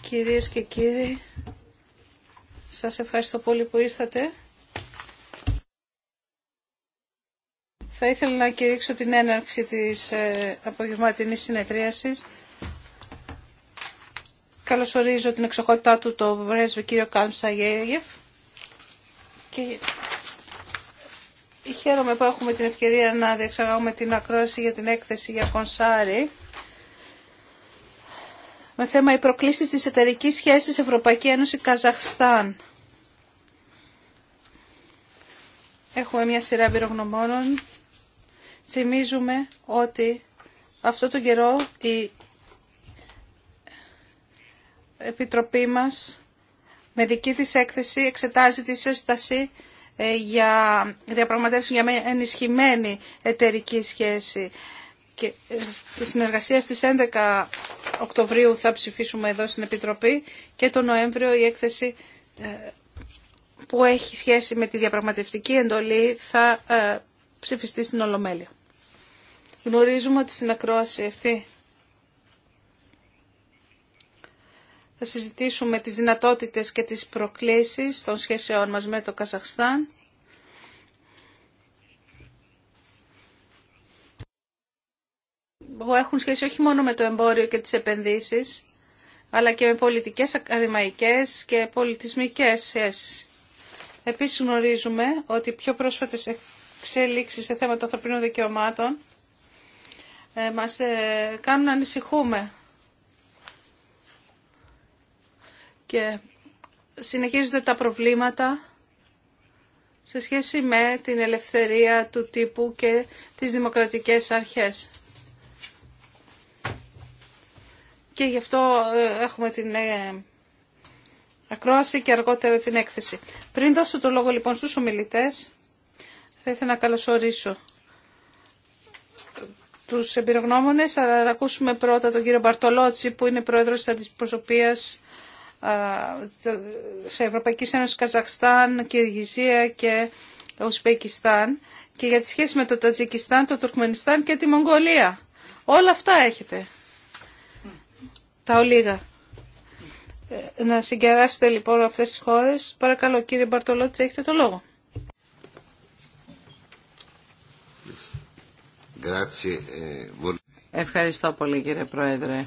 Κυρίες και κύριοι, σας ευχαριστώ πολύ που ήρθατε. Θα ήθελα να κηρύξω την έναρξη της ε, απογευματινής συνεδρίασης. Καλωσορίζω την εξοχότητά του το πρέσβη κύριο κάν Γέγεφ και χαίρομαι που έχουμε την ευκαιρία να διεξαγάγουμε την ακρόαση για την έκθεση για Κονσάρι με θέμα οι προκλήσεις της εταιρικής σχέσης Ευρωπαϊκή Ένωση Καζαχστάν. Έχουμε μια σειρά εμπειρογνωμόνων. Θυμίζουμε ότι αυτό τον καιρό η Επιτροπή μας με δική της έκθεση εξετάζει τη σύσταση ε, για διαπραγματεύσεις για μια ενισχυμένη εταιρική σχέση και ε, τη συνεργασία στις 11 Οκτωβρίου θα ψηφίσουμε εδώ στην Επιτροπή και τον Νοέμβριο η έκθεση ε, που έχει σχέση με τη διαπραγματευτική εντολή θα ε, ψηφιστεί στην Ολομέλεια. Γνωρίζουμε ότι στην ακρόαση αυτή θα συζητήσουμε τις δυνατότητες και τις προκλήσεις των σχέσεών μας με το Καζαχστάν που έχουν σχέση όχι μόνο με το εμπόριο και τις επενδύσεις, αλλά και με πολιτικές, ακαδημαϊκές και πολιτισμικές σχέσεις. Επίσης γνωρίζουμε ότι πιο πρόσφατες εξελίξεις σε θέματα ανθρωπίνων δικαιωμάτων ε, μας ε, κάνουν να ανησυχούμε. Και συνεχίζονται τα προβλήματα σε σχέση με την ελευθερία του τύπου και τις δημοκρατικές αρχές. και γι' αυτό ε, έχουμε την ε, ακρόαση και αργότερα την έκθεση. Πριν δώσω το λόγο λοιπόν στους ομιλητές, θα ήθελα να καλωσορίσω τους εμπειρογνώμονες, αλλά ακούσουμε πρώτα τον κύριο Μπαρτολότσι που είναι πρόεδρος της αντιπροσωπείας σε Ευρωπαϊκή Ένωση Καζαχστάν, Κυργυζία και Ουσπεκιστάν και για τη σχέση με το Τατζικιστάν, το Τουρκμενιστάν και τη Μογγολία. Όλα αυτά έχετε τα ολίγα. Ε, να συγκεράσετε λοιπόν αυτές τις χώρες. Παρακαλώ κύριε Μπαρτολότσα έχετε το λόγο. Ε, Ευχαριστώ πολύ κύριε Πρόεδρε.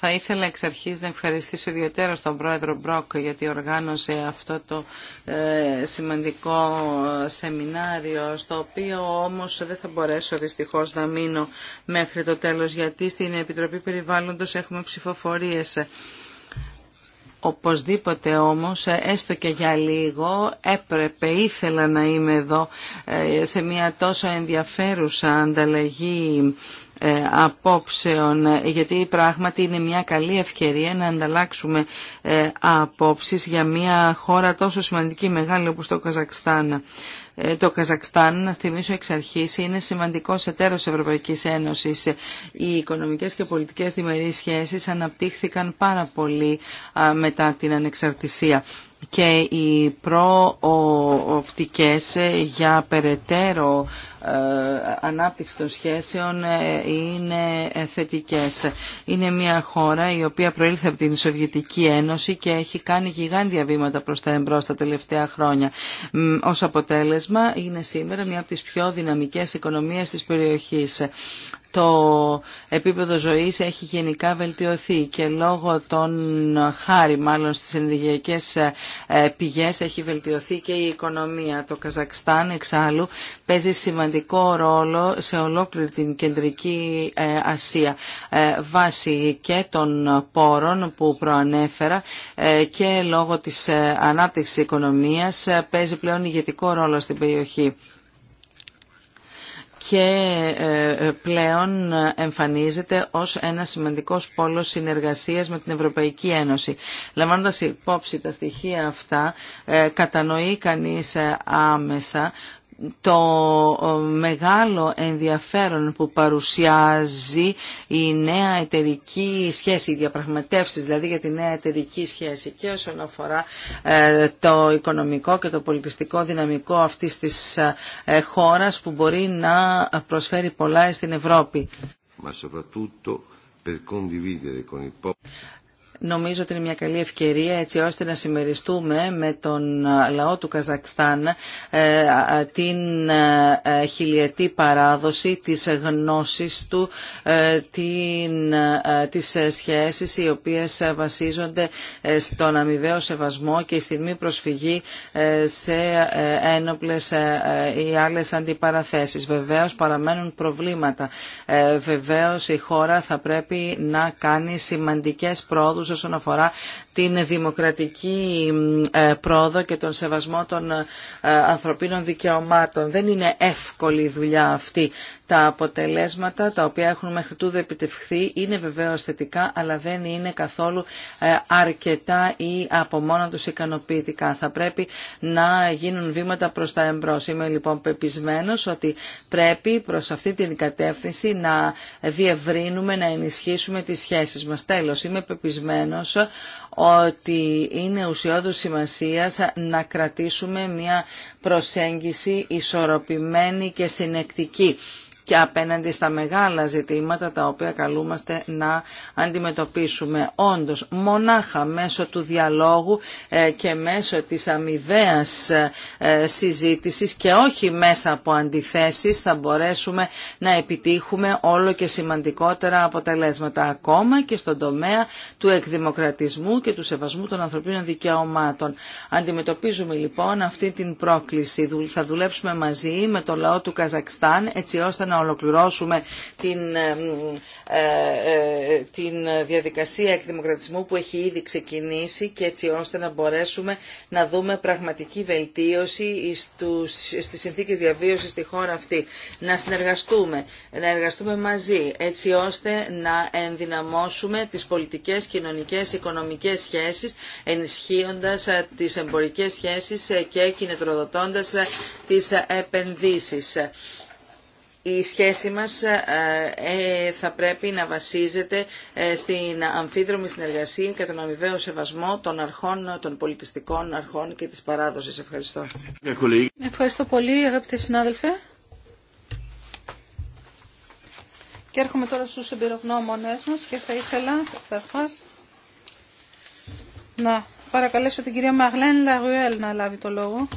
Θα ήθελα εξ αρχή να ευχαριστήσω ιδιαίτερα τον πρόεδρο Μπρόκ γιατί οργάνωσε αυτό το ε, σημαντικό σεμινάριο στο οποίο όμως δεν θα μπορέσω δυστυχώς να μείνω μέχρι το τέλος γιατί στην Επιτροπή Περιβάλλοντος έχουμε ψηφοφορίες. Οπωσδήποτε όμως, έστω και για λίγο, έπρεπε, ήθελα να είμαι εδώ ε, σε μια τόσο ενδιαφέρουσα ανταλλαγή ε, απόψεων ε, γιατί πράγματι είναι μια καλή ευκαιρία να ανταλλάξουμε ε, απόψεις για μια χώρα τόσο σημαντική μεγάλη όπως το Καζακστάν. Το Καζακστάν, να θυμίσω εξ αρχή, είναι σημαντικό εταίρο Ευρωπαϊκή Ένωση. Οι οικονομικέ και πολιτικέ διμερεί σχέσει αναπτύχθηκαν πάρα πολύ μετά την ανεξαρτησία και οι προοπτικές για περαιτέρω ε, ανάπτυξη των σχέσεων ε, είναι ε, θετικές. Είναι μια χώρα η οποία προήλθε από την Σοβιετική Ένωση και έχει κάνει γιγάντια βήματα προς τα εμπρός τα τελευταία χρόνια. Ως αποτέλεσμα είναι σήμερα μια από τις πιο δυναμικές οικονομίες της περιοχής το επίπεδο ζωής έχει γενικά βελτιωθεί και λόγω των χάρη μάλλον στις ενεργειακές ε, πηγές έχει βελτιωθεί και η οικονομία. Το Καζακστάν εξάλλου παίζει σημαντικό ρόλο σε ολόκληρη την κεντρική ε, Ασία ε, βάσει και των πόρων που προανέφερα και λόγω της ανάπτυξης οικονομίας παίζει πλέον ηγετικό ρόλο στην περιοχή και ε, ε, πλέον εμφανίζεται ως ένα σημαντικός πόλος συνεργασίας με την Ευρωπαϊκή Ένωση. Λαμβάνοντας υπόψη τα στοιχεία αυτά, ε, κατανοεί κανείς άμεσα το μεγάλο ενδιαφέρον που παρουσιάζει η νέα εταιρική σχέση, οι διαπραγματεύσεις δηλαδή για τη νέα εταιρική σχέση και όσον αφορά ε, το οικονομικό και το πολιτιστικό δυναμικό αυτής της ε, χώρας που μπορεί να προσφέρει πολλά στην Ευρώπη. Νομίζω ότι είναι μια καλή ευκαιρία έτσι ώστε να συμμεριστούμε με τον ε, λαό του Καζακστάν ε, ε, την χιλιετή παράδοση της γνώσης του, την, τις σχέσεις οι οποίες βασίζονται στον αμοιβαίο σεβασμό και στην μη προσφυγή σε ένοπλες ή άλλες αντιπαραθέσεις. Βεβαίως παραμένουν προβλήματα. Βεβαίως η χώρα θα πρέπει να κάνει σημαντικές πρόοδους όσον αφορά την δημοκρατική ε, πρόοδο και τον σεβασμό των ε, ανθρωπίνων δικαιωμάτων. Δεν είναι εύκολη η δουλειά αυτή. Τα αποτελέσματα τα οποία έχουν μέχρι τούδε επιτευχθεί είναι βεβαίως θετικά αλλά δεν είναι καθόλου ε, αρκετά ή από μόνα τους ικανοποιητικά. Θα πρέπει να γίνουν βήματα προς τα εμπρός. Είμαι λοιπόν πεπισμένος ότι πρέπει προς αυτή την κατεύθυνση να διευρύνουμε, να ενισχύσουμε τις σχέσεις μας. Τέλος, είμαι πεπισμένος ότι είναι ουσιώδου σημασία να κρατήσουμε μια προσέγγιση ισορροπημένη και συνεκτική και απέναντι στα μεγάλα ζητήματα τα οποία καλούμαστε να αντιμετωπίσουμε. Όντως, μονάχα μέσω του διαλόγου ε, και μέσω της αμοιβαίας ε, συζήτησης και όχι μέσα από αντιθέσεις θα μπορέσουμε να επιτύχουμε όλο και σημαντικότερα αποτελέσματα ακόμα και στον τομέα του εκδημοκρατισμού και του σεβασμού των ανθρωπίνων δικαιωμάτων. Αντιμετωπίζουμε λοιπόν αυτή την πρόκληση. Θα δουλέψουμε μαζί με το λαό του Καζακστάν έτσι ώστε να να ολοκληρώσουμε την, ε, ε, ε, την διαδικασία εκδημοκρατισμού που έχει ήδη ξεκινήσει και έτσι ώστε να μπορέσουμε να δούμε πραγματική βελτίωση στις συνθήκες διαβίωσης στη χώρα αυτή. Να συνεργαστούμε, να εργαστούμε μαζί έτσι ώστε να ενδυναμώσουμε τις πολιτικές, κοινωνικές, οικονομικές σχέσεις ενισχύοντας τις εμπορικές σχέσεις και κινητροδοτώντας τις επενδύσεις η σχέση μας ε, ε, θα πρέπει να βασίζεται ε, στην αμφίδρομη συνεργασία και τον αμοιβαίο σεβασμό των αρχών, των πολιτιστικών αρχών και της παράδοσης. Ευχαριστώ. Ευχαριστώ πολύ αγαπητέ συνάδελφε. Και έρχομαι τώρα στους εμπειρογνώμονες μας και θα ήθελα να παρακαλέσω την κυρία Μαγλέν Λαγουέλ να λάβει το λόγο.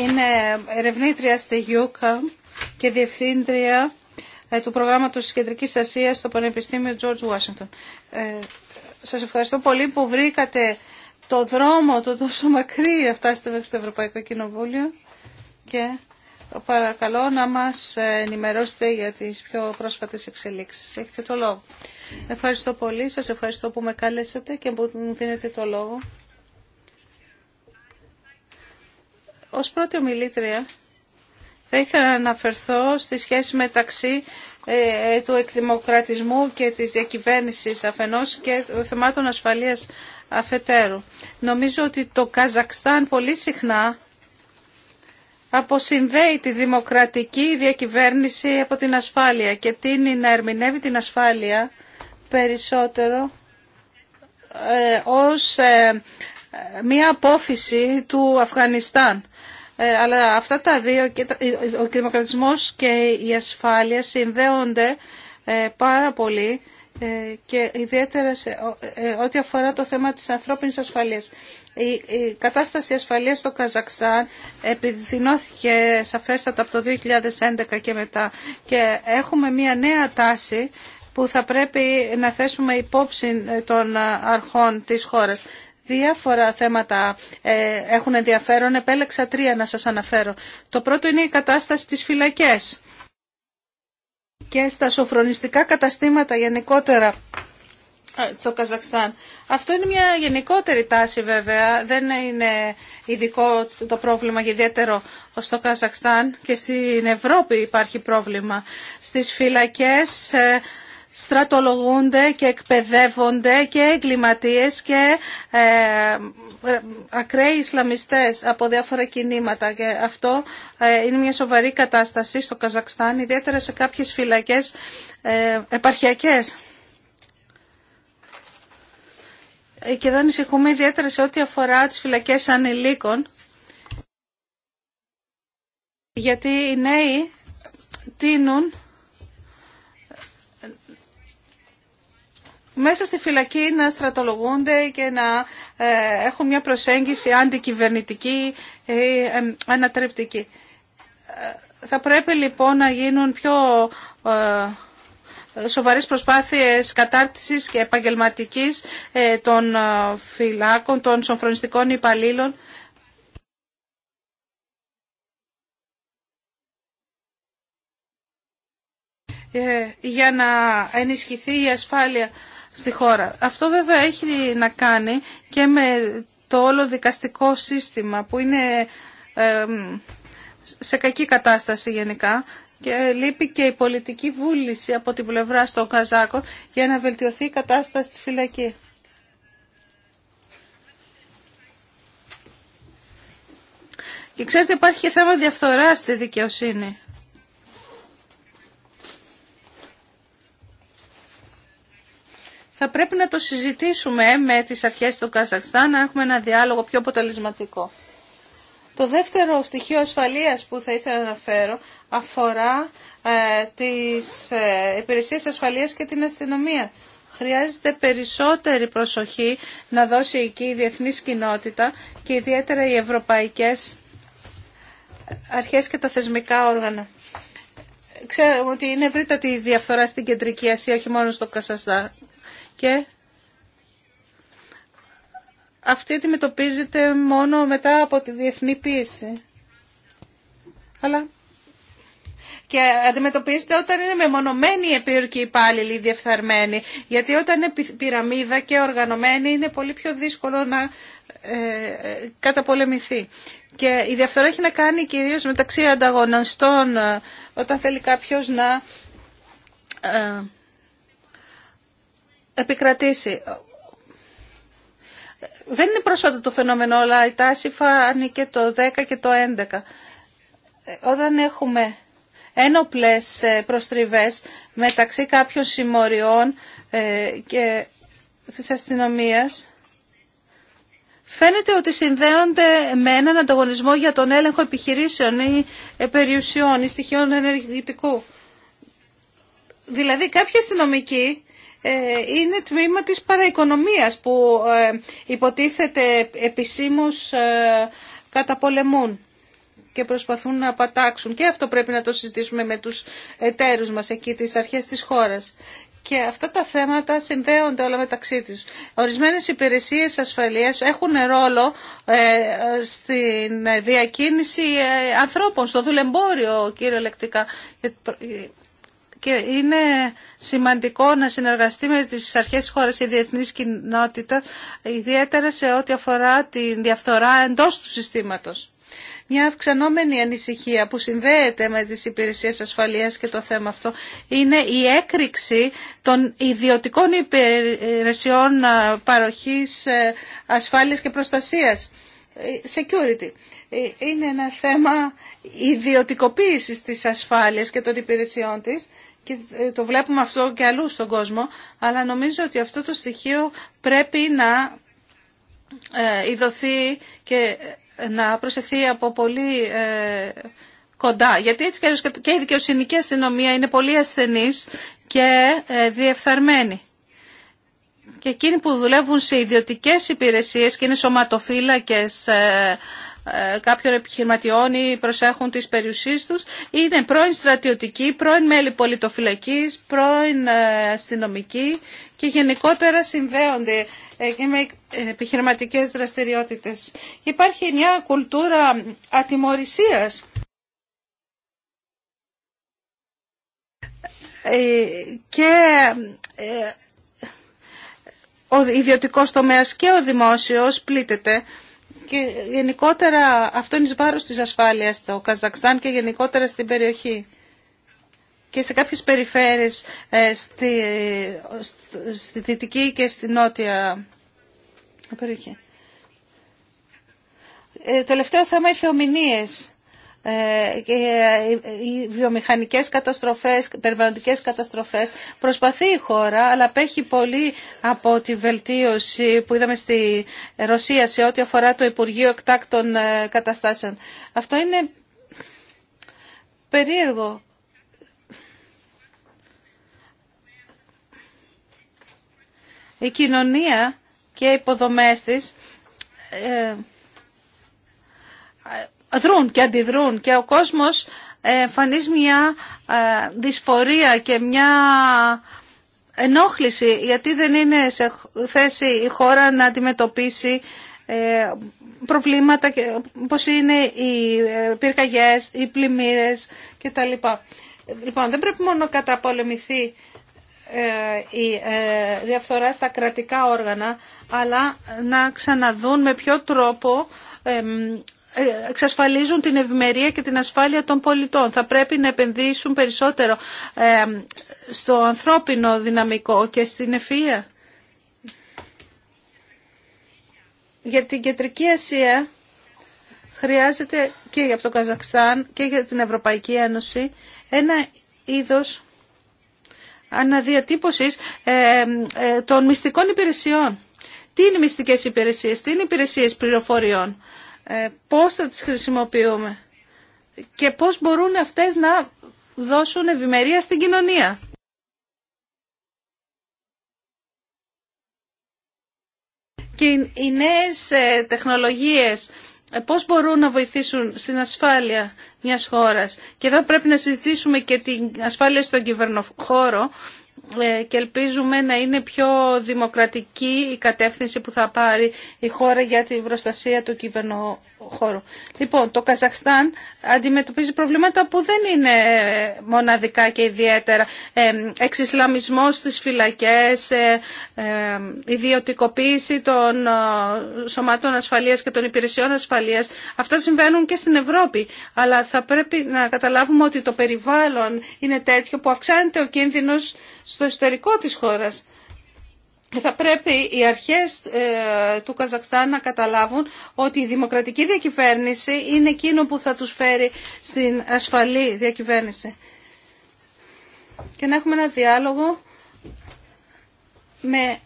Είναι ερευνήτρια στη UCAM και διευθύντρια ε, του προγράμματος της Κεντρικής Ασίας στο Πανεπιστήμιο George Washington. Ε, σας ευχαριστώ πολύ που βρήκατε το δρόμο το τόσο μακρύ να φτάσετε μέχρι το Ευρωπαϊκό Κοινοβούλιο και παρακαλώ να μας ενημερώσετε για τις πιο πρόσφατες εξελίξεις. Έχετε το λόγο. Ευχαριστώ πολύ. Σα ευχαριστώ που με κάλεσατε και που μου δίνετε το λόγο. Ως πρώτη ομιλήτρια θα ήθελα να αναφερθώ στη σχέση μεταξύ ε, ε, του εκδημοκρατισμού και της διακυβέρνησης αφενός και των θεμάτων ασφαλείας αφετέρου. Νομίζω ότι το Καζακστάν πολύ συχνά αποσυνδέει τη δημοκρατική διακυβέρνηση από την ασφάλεια και τίνει να ερμηνεύει την ασφάλεια περισσότερο ε, ως μία απόφυση του Αφγανιστάν ε, αλλά αυτά τα δύο, ε, ο δημοκρατισμός και η ασφάλεια συνδέονται ε, πάρα πολύ και ιδιαίτερα ό,τι αφορά το θέμα της ανθρώπινης ασφαλείας. Η κατάσταση ασφαλείας στο Καζακστάν επιδεινώθηκε σαφέστατα από το 2011 και μετά και έχουμε μία νέα τάση που θα πρέπει να θέσουμε υπόψη των αρχών της χώρας διάφορα θέματα ε, έχουν ενδιαφέρον. Επέλεξα τρία να σας αναφέρω. Το πρώτο είναι η κατάσταση στις φυλακές και στα σοφρονιστικά καταστήματα γενικότερα ε, στο Καζακστάν. Αυτό είναι μια γενικότερη τάση βέβαια, δεν είναι ειδικό το πρόβλημα και ιδιαίτερο στο Καζακστάν και στην Ευρώπη υπάρχει πρόβλημα. Στις φυλακές ε, στρατολογούνται και εκπαιδεύονται και εγκληματίες και ε, ακραίοι Ισλαμιστές από διάφορα κινήματα και αυτό ε, είναι μια σοβαρή κατάσταση στο Καζακστάν, ιδιαίτερα σε κάποιες φυλακές ε, επαρχιακές. Ε, και εδώ ανησυχούμε ιδιαίτερα σε ό,τι αφορά τις φυλακές ανηλίκων, γιατί οι νέοι τίνουν μέσα στη φυλακή να στρατολογούνται και να ε, έχουν μια προσέγγιση αντικυβερνητική ή ανατρεπτική. Ε, θα πρέπει λοιπόν να γίνουν πιο ε, σοβαρές προσπάθειες κατάρτισης και επαγγελματικής των φυλάκων, των σοφρονιστικών υπαλλήλων. για να ενισχυθεί η ασφάλεια στη χώρα. Αυτό βέβαια έχει να κάνει και με το όλο δικαστικό σύστημα που είναι σε κακή κατάσταση γενικά και λείπει και η πολιτική βούληση από την πλευρά των Καζάκο για να βελτιωθεί η κατάσταση στη φυλακή. Και ξέρετε υπάρχει και θέμα διαφθοράς στη δικαιοσύνη. θα πρέπει να το συζητήσουμε με τις αρχές του Καζακστάν, να έχουμε ένα διάλογο πιο αποτελεσματικό. Το δεύτερο στοιχείο ασφαλείας που θα ήθελα να αναφέρω αφορά ε, τις ε, υπηρεσίες ασφαλείας και την αστυνομία. Χρειάζεται περισσότερη προσοχή να δώσει εκεί η διεθνής κοινότητα και ιδιαίτερα οι ευρωπαϊκές αρχές και τα θεσμικά όργανα. Ξέρουμε ότι είναι ευρύτατη η διαφθορά στην Κεντρική Ασία, όχι μόνο στο Καζακστάν και αυτή αντιμετωπίζεται μόνο μετά από τη διεθνή πίεση. Αλλά και αντιμετωπίζεται όταν είναι μεμονωμένοι οι επίουρκοι υπάλληλοι, οι διεφθαρμένοι. Γιατί όταν είναι πυραμίδα και οργανωμένοι είναι πολύ πιο δύσκολο να ε, καταπολεμηθεί. Και η διαφθορά έχει να κάνει κυρίως μεταξύ ανταγωνιστών ε, όταν θέλει κάποιος να... Ε, επικρατήσει. Δεν είναι πρόσφατο το φαινόμενο, αλλά η τάση φάνηκε το 10 και το 11. Όταν έχουμε ένοπλες ε, προστριβές μεταξύ κάποιων συμμοριών ε, και της αστυνομίας, φαίνεται ότι συνδέονται με έναν ανταγωνισμό για τον έλεγχο επιχειρήσεων ή ε, περιουσιών ή στοιχείων ενεργητικού. Δηλαδή κάποιοι αστυνομικοί ε, είναι τμήμα της παραοικονομίας που ε, υποτίθεται επισήμως ε, καταπολεμούν και προσπαθούν να πατάξουν. Και αυτό πρέπει να το συζητήσουμε με τους εταίρους μας εκεί, τις αρχές της χώρας. Και αυτά τα θέματα συνδέονται όλα μεταξύ τους. Ορισμένες υπηρεσίες ασφαλείας έχουν ρόλο στην διακίνηση ανθρώπων, στο δουλεμπόριο κυριολεκτικά και είναι σημαντικό να συνεργαστεί με τις αρχές της χώρας η διεθνής κοινότητα, ιδιαίτερα σε ό,τι αφορά τη διαφθορά εντός του συστήματος. Μια αυξανόμενη ανησυχία που συνδέεται με τις υπηρεσίες ασφαλείας και το θέμα αυτό είναι η έκρηξη των ιδιωτικών υπηρεσιών ε, παροχής ε, ασφάλειας και προστασίας. Ε, security. Είναι ένα θέμα ιδιωτικοποίησης της ασφάλειας και των υπηρεσιών της και ε, το βλέπουμε αυτό και αλλού στον κόσμο, αλλά νομίζω ότι αυτό το στοιχείο πρέπει να ε, ειδωθεί και ε, να προσεχθεί από πολύ κοντά. Γιατί έτσι και η δικαιοσυνική αστυνομία είναι πολύ ασθενής και διεφθαρμένη. Και εκείνοι που δουλεύουν σε ιδιωτικές υπηρεσίες και είναι σωματοφύλακες ε, κάποιων επιχειρηματιών ή προσέχουν τις περιουσίες τους. Είναι πρώην στρατιωτικοί, πρώην μέλη πολιτοφυλακής, πρώην ε, αστυνομικοί και γενικότερα συνδέονται ε, και με επιχειρηματικές δραστηριότητες. Υπάρχει μια κουλτούρα ατιμορρησίας. και ο ιδιωτικός τομέας και ο δημόσιος πλήττεται και γενικότερα αυτό είναι βάρος της ασφάλειας στο Καζακστάν και γενικότερα στην περιοχή και σε κάποιες περιφέρειες ε, στη, ε, στη δυτική και στη νότια περιοχή. Ε, τελευταίο θέμα οι θεομηνίες. Ε, και ε, οι βιομηχανικές καταστροφές, περιβαλλοντικές καταστροφές. Προσπαθεί η χώρα, αλλά απέχει πολύ από τη βελτίωση που είδαμε στη Ρωσία σε ό,τι αφορά το Υπουργείο Εκτάκτων ε, Καταστάσεων. Αυτό είναι περίεργο. Η κοινωνία και οι υποδομές της δρούν και αντιδρούν και ο κόσμος ε, εμφανίζει μια ε, δυσφορία και μια ενόχληση γιατί δεν είναι σε θέση η χώρα να αντιμετωπίσει ε, προβλήματα όπως είναι οι πυρκαγιές, οι πλημμύρες κτλ. Λοιπόν, δεν πρέπει μόνο να καταπολεμηθεί η διαφθορά στα κρατικά όργανα αλλά να ξαναδούν με ποιο τρόπο εξασφαλίζουν την ευημερία και την ασφάλεια των πολιτών. Θα πρέπει να επενδύσουν περισσότερο στο ανθρώπινο δυναμικό και στην ευφυΐα. Για την Κεντρική Ασία χρειάζεται και για το Καζακστάν και για την Ευρωπαϊκή Ένωση ένα είδος αναδιατύπωσης ε, των μυστικών υπηρεσιών. Τι είναι μυστικές υπηρεσίες, τι είναι υπηρεσίες πληροφοριών. Ε, πώς θα τις χρησιμοποιούμε και πώς μπορούν αυτές να δώσουν ευημερία στην κοινωνία. Και οι νέες ε, τεχνολογίες ε, πώς μπορούν να βοηθήσουν στην ασφάλεια μιας χώρας. Και εδώ πρέπει να συζητήσουμε και την ασφάλεια στον κυβερνοχώρο ε, και ελπίζουμε να είναι πιο δημοκρατική η κατεύθυνση που θα πάρει η χώρα για την προστασία του χώρο. Λοιπόν, το Καζαχστάν αντιμετωπίζει προβλήματα που δεν είναι ε, μοναδικά και ιδιαίτερα. Ε, εξισλαμισμός στις φυλακές, ε, ιδιωτικοποίηση των σωμάτων ασφαλείας και των υπηρεσιών ασφαλείας. Αυτά συμβαίνουν και στην Ευρώπη. Αλλά θα πρέπει να καταλάβουμε ότι το περιβάλλον είναι τέτοιο που αυξάνεται ο κίνδυνος στο εσωτερικό της χώρας θα πρέπει οι αρχές ε, του Καζακστάν να καταλάβουν ότι η δημοκρατική διακυβέρνηση είναι εκείνο που θα τους φέρει στην ασφαλή διακυβέρνηση. Και να έχουμε ένα διάλογο με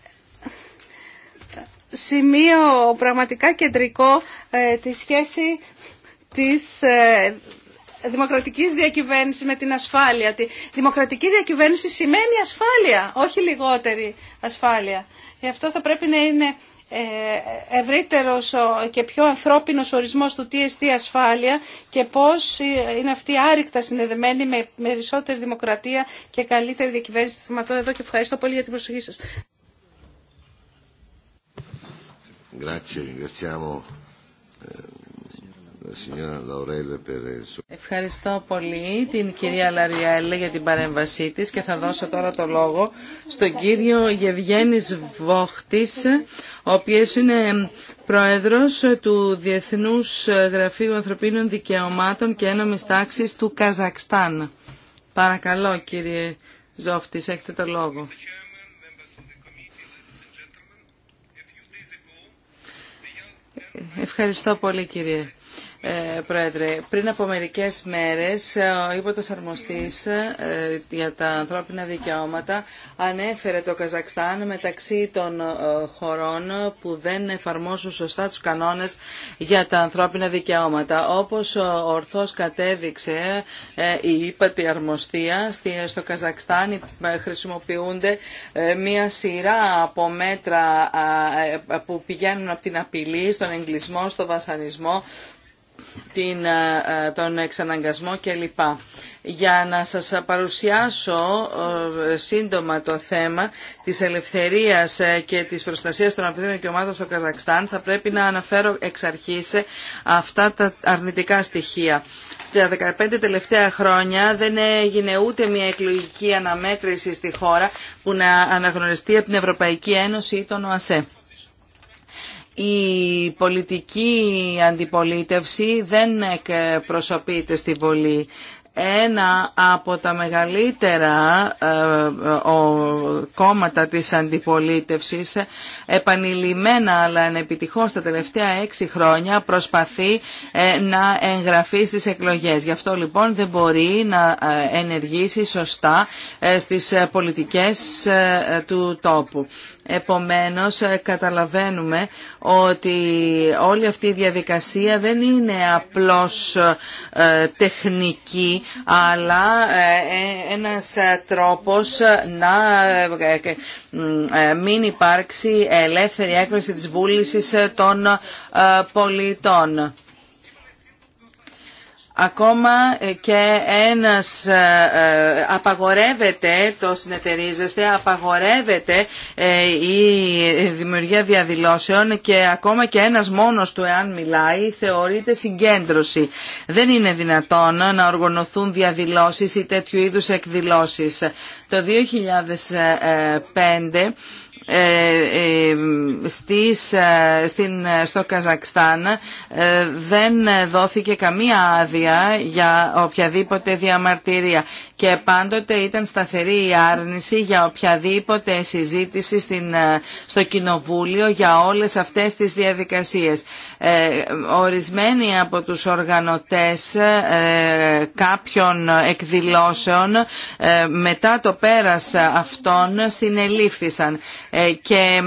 σημείο πραγματικά κεντρικό ε, τη σχέση της ε, Δημοκρατική διακυβέρνηση με την ασφάλεια. δημοκρατική διακυβέρνηση σημαίνει ασφάλεια, όχι λιγότερη ασφάλεια. Γι' αυτό θα πρέπει να είναι ε, ευρύτερος και πιο ανθρώπινος ορισμός του τι εστί ασφάλεια και πώς ε, είναι αυτή άρρηκτα συνδεδεμένη με περισσότερη δημοκρατία και καλύτερη διακυβέρνηση του εδώ και ευχαριστώ πολύ για την προσοχή σας. Ευχαριστώ πολύ την κυρία Λαριέλε για την παρέμβασή της και θα δώσω τώρα το λόγο στον κύριο Γευγένης Βόχτης, ο οποίος είναι πρόεδρος του Διεθνούς Γραφείου Ανθρωπίνων Δικαιωμάτων και Ένωμης Τάξης του Καζακστάν. Παρακαλώ κύριε Ζόφτης, έχετε το λόγο. Ευχαριστώ πολύ κύριε ε, Πρόεδρε. Πριν από μερικές μέρες, ε, ο ύποτος αρμοστής ε, για τα ανθρώπινα δικαιώματα ανέφερε το Καζακστάν μεταξύ των χωρών που δεν εφαρμόζουν σωστά τους κανόνες για τα ανθρώπινα δικαιώματα. Όπως ορθώς κατέδειξε η ύπατη αρμοστία, στο Καζακστάν χρησιμοποιούνται μία σειρά από μέτρα που πηγαίνουν από την απειλή στον εγκλισμό, στο βασανισμό, την, ε, ε, τον εξαναγκασμό κλπ. Για να σας παρουσιάσω ε, σύντομα το θέμα της ελευθερίας και της προστασίας των ανθρωπίνων δικαιωμάτων στο Καζακστάν θα πρέπει να αναφέρω εξ αρχής αυτά τα αρνητικά στοιχεία. Τα 15 τελευταία χρόνια δεν έγινε ούτε μια εκλογική αναμέτρηση στη χώρα που να αναγνωριστεί από την Ευρωπαϊκή Ένωση ή τον ΟΑΣΕ η πολιτική αντιπολίτευση δεν εκπροσωπείται στη Βολή. Ένα από τα μεγαλύτερα ε, ο κόμματα της αντιπολίτευσης επανειλημμένα αλλά ανεπιτυχώς τα τελευταία έξι χρόνια προσπαθεί ε, να εγγραφεί στις εκλογές. Γι' αυτό λοιπόν δεν μπορεί να ε, ενεργήσει σωστά στις πολιτικές του τόπου. Επομένως ε, καταλαβαίνουμε ότι όλη αυτή η διαδικασία δεν είναι απλώς ε, τεχνική αλλά ε, ένας τρόπος να μην υπάρξει ελεύθερη έκφραση της βούλησης των πολιτών. Ακόμα ε, και ένας ε, ε, απαγορεύεται το συνεταιρίζεστε, απαγορεύεται η δημιουργία διαδηλώσεων και ακόμα και ένας μόνος του εάν μιλάει θεωρείται συγκέντρωση. Δεν είναι δυνατόν να οργανωθούν διαδηλώσεις ή τέτοιου είδους εκδηλώσεις. Το 2005 ε, ε, στις, ε, στην, στο Καζακστάν δεν δόθηκε καμία άδεια για οποιαδήποτε διαμαρτυρία και πάντοτε ήταν σταθερή η άρνηση για οποιαδήποτε συζήτηση στην, ε, στο Κοινοβούλιο για όλες αυτές τις διαδικασίες. Ε, ορισμένοι από τους οργανωτές ε, κάποιων εκδηλώσεων μετά το πέρας αυτών συνελήφθησαν και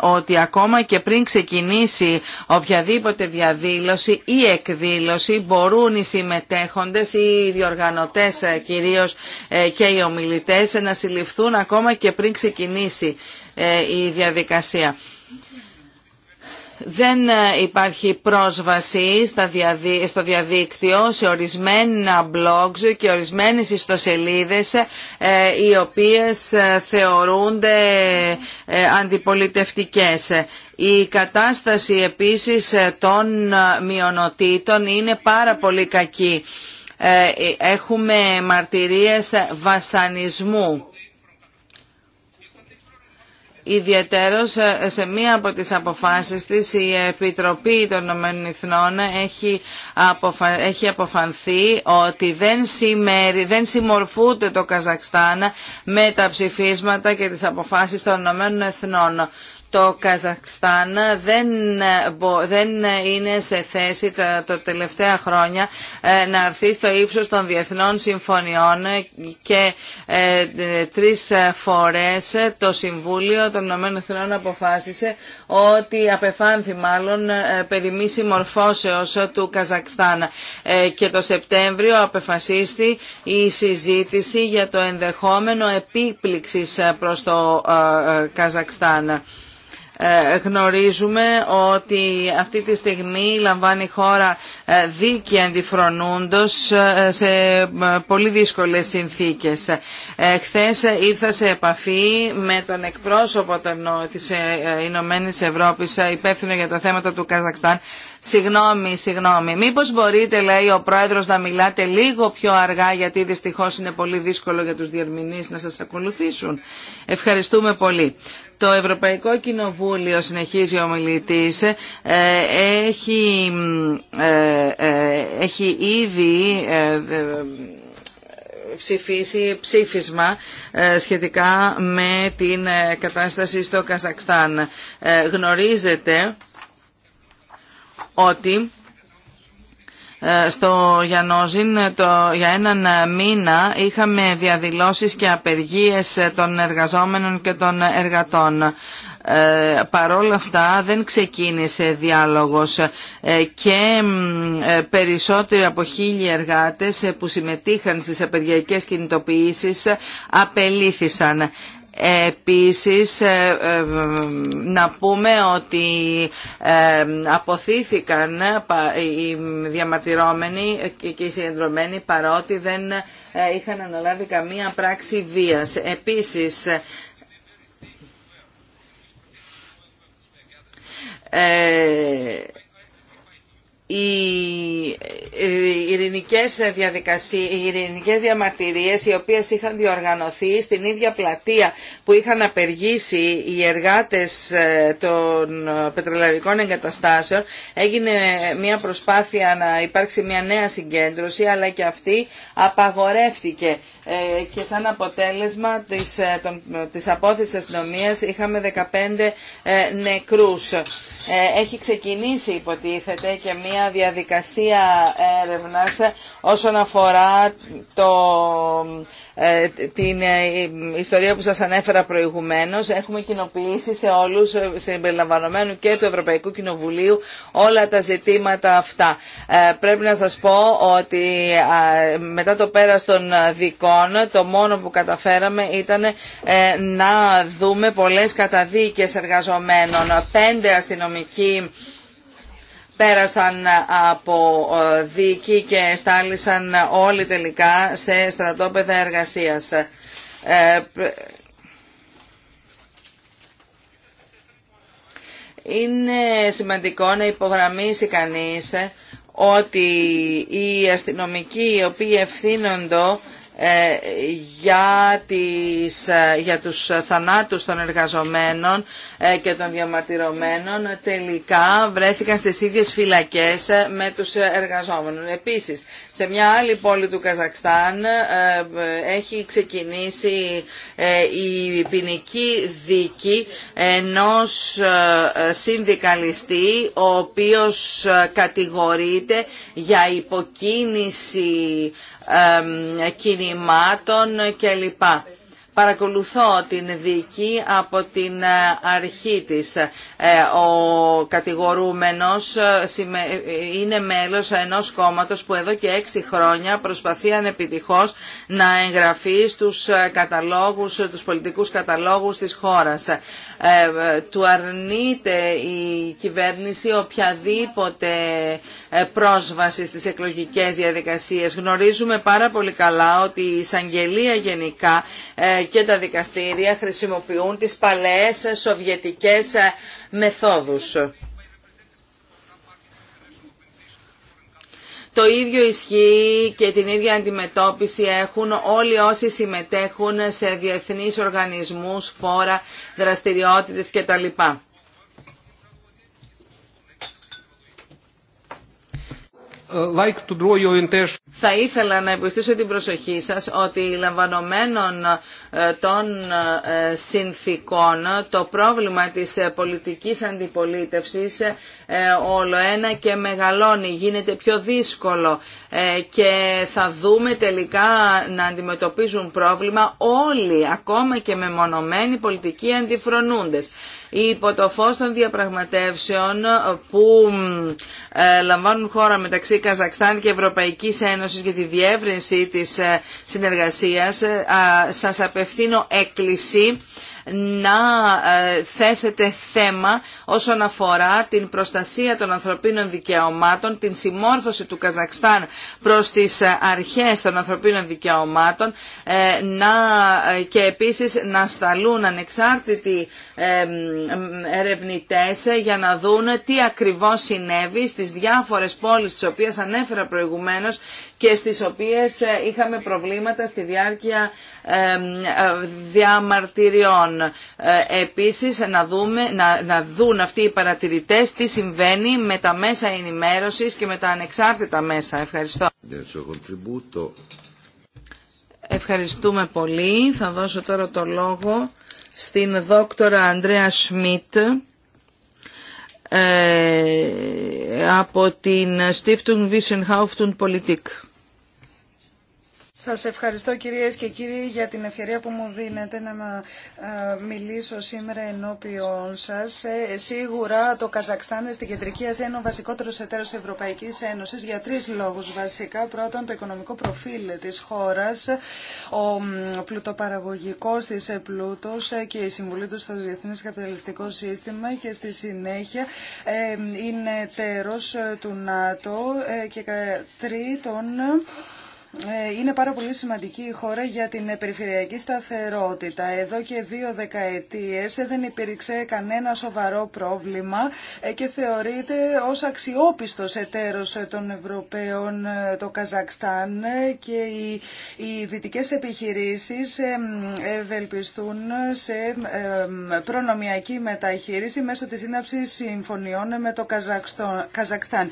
ότι ακόμα και πριν ξεκινήσει οποιαδήποτε διαδήλωση ή εκδήλωση μπορούν οι συμμετέχοντες ή οι διοργανωτές κυρίως ε, και οι ομιλητές να συλληφθούν ακόμα και πριν ξεκινήσει ε, η διαδικασία. Δεν ε, υπάρχει πρόσβαση στο διαδίκτυο σε ορισμένα blogs και ορισμένες ιστοσελίδες οι οποίες θεωρούνται αντιπολιτευτικές. Η κατάσταση επίσης των μειονοτήτων είναι πάρα πολύ κακή. Ε, έχουμε μαρτυρίες βασανισμού ιδιαίτερος ε, σε μία από τις αποφάσεις της η Επιτροπή των Ηνωμένων Εθνών έχει, έχει αποφανθεί ότι δεν, σημερι δεν συμμορφούνται το Καζακστάν με τα ψηφίσματα και τις αποφάσεις των Ηνωμένων Εθνών το Καζακστάν δεν, δεν είναι σε θέση τα, τελευταία χρόνια ε, να αρθεί στο ύψος των διεθνών συμφωνιών και ε, τρεις φορές το Συμβούλιο των Ηνωμένων Εθνών αποφάσισε ότι απεφάνθη μάλλον ε, περί μη του Καζακστάν και το Σεπτέμβριο απεφασίστη η συζήτηση για το ενδεχόμενο επίπληξης προς το Καζακστάν. Ε, γνωρίζουμε ότι αυτή τη στιγμή λαμβάνει η χώρα ε, δίκη αντιφρονούντος ε, σε πολύ δύσκολες συνθήκες. Χθες ήρθα σε επαφή με τον εκπρόσωπο της Ηνωμένης Ευρώπης υπεύθυνο για τα θέματα του Καζακστάν Συγγνώμη, συγγνώμη. Μήπως μπορείτε, λέει ο πρόεδρος, να μιλάτε λίγο πιο αργά, γιατί δυστυχώς είναι πολύ δύσκολο για τους διερμηνείς να σας ακολουθήσουν. Ευχαριστούμε πολύ. Το Ευρωπαϊκό Κοινοβούλιο, συνεχίζει ο μιλητής, ε, έχει, ε, ε, έχει ήδη ψηφίσει ψήφισμα σχετικά με την κατάσταση στο Καζακστάν. Γνωρίζετε ότι ε, στο Γιανόζιν ε, το, για έναν ε, μήνα είχαμε διαδηλώσεις και απεργίες των εργαζόμενων και των εργατών. Ε, παρόλα αυτά δεν ξεκίνησε διάλογος και περισσότεροι από χίλιοι εργάτες που συμμετείχαν στις απεργιακές κινητοποιήσεις απελήθησαν. Επίσης, ε, ε, να πούμε ότι ε, αποθήθηκαν οι διαμαρτυρώμενοι και οι συγκεντρωμένοι παρότι δεν είχαν αναλάβει καμία πράξη βίας. Επίσης, ε, οι ειρηνικές, διαδικασίες, οι ειρηνικές διαμαρτυρίες οι οποίες είχαν διοργανωθεί στην ίδια πλατεία που είχαν απεργήσει οι εργάτες ε, των πετρελαϊκών εγκαταστάσεων έγινε μια προσπάθεια να υπάρξει μια νέα συγκέντρωση αλλά και αυτή απαγορεύτηκε ε, και σαν αποτέλεσμα της, ε, των, της απόθεσης αστυνομίας είχαμε 15 ε, νεκρούς. Έχει ξεκινήσει υποτίθεται και μια διαδικασία έρευνας όσον αφορά το ε, την ε, ιστορία που σας ανέφερα προηγουμένως. Έχουμε κοινοποιήσει σε όλους, ε, συμπεριλαμβανομένου και του Ευρωπαϊκού Κοινοβουλίου, όλα τα ζητήματα αυτά. Πρέπει να σας πω ότι μετά το πέρας των δικών, το μόνο που καταφέραμε ήταν να δούμε πολλές καταδίκες εργαζομένων. Πέντε αστυνομικοί πέρασαν από ε, δίκη και στάλησαν όλοι τελικά σε στρατόπεδα εργασίας. Ε, Είναι σημαντικό να υπογραμμίσει κανείς ότι οι αστυνομικοί οι οποίοι ευθύνονται ε, για, τις, ε, για τους θανάτους των εργαζομένων ε, και των διαμαρτυρωμένων τελικά βρέθηκαν στις ίδιες φυλακές με τους εργαζόμενους. Επίσης, σε μια άλλη πόλη του Καζακστάν έχει ξεκινήσει η ποινική δίκη ενός συνδικαλιστή ο οποίος κατηγορείται για υποκίνηση ε, κινημάτων κλπ. Παρακολουθώ την δίκη από την ε, αρχή της. Ε, ο κατηγορούμενος ε, είναι μέλος ενός κόμματος που εδώ και έξι χρόνια προσπαθεί ανεπιτυχώς να εγγραφεί στους καταλόγους, τους πολιτικούς καταλόγους της χώρας. Του αρνείται η κυβέρνηση οποιαδήποτε πρόσβαση στις εκλογικές διαδικασίες. Γνωρίζουμε πάρα πολύ καλά ότι η εισαγγελία γενικά και τα δικαστήρια χρησιμοποιούν τις παλαιές σοβιετικές μεθόδους. Το ίδιο ισχύει και την ίδια αντιμετώπιση έχουν όλοι όσοι συμμετέχουν σε διεθνείς οργανισμούς, φόρα, δραστηριότητες κτλ. Θα ήθελα να επιστήσω την προσοχή σας ότι λαμβανομένων ε, των ε, συνθήκων το πρόβλημα της ε, πολιτικής αντιπολίτευσης όλο ένα και μεγαλώνει, γίνεται πιο δύσκολο και θα δούμε τελικά να αντιμετωπίζουν πρόβλημα όλοι, ακόμα και με μονομένη πολιτικοί αντιφρονούντες υπό το φως των διαπραγματεύσεων που ε, λαμβάνουν χώρα μεταξύ Καζακστάν και Ευρωπαϊκής Ένωσης για τη διεύρυνση της ε, συνεργασίας ε, σας απευθύνω έκκληση να θέσετε θέμα όσον αφορά την προστασία των ανθρωπίνων δικαιωμάτων, την συμμόρφωση του Καζακστάν προς τις αρχές των ανθρωπίνων δικαιωμάτων να, και επίσης να σταλούν ανεξάρτητοι ερευνητές για να δουν τι ακριβώς συνέβη στις διάφορες πόλεις τις οποίες ανέφερα προηγουμένως και στις οποίες ε, είχαμε προβλήματα στη διάρκεια ε, διαμαρτυριών. Ε, επίσης να, δούμε, να, να δουν αυτοί οι παρατηρητές τι συμβαίνει με τα μέσα ενημέρωσης και με τα ανεξάρτητα μέσα. Ευχαριστώ. Ευχαριστούμε πολύ. Θα δώσω τώρα το λόγο στην δόκτωρα Ανδρέα Σμιτ από την Stiftung Wissenschaft und Politik. Σας ευχαριστώ κυρίες και κύριοι για την ευκαιρία που μου δίνετε να μιλήσω σήμερα ενώπιον σας. Ε, σίγουρα το Καζακστάν στην Κεντρική Ασία είναι ο βασικότερος εταίρος της Ευρωπαϊκής Ένωσης για τρεις λόγους βασικά. Πρώτον, το οικονομικό προφίλ της χώρας, ο πλουτοπαραγωγικός της ε, πλούτος ε, και η συμβουλή του στο Διεθνές Καπιταλιστικό Σύστημα και στη συνέχεια είναι εταίρος του ΝΑΤΟ και τρίτον, ε, είναι πάρα πολύ σημαντική η χώρα για την περιφερειακή σταθερότητα. Εδώ και δύο δεκαετίες δεν υπήρξε κανένα σοβαρό πρόβλημα ε, και θεωρείται ως αξιόπιστος εταίρος των Ευρωπαίων ε, το Καζακστάν και οι, οι δυτικές επιχειρήσεις ευελπιστούν σε προνομιακή μεταχείριση μέσω της σύναψης συμφωνιών με το Καζακστάν.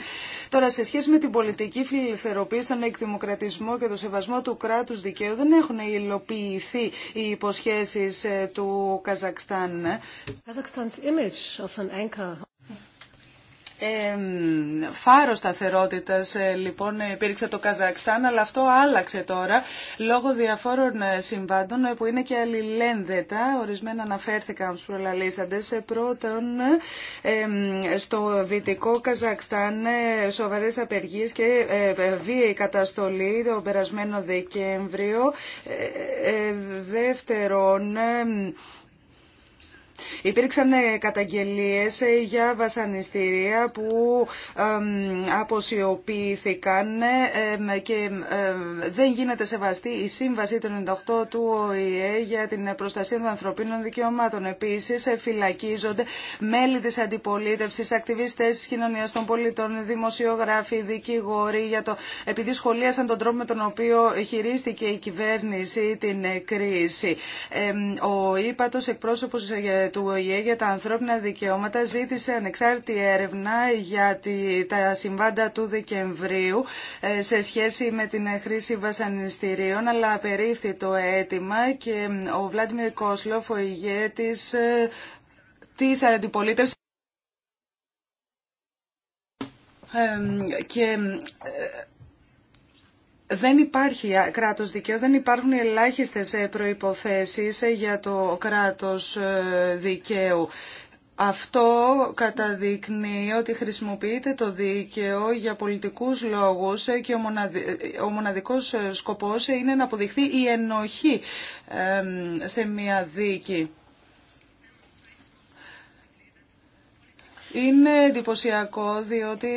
Τώρα, σε σχέση με την πολιτική φιλελευθερωποίηση, τον εκδημοκρατισμό και το σεβασμό του κράτου δικαίου, δεν έχουν υλοποιηθεί οι υποσχέσει ε, του Καζακστάν. Ε ε, φάρο σταθερότητα λοιπόν υπήρξε το Καζακστάν, αλλά αυτό άλλαξε τώρα λόγω διαφόρων ε, συμβάντων ε, που είναι και αλληλένδετα. Ορισμένα αναφέρθηκαν στου προλαλήσαντε. Ε, πρώτον, στο δυτικό Καζακστάν σοβαρέ απεργίε και βίαιη καταστολή το περασμένο Δεκέμβριο. Δεύτερον, Υπήρξαν ε, καταγγελίες ε, για βασανιστήρια που αποσιοποιήθηκαν ε, και δεν γίνεται σεβαστή η σύμβαση του 98 του ΟΗΕ για την προστασία των ανθρωπίνων δικαιωμάτων. Επίσης φυλακίζονται μέλη της αντιπολίτευσης, ακτιβιστές της κοινωνίας των πολιτών, δημοσιογράφοι, δικηγόροι για το... επειδή σχολίασαν τον τρόπο με τον οποίο χειρίστηκε η κυβέρνηση την κρίση. Ο ύπατος εκπρόσωπος του ΟΗΕ για τα ανθρώπινα δικαιώματα ζήτησε ανεξάρτητη έρευνα για τα συμβάντα του Δεκεμβρίου ε, σε σχέση με την χρήση βασανιστήριων, αλλά απερίφθη το αίτημα και ο Βλάντιμιρ Κόσλοφ, ο ηγέτης ε, της αντιπολίτευσης, ε, και δεν υπάρχει κράτος δικαίου, δεν υπάρχουν ελάχιστες ε, προϋποθέσεις ε, για το κράτος ε, δικαίου. Αυτό καταδεικνύει ότι χρησιμοποιείται το δίκαιο για πολιτικούς λόγους και ο μοναδικός σκοπός είναι να αποδειχθεί η ενοχή σε μια δίκη. Είναι εντυπωσιακό διότι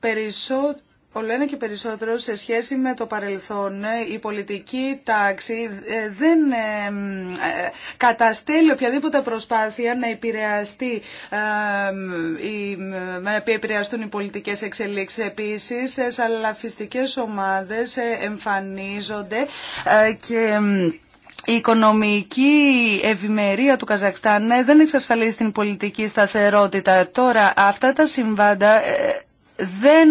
περισσότερο Όλο και περισσότερο σε σχέση με το παρελθόν η πολιτική τάξη ε, δεν ε, ε, καταστέλει οποιαδήποτε προσπάθεια να επηρεαστεί επηρεαστούν οι πολιτικές εξελίξεις. Επίσης, σαλαφιστικές ομάδες εμφανίζονται και η οικονομική ευημερία του Καζακστάν δεν εξασφαλίζει την πολιτική σταθερότητα. Τώρα, αυτά τα συμβάντα δεν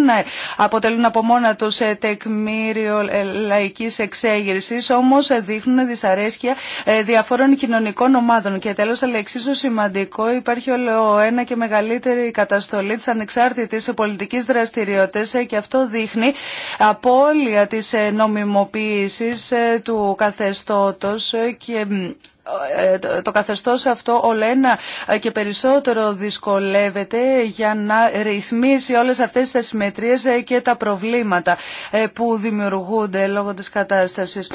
αποτελούν από μόνα τους ε, τεκμήριο ε, λαϊκής εξέγερσης, όμως ε, δείχνουν δυσαρέσκεια διαφόρων κοινωνικών ομάδων. Και τέλος, αλλά εξίσου σημαντικό, υπάρχει όλο ένα και μεγαλύτερη καταστολή της ανεξάρτητης πολιτικής δραστηριότητας και αυτό δείχνει απώλεια της νομιμοποίησης του καθεστώτος και ε, το καθεστώς αυτό όλο ένα ε, και περισσότερο δυσκολεύεται για να ρυθμίσει όλες αυτές τις ασυμμετρίες ε, και τα προβλήματα που δημιουργούνται λόγω της κατάστασης.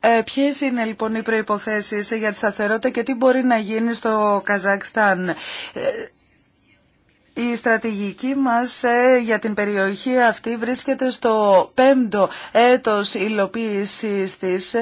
Ε, Ποιε είναι λοιπόν οι προϋποθέσεις για τη σταθερότητα και τι μπορεί να γίνει στο Καζακστάν. Η στρατηγική μας ε, για την περιοχή αυτή βρίσκεται στο πέμπτο έτος υλοποίησης της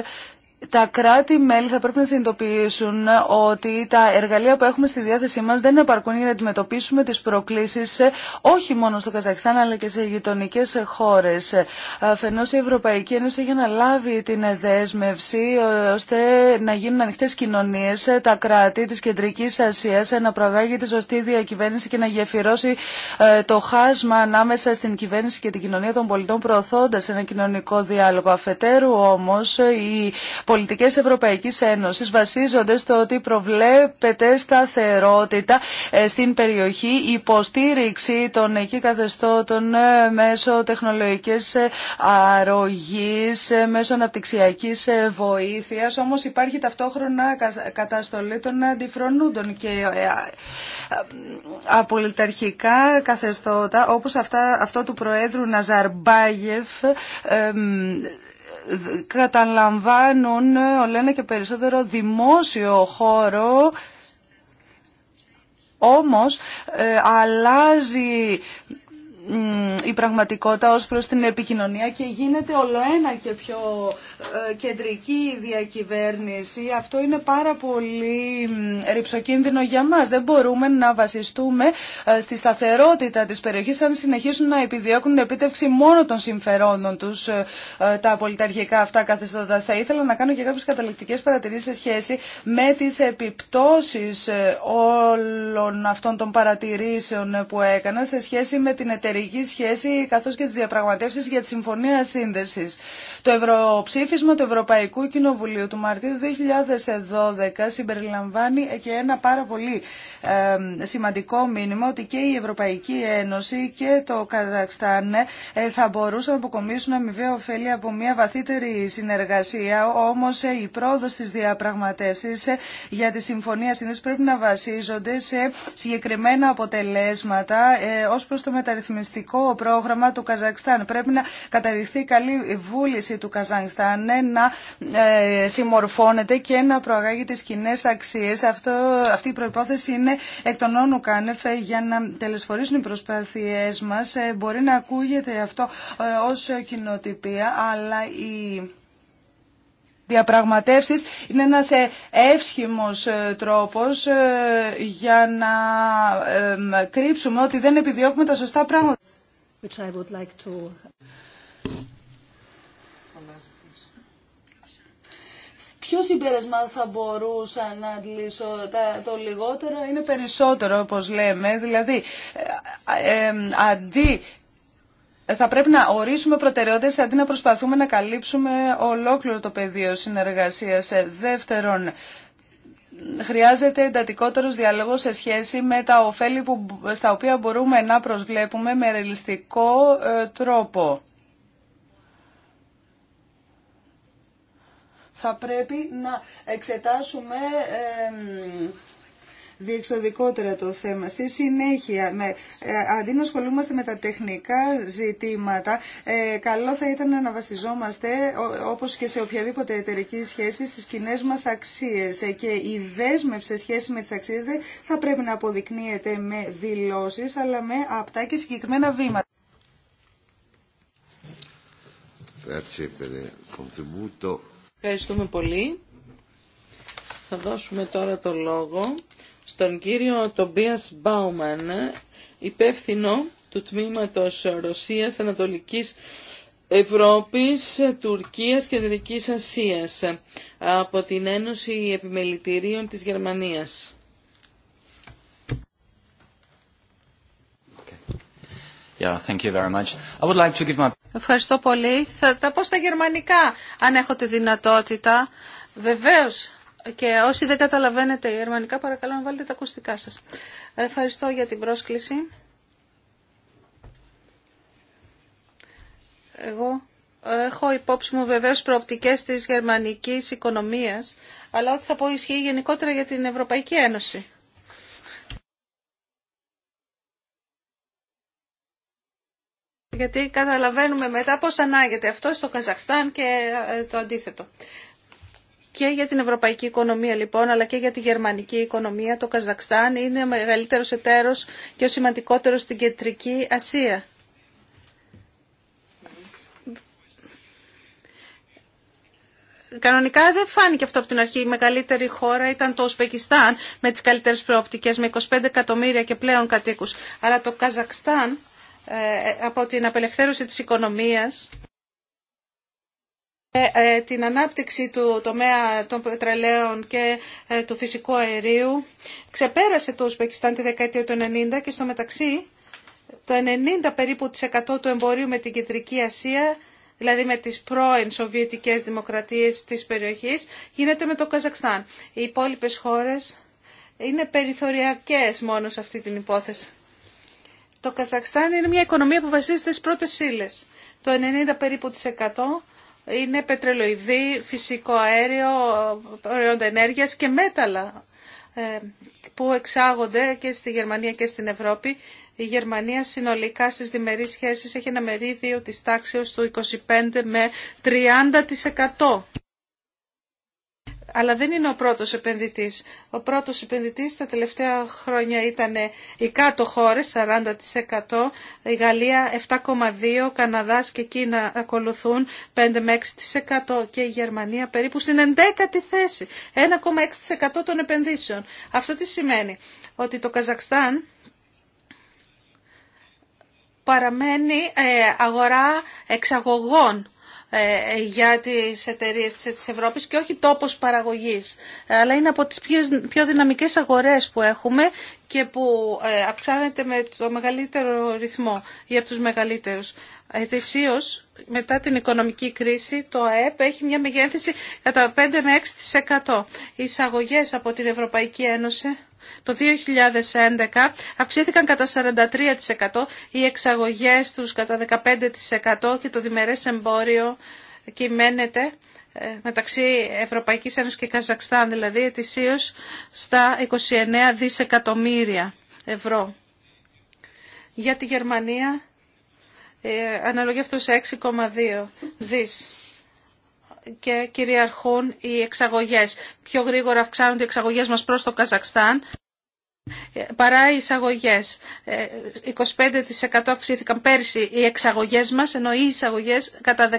τα κράτη-μέλη θα πρέπει να συνειδητοποιήσουν ότι τα εργαλεία που έχουμε στη διάθεσή μας δεν επαρκούν για να αντιμετωπίσουμε τις προκλήσεις ε, όχι μόνο στο Καζακστάν αλλά και σε γειτονικέ χώρες. Ε, αφενός η Ευρωπαϊκή Ένωση έχει αναλάβει την δέσμευση ε, ώστε να γίνουν ανοιχτέ κοινωνίες τα κράτη της Κεντρικής Ασίας να προαγάγει τη σωστή διακυβέρνηση και να γεφυρώσει το χάσμα ανάμεσα στην κυβέρνηση και την κοινωνία των πολιτών προωθώντας ένα κοινωνικό διάλογο. Αφετέρου όμως πολιτικές Ευρωπαϊκής Ένωσης βασίζονται στο ότι προβλέπεται σταθερότητα ε, στην περιοχή, υποστήριξη των εκεί καθεστώτων ε, μέσω τεχνολογικής ε, αρρωγής, μέσω αναπτυξιακή βοήθεια. Όμως υπάρχει ταυτόχρονα καταστολή των αντιφρονούντων και απολυταρχικά καθεστώτα όπως αυτό του Προέδρου Ναζαρμπάγεφ καταλαμβάνουν όλο ε, και περισσότερο δημόσιο χώρο όμως ε, αλλάζει η πραγματικότητα ως προς την επικοινωνία και γίνεται ένα και πιο ε, κεντρική διακυβέρνηση. Αυτό είναι πάρα πολύ ρηψοκίνδυνο για μας. Δεν μπορούμε να βασιστούμε ε, στη σταθερότητα της περιοχής αν συνεχίσουν να επιδιώκουν την επίτευξη μόνο των συμφερόντων τους ε, τα πολιταρχικά αυτά καθεστώτα. Θα ήθελα να κάνω και κάποιες καταληκτικές παρατηρήσεις σε σχέση με τις επιπτώσεις όλων αυτών των παρατηρήσεων που έκανα σε σχέση με την εταιρική σχέση καθώς και τις διαπραγματεύσεις για τη Συμφωνία Σύνδεσης. Το Ευρωψήφι ψήφισμα του Ευρωπαϊκού Κοινοβουλίου του Μαρτίου 2012 συμπεριλαμβάνει και ένα πάρα πολύ σημαντικό μήνυμα ότι και η Ευρωπαϊκή Ένωση και το Καζακστάν ε, θα μπορούσαν να αποκομίσουν αμοιβαία ωφέλη από μια βαθύτερη συνεργασία. Όμω ε, η πρόοδο τη διαπραγματεύση ε, για τη Συμφωνία συνήθω πρέπει να βασίζονται σε συγκεκριμένα αποτελέσματα ω προ το μεταρρυθμιστικό πρόγραμμα του Καζακστάν. Πρέπει να καταδειχθεί καλή βούληση του Καζακστάν ναι, να ε, συμμορφώνεται και να προαγάγει τι κοινέ αξίε. αυτή η προπόθεση είναι εκ των όνων κάνεφε για να τελεσφορήσουν οι προσπάθειές μας. Ε, μπορεί να ακούγεται αυτό ε, ω κοινοτυπία, αλλά η διαπραγματεύσεις είναι ένας εύσχημος τρόπος για να κρύψουμε ότι δεν επιδιώκουμε τα σωστά πράγματα. Ποιο συμπέρασμα θα μπορούσα να αντλήσω, το λιγότερο είναι περισσότερο όπως λέμε, δηλαδή ε, ε, ε, αντί θα πρέπει να ορίσουμε προτεραιότητες αντί να προσπαθούμε να καλύψουμε ολόκληρο το πεδίο συνεργασίας. Ε, δεύτερον, χρειάζεται εντατικότερο διάλογος σε σχέση με τα ωφέλη που, στα οποία μπορούμε να προσβλέπουμε με ρελιστικό τρόπο. θα πρέπει να εξετάσουμε διεξοδικότερα το θέμα. Στη συνέχεια, με, ε, αντί να ασχολούμαστε με τα τεχνικά ζητήματα, ε, καλό θα ήταν να βασιζόμαστε, όπως και σε οποιαδήποτε εταιρική σχέση, στις κοινέ μας αξίες. Ε, και η δέσμευση σε σχέση με τις αξίες δεν θα πρέπει να αποδεικνύεται με δηλώσεις, αλλά με απτά και συγκεκριμένα βήματα. Grazie Ευχαριστούμε πολύ. Θα δώσουμε τώρα το λόγο στον κύριο Τομπίας Μπάουμαν, υπεύθυνο του τμήματος Ρωσίας Ανατολικής Ευρώπης, Τουρκίας και Δυτικής Ασίας από την Ένωση Επιμελητηρίων της Γερμανίας. Yeah, thank you very much. I would like Ευχαριστώ πολύ. Θα τα πω στα γερμανικά, αν έχω τη δυνατότητα. Βεβαίω, Και όσοι δεν καταλαβαίνετε γερμανικά, παρακαλώ να βάλετε τα ακουστικά σας. Ευχαριστώ για την πρόσκληση. Εγώ έχω υπόψη μου βεβαίως προοπτικές της γερμανικής οικονομίας, αλλά ό,τι θα πω ισχύει γενικότερα για την Ευρωπαϊκή Ένωση. Γιατί καταλαβαίνουμε μετά πώς ανάγεται αυτό στο Καζακστάν και ε, το αντίθετο. Και για την ευρωπαϊκή οικονομία λοιπόν, αλλά και για τη γερμανική οικονομία, το Καζακστάν είναι ο μεγαλύτερος εταίρος και ο σημαντικότερος στην Κεντρική Ασία. Κανονικά δεν φάνηκε αυτό από την αρχή. Η μεγαλύτερη χώρα ήταν το Ουσπεκιστάν με τις καλύτερες προοπτικές, με 25 εκατομμύρια και πλέον κατοίκους. Αλλά το Καζακστάν ε, από την απελευθέρωση της οικονομίας ε, την ανάπτυξη του τομέα των πετρελαίων και ε, του φυσικού αερίου ξεπέρασε το Ουσπεκιστάν τη δεκαετία του 90 και στο μεταξύ το 90 περίπου 100 του εμπορίου με την Κεντρική Ασία δηλαδή με τις πρώην Σοβιετικές Δημοκρατίες της περιοχής, γίνεται με το Καζακστάν. Οι υπόλοιπες χώρες είναι περιθωριακές μόνο σε αυτή την υπόθεση. Το Καζακστάν είναι μια οικονομία που βασίζεται στις πρώτες ύλες. Το 90 περίπου είναι πετρελοειδή, φυσικό αέριο, προϊόντα ενέργειας και μέταλλα ε, που εξάγονται και στη Γερμανία και στην Ευρώπη. Η Γερμανία συνολικά στις διμερείς σχέσεις έχει ένα μερίδιο της τάξεως του 25 με 30% αλλά δεν είναι ο πρώτος επενδυτής. Ο πρώτος επενδυτής τα τελευταία χρόνια ήταν οι κάτω χώρες, 40%, η Γαλλία 7,2%, ο Καναδάς και Κίνα ακολουθούν 5 με 6% και η Γερμανία περίπου στην 11η θέση, 1,6% των επενδύσεων. Αυτό τι σημαίνει, ότι το Καζακστάν παραμένει ε, αγορά εξαγωγών ε, ε, για τις εταιρείε της Ευρώπης και όχι τόπος παραγωγής. Ε, αλλά είναι από τις πιο δυναμικές αγορές που έχουμε και που αυξάνεται με το μεγαλύτερο ρυθμό ή από τους μεγαλύτερους. Ετησίως μετά την οικονομική κρίση το ΑΕΠ έχει μια μεγέθυνση κατά 5 με 6%. Οι εισαγωγές από την Ευρωπαϊκή Ένωση το 2011 αυξήθηκαν κατά 43%, οι εξαγωγές τους κατά 15% και το διμερές εμπόριο κυμαίνεται ε, μεταξύ Ευρωπαϊκής Ένωσης και Καζακστάν, δηλαδή ετησίως στα 29 δισεκατομμύρια ευρώ. Για τη Γερμανία ε, αναλογεί αυτό σε 6,2 δις και κυριαρχούν οι εξαγωγές. Πιο γρήγορα αυξάνονται οι εξαγωγές μας προς το Καζακστάν ε, παρά οι εισαγωγές. 25% ε, αυξήθηκαν πέρσι οι εξαγωγές μας, ενώ οι εισαγωγές κατά 16%.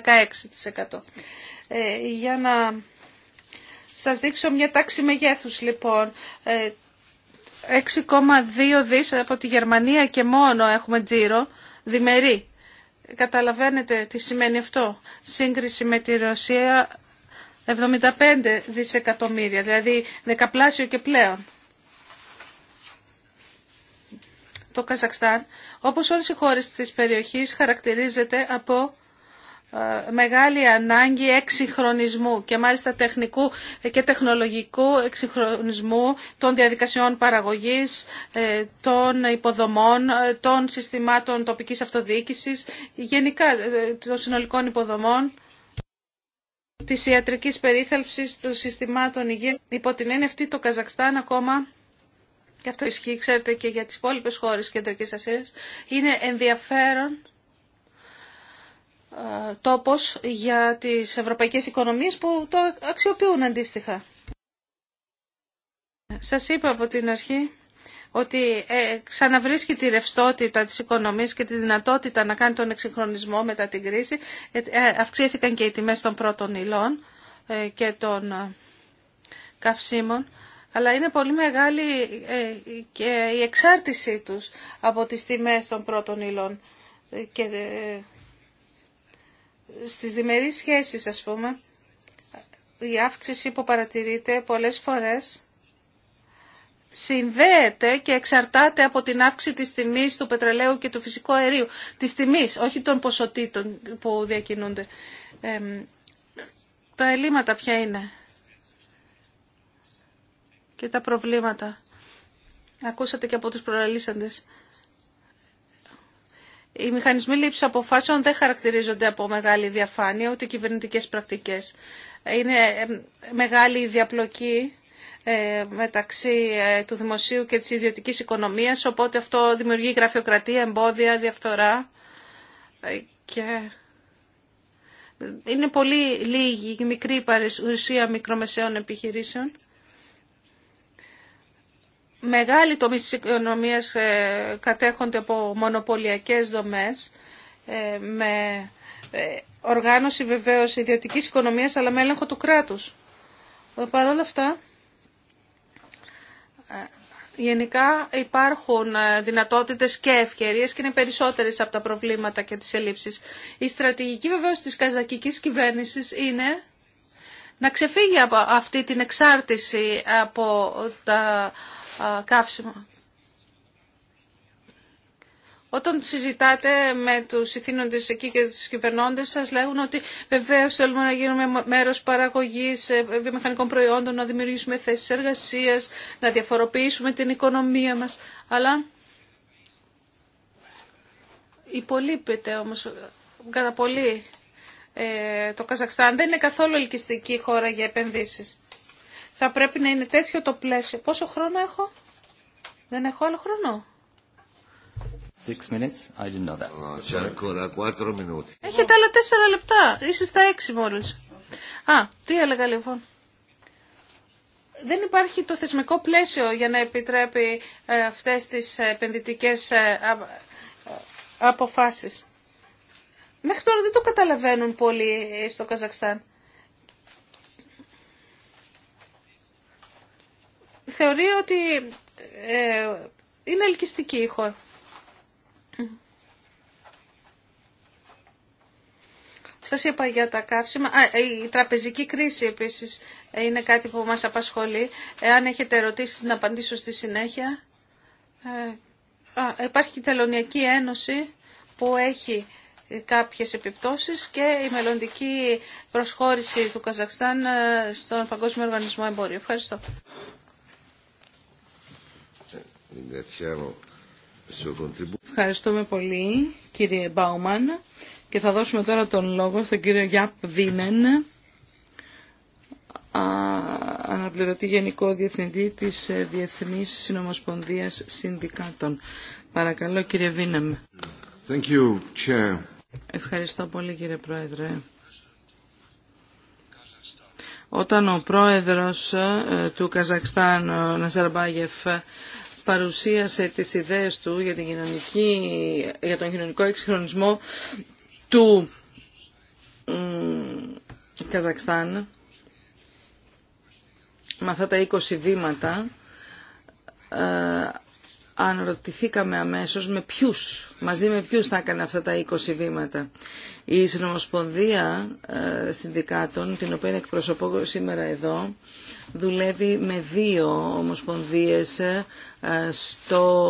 Για να σας δείξω μια τάξη μεγέθους λοιπόν. 6,2 δις από τη Γερμανία και μόνο έχουμε τζίρο, διμερή. Καταλαβαίνετε τι σημαίνει αυτό. Σύγκριση με τη Ρωσία 75 δισεκατομμύρια, δηλαδή δεκαπλάσιο και πλέον. Το Καζακστάν, όπως όλες οι χώρες της περιοχής, χαρακτηρίζεται από ε, μεγάλη ανάγκη εξυγχρονισμού και μάλιστα τεχνικού και τεχνολογικού εξυγχρονισμού των διαδικασιών παραγωγής, ε, των υποδομών, ε, των συστημάτων τοπικής αυτοδιοίκησης, γενικά των συνολικών υποδομών της ιατρικής περίθαλψης των συστημάτων υγείας. Υπό την έννοια αυτή το Καζακστάν ακόμα και αυτό ισχύει, ξέρετε, και για τις υπόλοιπες χώρες κεντρικής Ασίας, είναι ενδιαφέρον ε, τόπος για τις ευρωπαϊκές οικονομίες που το αξιοποιούν αντίστοιχα. Σας είπα από την αρχή ότι ε, ξαναβρίσκει τη ρευστότητα της οικονομίας και τη δυνατότητα να κάνει τον εξυγχρονισμό μετά την κρίση. Ε, ε, αυξήθηκαν και οι τιμές των πρώτων υλών και των καυσίμων. Αλλά είναι πολύ μεγάλη και η εξάρτησή τους από τις τιμές των πρώτων υλών και στις διμερείς σχέσεις ας πούμε η αύξηση που παρατηρείται πολλές φορές συνδέεται και εξαρτάται από την αύξηση της τιμής του πετρελαίου και του φυσικού αερίου. Της τιμής, όχι των ποσοτήτων που διακινούνται. τα ελλείμματα ποια είναι και τα προβλήματα. Ακούσατε και από τους προαλήσαντες. Οι μηχανισμοί λήψη αποφάσεων δεν χαρακτηρίζονται από μεγάλη διαφάνεια ούτε κυβερνητικέ πρακτικές. Είναι μεγάλη η διαπλοκή ε, μεταξύ ε, του δημοσίου και της ιδιωτικής οικονομίας, οπότε αυτό δημιουργεί γραφειοκρατία, εμπόδια, διαφθορά ε, και είναι πολύ λίγη η μικρή παρουσία μικρομεσαίων επιχειρήσεων μεγάλοι τομείς της οικονομίας ε, κατέχονται από μονοπωλιακές δομές ε, με ε, οργάνωση βεβαίως ιδιωτικής οικονομίας αλλά με έλεγχο του κράτους. Παρ' όλα αυτά, γενικά υπάρχουν δυνατότητες και ευκαιρίες και είναι περισσότερες από τα προβλήματα και τις ελλείψεις. Η στρατηγική βεβαίως της καζακικής κυβέρνησης είναι να ξεφύγει από αυτή την εξάρτηση από τα καύσιμα. Όταν συζητάτε με τους ηθήνοντες εκεί και τους κυβερνώντες σας λέγουν ότι βεβαίως θέλουμε να γίνουμε μέρος παραγωγής ε, βιομηχανικών προϊόντων, να δημιουργήσουμε θέσεις εργασίας, να διαφοροποιήσουμε την οικονομία μας. Αλλά υπολείπεται όμως κατά πολύ ε, το Καζακστάν δεν είναι καθόλου ελκυστική χώρα για επενδύσεις. Θα πρέπει να είναι τέτοιο το πλαίσιο. Πόσο χρόνο έχω? Δεν έχω άλλο χρόνο. Six minutes. I know that. Έχετε άλλα τέσσερα λεπτά. Είσαι στα έξι μόλις. Α, τι έλεγα λοιπόν. Δεν υπάρχει το θεσμικό πλαίσιο για να επιτρέπει ε, αυτές τις επενδυτικές ε, αποφάσεις. Μέχρι τώρα δεν το καταλαβαίνουν πολύ στο Καζακστάν. Θεωρεί ότι ε, είναι ελκυστική η χώρα. Σας είπα για τα καύσιμα. Ε, η τραπεζική κρίση επίσης ε, είναι κάτι που μας απασχολεί. Εάν έχετε ερωτήσεις να απαντήσω στη συνέχεια. α, υπάρχει η Τελωνιακή Ένωση που έχει κάποιες επιπτώσεις και η μελλοντική προσχώρηση του Καζακστάν ε, στον Παγκόσμιο Οργανισμό Εμπόριου. Ευχαριστώ. Ευχαριστούμε πολύ κύριε Μπάουμαν και θα δώσουμε τώρα τον λόγο στον κύριο Γιάπ Δίνεν, αναπληρωτή Γενικό Διευθυντή της ε, Διεθνής Συνομοσπονδίας Συνδικάτων. Παρακαλώ κύριε Βίνεμ. Thank you, Ευχαριστώ πολύ κύριε Πρόεδρε. Όταν ο πρόεδρος ε, του Καζακστάν, ο Ναζαρμπάγεφ, παρουσίασε τις ιδέες του για, την κοινωνική, για τον κοινωνικό εξυγχρονισμό του Καζακστάν, με αυτά τα 20 βήματα, ε, αναρωτηθήκαμε αμέσως με ποιους, μαζί με ποιους θα έκανε αυτά τα 20 βήματα. Η Συνομοσπονδία ε, Συνδικάτων, την οποία εκπροσωπώ σήμερα εδώ, δουλεύει με δύο ομοσπονδίες ε, στο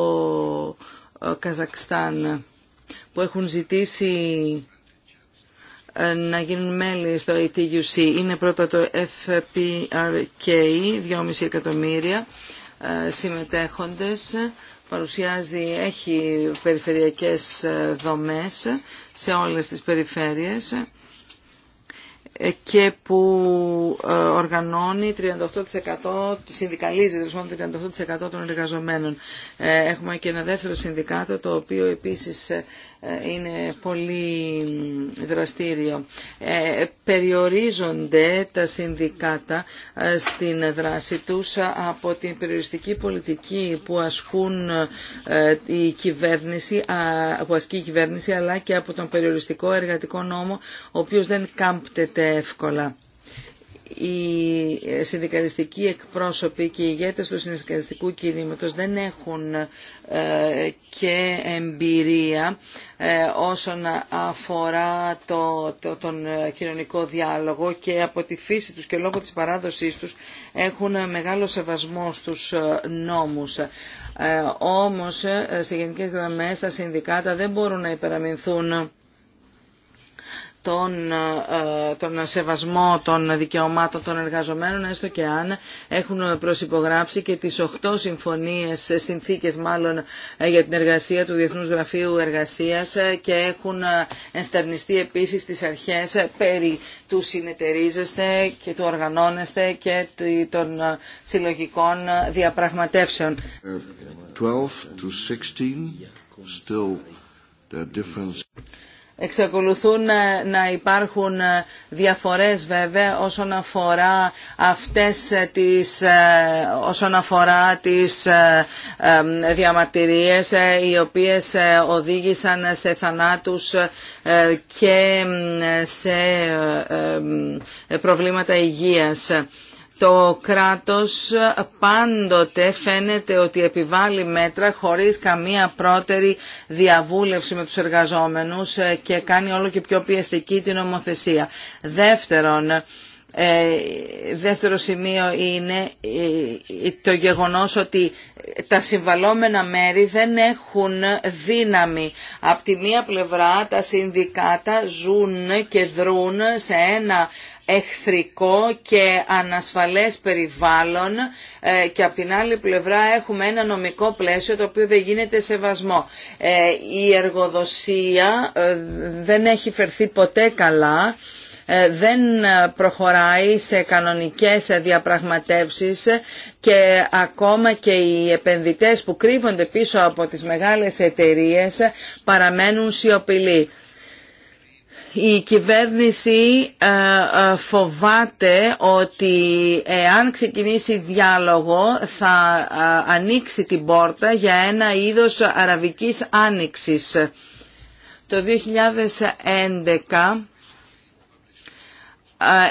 ε, Καζακστάν που έχουν ζητήσει να γίνουν μέλη στο ATUC. Είναι πρώτα το FPRK, 2,5 εκατομμύρια συμμετέχοντες παρουσιάζει, έχει περιφερειακές ε, δομές σε όλες τις περιφέρειες ε, και που ε, οργανώνει 38%, συνδικαλίζει 38% των εργαζομένων. Έχουμε και ένα δεύτερο συνδικάτο το οποίο επίσης είναι πολύ δραστήριο. Ε, περιορίζονται τα συνδικάτα ε, στην δράση τους ε, από την περιοριστική πολιτική που ασκούν η κυβέρνηση, που ασκεί η κυβέρνηση αλλά και από τον περιοριστικό εργατικό νόμο ο οποίος δεν κάμπτεται εύκολα οι συνδικαλιστικοί εκπρόσωποι και οι ηγέτες του συνδικαλιστικού κινήματος δεν έχουν ε, και εμπειρία ε, όσον αφορά το, τον κοινωνικό διάλογο και από τη φύση τους και λόγω της παράδοσής τους έχουν μεγάλο σεβασμό στους ε, νόμους. Όμως, σε γενικές γραμμές, τα συνδικάτα δεν μπορούν να υπεραμεινθούν ε, τον, σεβασμό των δικαιωμάτων των εργαζομένων, έστω και αν έχουν προσυπογράψει και τις 8 συμφωνίες, συνθήκες μάλλον ε, για την εργασία του Διεθνούς Γραφείου Εργασίας ε, και έχουν ενστερνιστεί επίσης τις αρχές περί του συνεταιρίζεστε και του οργανώνεστε και των συλλογικών διαπραγματεύσεων. 12 16, Εξακολουθούν ε, να υπάρχουν ε, διαφορές βέβαια όσον αφορά αυτές ε, τις, όσον αφορά τις διαμαρτυρίες οι οποίες οδήγησαν σε θανάτους και σε προβλήματα υγείας το κράτος πάντοτε φαίνεται ότι επιβάλλει μέτρα χωρίς καμία πρώτερη διαβούλευση με τους εργαζόμενους ε, και κάνει όλο και πιο πιεστική την νομοθεσία. Δεύτερον, ε, δεύτερο σημείο είναι ε, το γεγονός ότι τα συμβαλόμενα μέρη δεν έχουν δύναμη. Από τη μία πλευρά τα συνδικάτα ζουν και δρούν σε ένα εχθρικό και ανασφαλές περιβάλλον ε, και από την άλλη πλευρά έχουμε ένα νομικό πλαίσιο το οποίο δεν γίνεται σεβασμό. Ε, η εργοδοσία ε, δεν έχει φερθεί ποτέ καλά δεν προχωράει σε κανονικές διαπραγματεύσεις και ακόμα και οι επενδυτές που κρύβονται πίσω από τις μεγάλες εταιρείες παραμένουν σιωπηλοί η κυβέρνηση ε, ε, φοβάται ότι εάν ξεκινήσει διάλογο θα ε, ανοίξει την πόρτα για ένα είδος αραβικής άνοιξης. Το 2011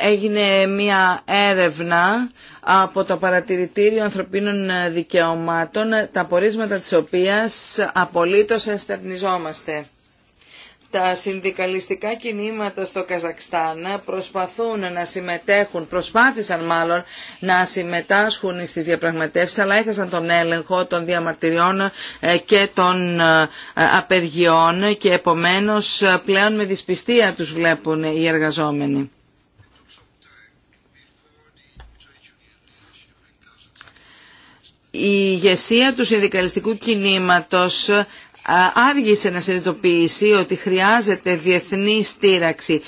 έγινε μια έρευνα από το Παρατηρητήριο Ανθρωπίνων Δικαιωμάτων, τα πορίσματα της οποίας απολύτως εστερνιζόμαστε τα συνδικαλιστικά κινήματα στο Καζακστάν προσπαθούν να συμμετέχουν, προσπάθησαν μάλλον να συμμετάσχουν στις διαπραγματεύσεις, αλλά έθεσαν τον έλεγχο των διαμαρτυριών ε, και των ε, απεργιών και επομένως ε, πλέον με δυσπιστία τους βλέπουν οι εργαζόμενοι. Η ηγεσία του συνδικαλιστικού κινήματος άργησε να συνειδητοποιήσει ότι χρειάζεται διεθνή στήραξη,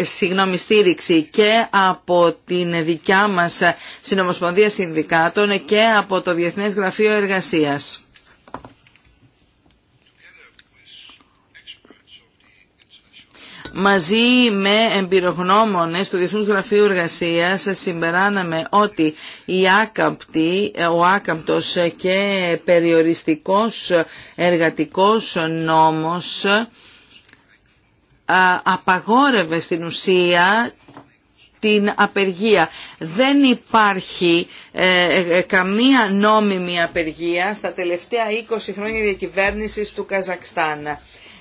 συγγνώμη, στήριξη και από την δικιά μας Συνομοσπονδία Συνδικάτων και από το Διεθνές Γραφείο Εργασίας. μαζί με εμπειρογνώμονες του Διεθνούς Γραφείου Εργασίας συμπεράναμε ότι η άκαμπτη, ο άκαμπτος και περιοριστικός εργατικός νόμος απαγόρευε στην ουσία την απεργία. Δεν υπάρχει ε, ε, καμία νόμιμη απεργία στα τελευταία 20 χρόνια διακυβέρνησης του Καζακστάν.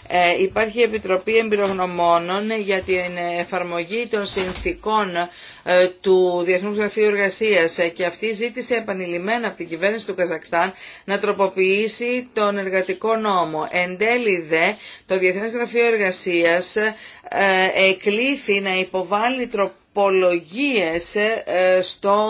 Ε, υπάρχει η Επιτροπή Εμπειρογνωμόνων για την εφαρμογή των συνθήκων ε, του Διεθνούς Γραφείου Εργασίας και αυτή ζήτησε επανειλημμένα από την κυβέρνηση του Καζακστάν να τροποποιήσει τον εργατικό νόμο. Εν τέλει δε, το Διεθνές Γραφείο Εργασίας ε, εκλήθη να υποβάλει τροπολογίες στο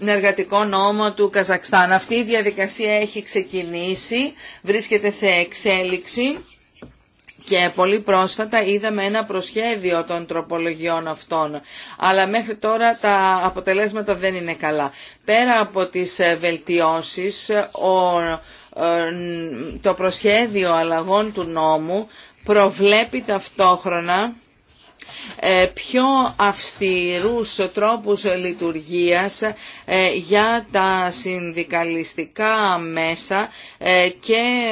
ενεργατικό νόμο του Καζακστάν. Αυτή η διαδικασία έχει ξεκινήσει, βρίσκεται σε εξέλιξη και πολύ πρόσφατα είδαμε ένα προσχέδιο των τροπολογιών αυτών. Αλλά μέχρι τώρα τα αποτελέσματα δεν είναι καλά. Πέρα από τις ε, βελτιώσεις, ε, το προσχέδιο αλλαγών του νόμου προβλέπει ταυτόχρονα ε, πιο αυστηρούς τρόπους λειτουργίας ε, για τα συνδικαλιστικά μέσα ε, και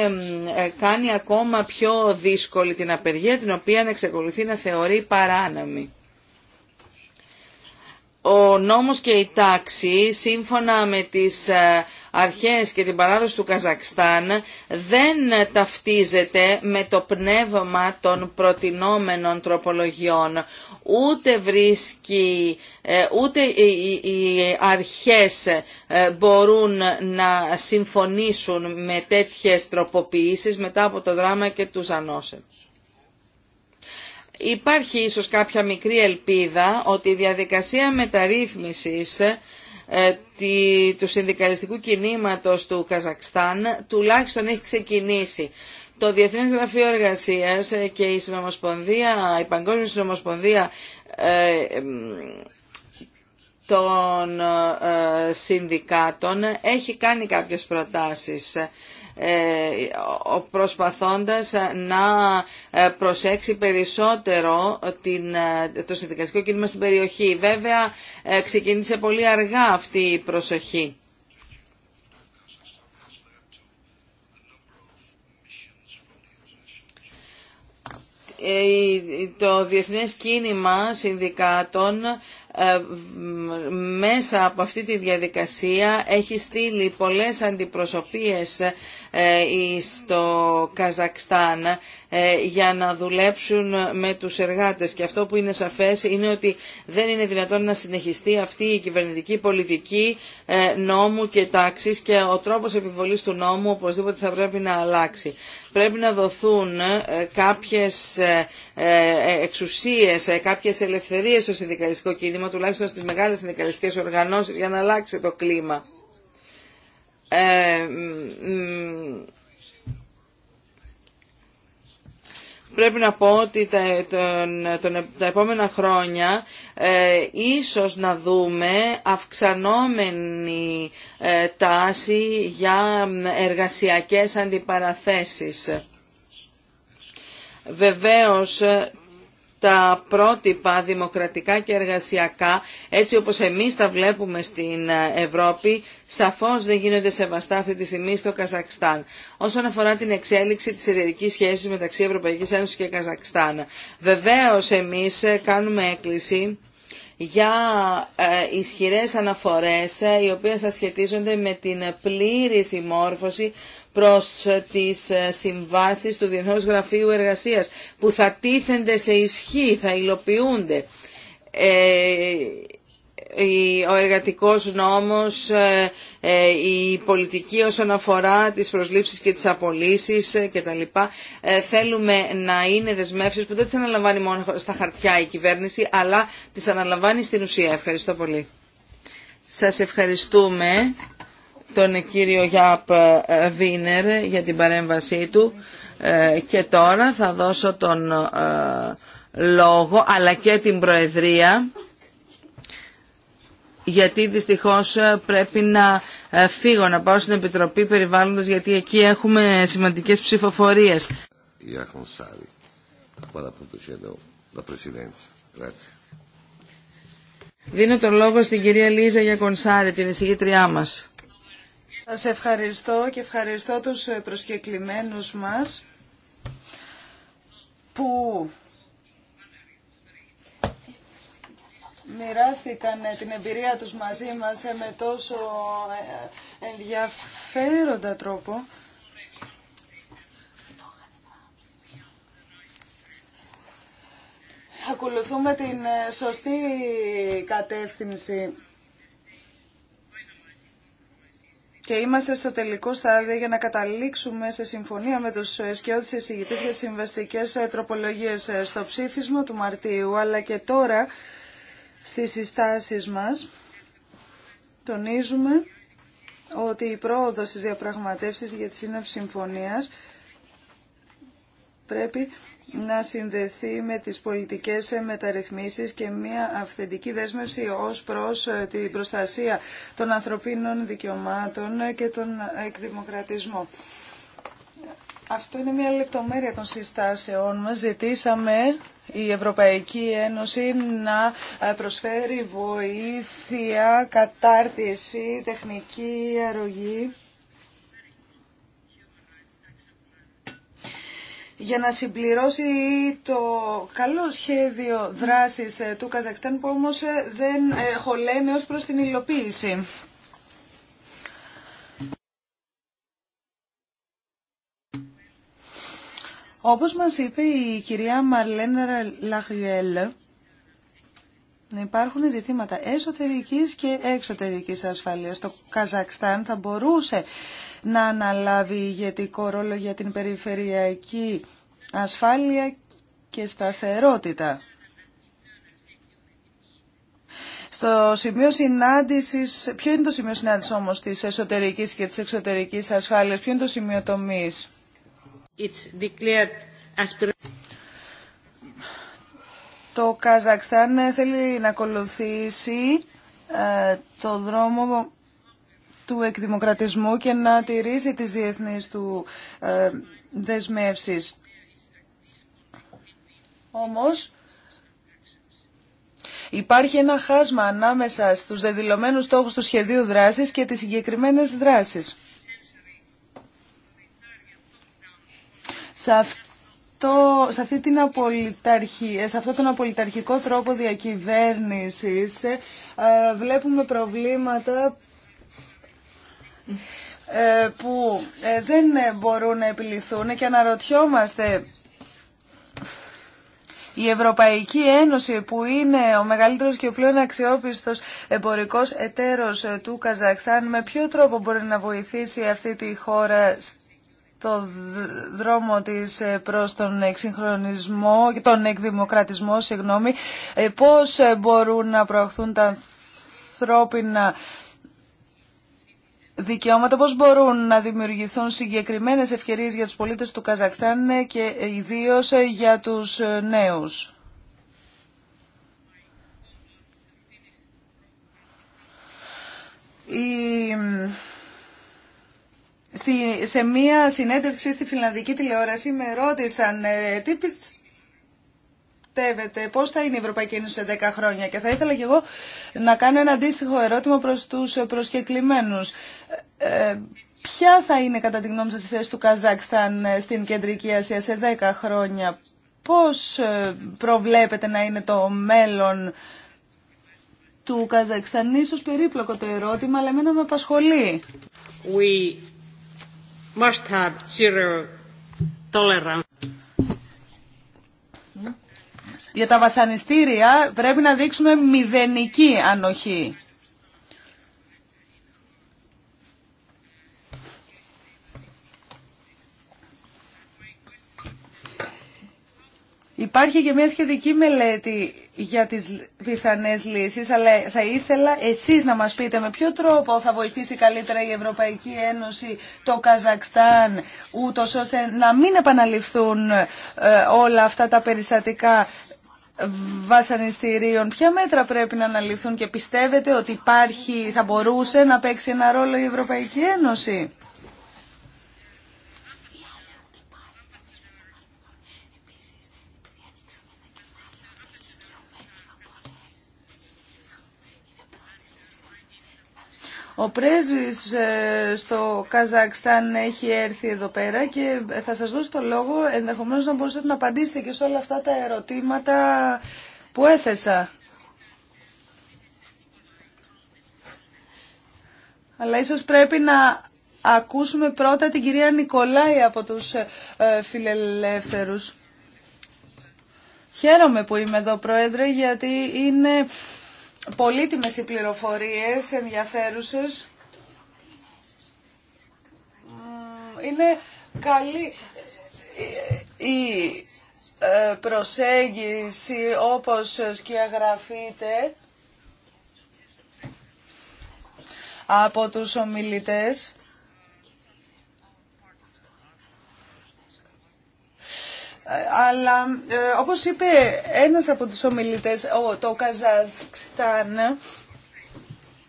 κάνει ακόμα πιο δύσκολη την απεργία την οποία εξακολουθεί να θεωρεί παράνομη ο νόμος και η τάξη σύμφωνα με τις ε, αρχές και την παράδοση του Καζακστάν δεν ταυτίζεται με το πνεύμα των προτινόμενων τροπολογιών ούτε βρίσκει ε, ούτε οι αρχές ε, μπορούν να συμφωνήσουν με τέτοιες τροποποιήσεις μετά από το δράμα και τους ανώσεους υπάρχει ίσως κάποια μικρή ελπίδα ότι η διαδικασία μεταρρύθμισης ε, του συνδικαλιστικού κινήματος του Καζακστάν τουλάχιστον έχει ξεκινήσει. Το Διεθνές Γραφείο Εργασίας ε, και η, Συνομοσπονδία, η Παγκόσμια Συνομοσπονδία ε, των Συνδικάτων έχει κάνει κάποιες προτάσεις ε, προσπαθώντας να ε, προσέξει περισσότερο την, ε, το συνδικαστικό κίνημα στην περιοχή. Βέβαια ξεκίνησε πολύ αργά αυτή η προσοχή. το διεθνές κίνημα συνδικάτων ε, μέσα από αυτή τη διαδικασία έχει στείλει πολλές αντιπροσωπείες ε, στο Καζακστάν ε, για να δουλέψουν με τους εργάτες. Και αυτό που είναι σαφές είναι ότι δεν είναι δυνατόν να συνεχιστεί αυτή η κυβερνητική πολιτική ε, νόμου και τάξης και ο τρόπος επιβολής του νόμου οπωσδήποτε θα πρέπει να αλλάξει. Πρέπει να δοθούν ε, κάποιες εξουσίες, κάποιες ελευθερίες στο συνδικαλιστικό κίνημα, τουλάχιστον στις μεγάλες συνδικαλιστικές οργανώσεις, για να αλλάξει το κλίμα. πρέπει να πω ότι τα, τον, τον, τα επόμενα χρόνια ε, ίσως να δούμε αυξανόμενη ε, τάση για εργασιακές αντιπαραθέσεις. Βεβαίως τα πρότυπα δημοκρατικά και εργασιακά, έτσι όπως εμείς τα βλέπουμε στην Ευρώπη, σαφώς δεν γίνονται σεβαστά αυτή τη στιγμή στο Καζακστάν. Όσον αφορά την εξέλιξη της εταιρικής σχέσης μεταξύ Ευρωπαϊκής Ένωσης και Καζακστάν, βεβαίως εμείς κάνουμε έκκληση για ε, ισχυρές αναφορές ε, οι οποίες θα σχετίζονται με την πλήρη συμμόρφωση προς ε, τις ε, συμβάσεις του Διεθνούς Γραφείου Εργασίας που θα τίθενται σε ισχύ, θα υλοποιούνται. Ε, ο εργατικός νόμος, η πολιτική όσον αφορά τις προσλήψεις και τις απολύσεις κτλ. Θέλουμε να είναι δεσμεύσεις που δεν τις αναλαμβάνει μόνο στα χαρτιά η κυβέρνηση, αλλά τις αναλαμβάνει στην ουσία. Ευχαριστώ πολύ. Σας ευχαριστούμε τον κύριο Γιάπ ε, Βίνερ για την παρέμβασή του ε, και τώρα θα δώσω τον ε, λόγο αλλά και την Προεδρία γιατί δυστυχώς πρέπει να φύγω να πάω στην Επιτροπή Περιβάλλοντος γιατί εκεί έχουμε σημαντικές ψηφοφορίες. Δίνω τον λόγο στην κυρία Λίζα Γιακονσάρη, την εισηγήτριά μας. Σας ευχαριστώ και ευχαριστώ τους προσκεκλημένους μας που μοιράστηκαν την εμπειρία τους μαζί μας με τόσο ενδιαφέροντα τρόπο. Ακολουθούμε την σωστή κατεύθυνση και είμαστε στο τελικό στάδιο για να καταλήξουμε σε συμφωνία με τους σκιώδεις εισηγητές για τις συμβαστικές ε, τροπολογίες ε, στο ψήφισμα του Μαρτίου, αλλά και τώρα στις συστάσεις μας τονίζουμε ότι η πρόοδος της διαπραγματεύσεις για τη σύνοψη συμφωνίας πρέπει να συνδεθεί με τις πολιτικές μεταρρυθμίσεις και μια αυθεντική δέσμευση ως προς ε, την προστασία των ανθρωπίνων δικαιωμάτων και τον εκδημοκρατισμό. Αυτό είναι μια λεπτομέρεια των συστάσεών μας. Ζητήσαμε η Ευρωπαϊκή Ένωση να ε, προσφέρει βοήθεια, κατάρτιση, τεχνική αρρωγή για να συμπληρώσει το καλό σχέδιο δράσης ε, του Καζακστάν που όμως ε, δεν ε, χωλαίνει ως προς την υλοποίηση. Όπως μας είπε η κυρία Μαρλένα Λαχιουέλ, υπάρχουν ζητήματα εσωτερικής και εξωτερικής ασφαλείας. Το Καζακστάν θα μπορούσε να αναλάβει ηγετικό ρόλο για την περιφερειακή ασφάλεια και σταθερότητα. Στο σημείο συνάντησης, ποιο είναι το σημείο συνάντησης όμως της εσωτερικής και της εξωτερικής ασφάλειας, ποιο είναι το σημείο τομής. It's declared Το Καζακστάν θέλει να ακολουθήσει ε, το δρόμο του εκδημοκρατισμού και να τηρήσει τις διεθνείς του ε, δεσμεύσεις. Όμως, υπάρχει ένα χάσμα ανάμεσα στους δεδηλωμένους στόχους του σχεδίου δράσης και τις συγκεκριμένες δράσεις. Σε αυτό, σε αυτή σε αυτό τον απολυταρχικό τρόπο διακυβέρνησης ε, ε, βλέπουμε προβλήματα ε, που ε, δεν μπορούν να επιληθούν και αναρωτιόμαστε η Ευρωπαϊκή Ένωση που είναι ο μεγαλύτερος και ο πλέον αξιόπιστος εμπορικός εταίρος ε, του Καζακστάν με ποιο τρόπο μπορεί να βοηθήσει αυτή τη χώρα το δρόμο της προς τον εξυγχρονισμό και τον εκδημοκρατισμό, συγγνώμη, πώς μπορούν να προωθούν τα ανθρώπινα δικαιώματα, πώς μπορούν να δημιουργηθούν συγκεκριμένες ευκαιρίες για τους πολίτες του Καζακστάν ε, και ε, ιδίως ε, για τους νέους. σε μία συνέντευξη στη φιλανδική τηλεόραση με ρώτησαν πιστεύετε, πώς θα είναι η Ευρωπαϊκή Ένωση σε 10 χρόνια. Και θα ήθελα κι εγώ να κάνω ένα αντίστοιχο ερώτημα προς τους προσκεκλημένους. Ε, ε ποια θα είναι κατά τη γνώμη σα η θέση του Καζάκσταν ε, στην Κεντρική Ασία σε 10 χρόνια. Πώς ε, προβλέπετε να είναι το μέλλον του Καζακστάν. ίσως περίπλοκο το ερώτημα, αλλά εμένα με απασχολεί. We must have zero tolerance. Για τα βασανιστήρια πρέπει να δείξουμε μηδενική ανοχή. Υπάρχει και μια σχετική μελέτη για τις πιθανές λύσεις, αλλά θα ήθελα εσείς να μας πείτε με ποιο τρόπο θα βοηθήσει καλύτερα η Ευρωπαϊκή Ένωση, το Καζακστάν, ούτως ώστε να μην επαναληφθούν ε, όλα αυτά τα περιστατικά βασανιστήριων. Ποια μέτρα πρέπει να αναλυθούν και πιστεύετε ότι υπάρχει, θα μπορούσε να παίξει ένα ρόλο η Ευρωπαϊκή Ένωση. Ο πρέσβης ε, στο Καζακστάν έχει έρθει εδώ πέρα και θα σας δώσω το λόγο ενδεχομένως να μπορούσατε να απαντήσετε και σε όλα αυτά τα ερωτήματα που έθεσα. Αλλά ίσως πρέπει να ακούσουμε πρώτα την κυρία Νικολάη από τους ε, φιλελεύθερους. Χαίρομαι που είμαι εδώ, Πρόεδρε, γιατί είναι πολύτιμες οι πληροφορίες ενδιαφέρουσες. Ε, είναι καλή η ε, προσέγγιση όπως σκιαγραφείται από τους ομιλητές. Αλλά ε, όπως είπε ένας από τους ομιλητές, το Καζακστάν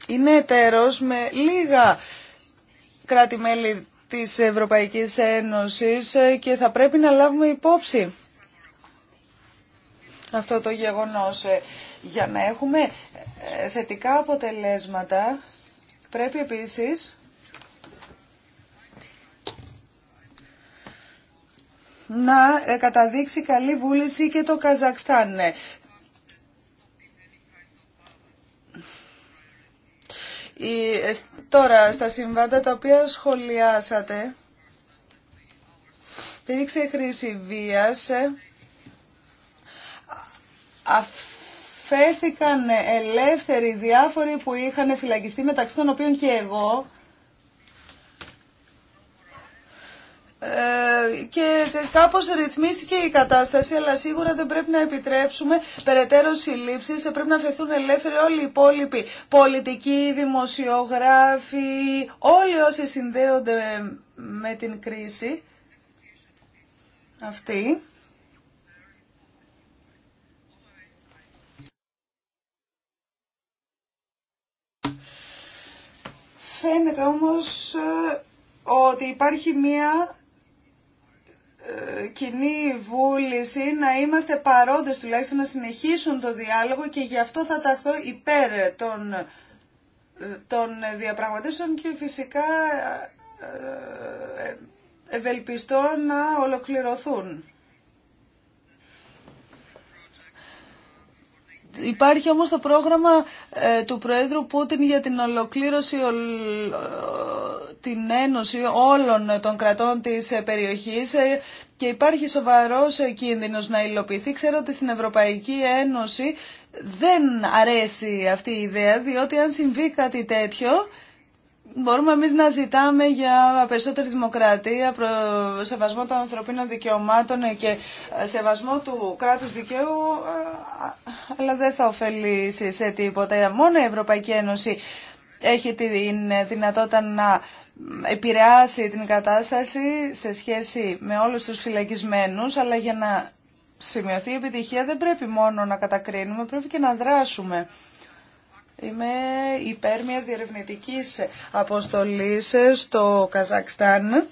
είναι εταίρος με λίγα κράτη-μέλη της Ευρωπαϊκής Ένωσης ε, και θα πρέπει να λάβουμε υπόψη αυτό το γεγονός. Ε, για να έχουμε θετικά αποτελέσματα πρέπει επίσης να ε, καταδείξει καλή βούληση και το Καζακστάν. Ναι. Ε, τώρα, στα συμβάντα τα οποία σχολιάσατε, υπήρξε χρήση βίας, ε, αφέθηκαν ελεύθεροι διάφοροι που είχαν φυλακιστεί μεταξύ των οποίων και εγώ Ε, και κάπως ρυθμίστηκε η κατάσταση αλλά σίγουρα δεν πρέπει να επιτρέψουμε περαιτέρω συλλήψεις ε, πρέπει να φεθούν ελεύθεροι όλοι οι υπόλοιποι πολιτικοί, δημοσιογράφοι όλοι όσοι συνδέονται με την κρίση αυτή Φαίνεται όμως ε, ότι υπάρχει μία ε, κοινή βούληση να είμαστε παρόντες τουλάχιστον να συνεχίσουν το διάλογο και γι' αυτό θα ταχθώ υπέρ των, ε, των διαπραγματεύσεων και φυσικά ε, ευελπιστώ να ολοκληρωθούν. Υπάρχει όμως το πρόγραμμα ε, του Προέδρου Πούτιν για την ολοκλήρωση την ένωση όλων των κρατών της περιοχής ε, και υπάρχει σοβαρός ε, κίνδυνος να υλοποιηθεί. Ξέρω ότι στην Ευρωπαϊκή Ένωση δεν αρέσει αυτή η ιδέα διότι αν συμβεί κάτι τέτοιο Μπορούμε εμείς να ζητάμε για περισσότερη δημοκρατία, σεβασμό των ανθρωπίνων δικαιωμάτων και ε, σεβασμό του κράτους δικαίου, ε, αλλά δεν θα ωφελήσει σε τίποτα. Μόνο η Ευρωπαϊκή Ένωση έχει τη δυνατότητα να επηρεάσει την κατάσταση σε σχέση με όλους τους φυλακισμένους, αλλά για να σημειωθεί η επιτυχία δεν πρέπει μόνο να κατακρίνουμε, πρέπει και να δράσουμε. Είμαι υπέρ μιας διερευνητικής αποστολής στο Καζακστάν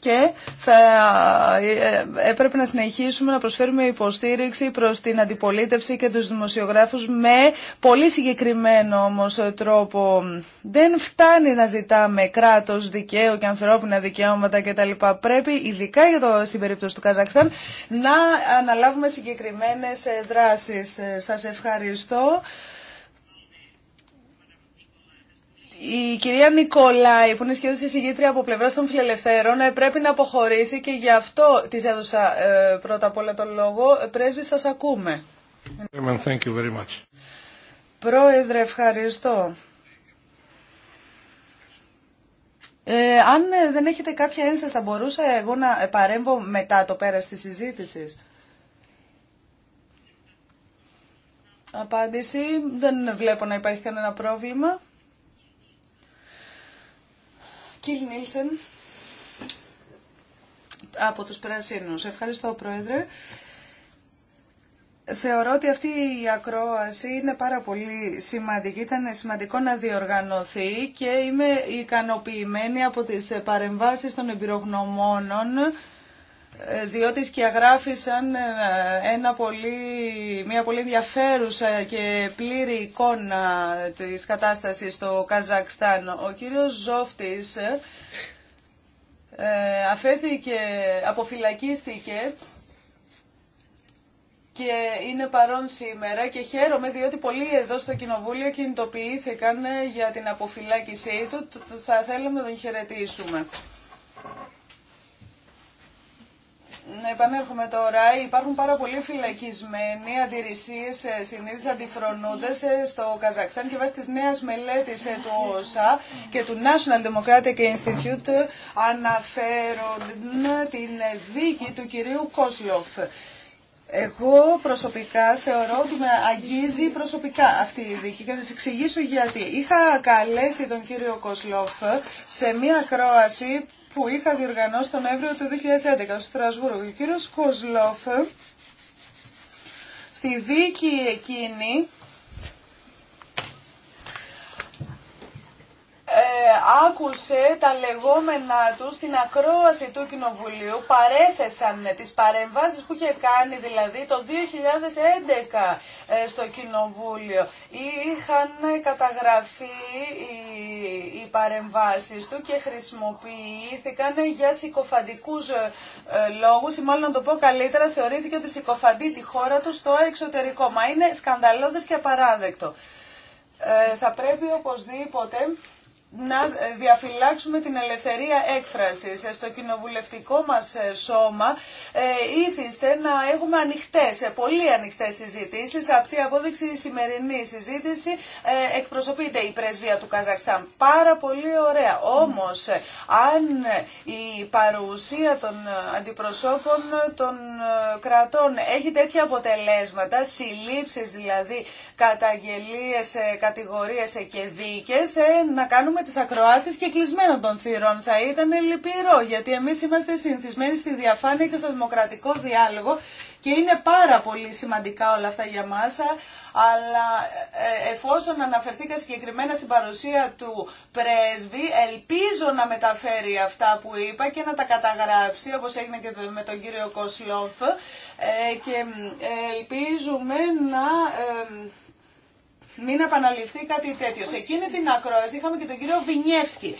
και θα ε, ε, έπρεπε να συνεχίσουμε να προσφέρουμε υποστήριξη προς την αντιπολίτευση και τους δημοσιογράφους με πολύ συγκεκριμένο όμως τρόπο. Δεν φτάνει να ζητάμε κράτος, δικαίου και ανθρώπινα δικαιώματα κτλ. Πρέπει ειδικά για το, στην περίπτωση του Καζακστάν να αναλάβουμε συγκεκριμένες ε, δράσεις. Σας ευχαριστώ. Η κυρία Νικολάη, που είναι σχεδόν συζητήτρια από πλευρά των φιλελευθέρων, ε, πρέπει να αποχωρήσει και γι' αυτό τη έδωσα ε, πρώτα απ' όλα τον λόγο. Ε, πρέσβη, σας ακούμε. Thank you very much. Πρόεδρε, ευχαριστώ. Ε, αν δεν έχετε κάποια ένσταση, θα μπορούσα εγώ να παρέμβω μετά το πέρας της συζήτησης. Απάντηση. Δεν βλέπω να υπάρχει κανένα πρόβλημα. Κιλ Νίλσεν από τους Πρασίνους. Ευχαριστώ Πρόεδρε. Θεωρώ ότι αυτή η ακρόαση είναι πάρα πολύ σημαντική. Ήταν σημαντικό να διοργανωθεί και είμαι ικανοποιημένη από τις παρεμβάσεις των εμπειρογνωμόνων διότι σκιαγράφησαν ε, ένα πολύ, μια πολύ ενδιαφέρουσα και πλήρη εικόνα της κατάστασης στο Καζακστάν. Ο κύριος Ζόφτης ε, αφέθηκε, αποφυλακίστηκε και είναι παρόν σήμερα και χαίρομαι διότι πολλοί εδώ στο Κοινοβούλιο κινητοποιήθηκαν ε, για την αποφυλάκησή του. Θα θέλαμε να τον χαιρετήσουμε. Να επανέρχομαι τώρα. Υπάρχουν πάρα πολλοί φυλακισμένοι, αντιρρησίε, ε, συνήθω αντιφρονούντε ε, στο Καζακστάν και βάσει τη νέα μελέτη ε, του ΟΣΑ και του National Democratic Institute αναφέρονται την δίκη του κυρίου Κόσλοφ. Εγώ προσωπικά θεωρώ ότι με αγγίζει προσωπικά αυτή η δίκη και θα σα εξηγήσω γιατί. Είχα καλέσει τον κύριο Κοσλόφ σε μία ακρόαση που είχα διοργανώσει τον Νοέμβριο του 2011 στο Στρασβούργο. Ο κύριος Κοσλόφ στη δίκη εκείνη Ε, άκουσε τα λεγόμενα του στην ακρόαση του Κοινοβουλίου, παρέθεσαν τις παρεμβάσεις που είχε κάνει δηλαδή το 2011 ε, στο Κοινοβούλιο. Είχαν καταγραφεί οι, παρεμβάσεις του και χρησιμοποιήθηκαν για συκοφαντικούς ε, λόγους ή μάλλον να το πω καλύτερα θεωρήθηκε ότι συκοφαντεί τη χώρα του στο εξωτερικό. Μα είναι σκανδαλώδες και απαράδεκτο. θα πρέπει οπωσδήποτε να διαφυλάξουμε την ελευθερία έκφρασης. Ε, στο κοινοβουλευτικό μας ε, σώμα ε, ήθιστε να έχουμε ανοιχτές, πολύ ανοιχτές συζητήσεις. Αυτή τη απόδειξη η σημερινή συζήτηση εκπροσωπείται η πρέσβεια του Καζακστάν. Πάρα πολύ ωραία. Όμως, αν η παρουσία των αντιπροσώπων των κρατών έχει τέτοια αποτελέσματα, συλλήψεις δηλαδή, καταγγελίες, κατηγορίες και δίκες, να κάνουμε κάνουμε τις ακροάσεις και κλεισμένων των θύρων. Θα ήταν λυπηρό, γιατί εμείς είμαστε συνηθισμένοι στη διαφάνεια και στο δημοκρατικό διάλογο και είναι πάρα πολύ σημαντικά όλα αυτά για μας, αλλά ε, ε, εφόσον αναφερθήκα συγκεκριμένα στην παρουσία του πρέσβη, ελπίζω να μεταφέρει αυτά που είπα και να τα καταγράψει, όπως έγινε και με τον κύριο Κοσλόφ, ε, και ελπίζουμε να μην επαναληφθεί κάτι τέτοιο. Σε εκείνη την ακρόαση είχαμε και τον κύριο Βινιεύσκη,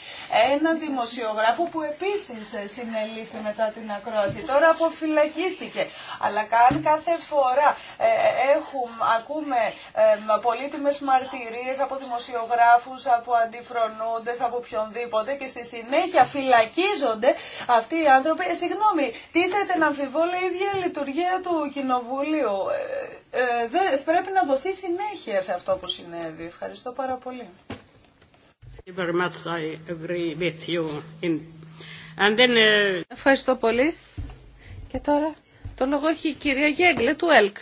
έναν δημοσιογράφο που επίσης συνελήφθη μετά την ακρόαση. Τώρα αποφυλακίστηκε. Αλλά καν κάθε φορά ε, ε, έχουμε, ακούμε ε, πολύτιμε μαρτυρίε από δημοσιογράφους, από αντιφρονούντες, από οποιονδήποτε και στη συνέχεια φυλακίζονται αυτοί οι άνθρωποι. Ε, συγγνώμη, τίθεται να αμφιβόλω η ίδια λειτουργία του Κοινοβουλίου. Ε, πρέπει να δοθεί συνέχεια σε αυτό συνέβη. Ευχαριστώ πάρα πολύ. Ευχαριστώ πολύ. Και τώρα το λόγο έχει η κυρία Γέγκλε του ΕΛΚ.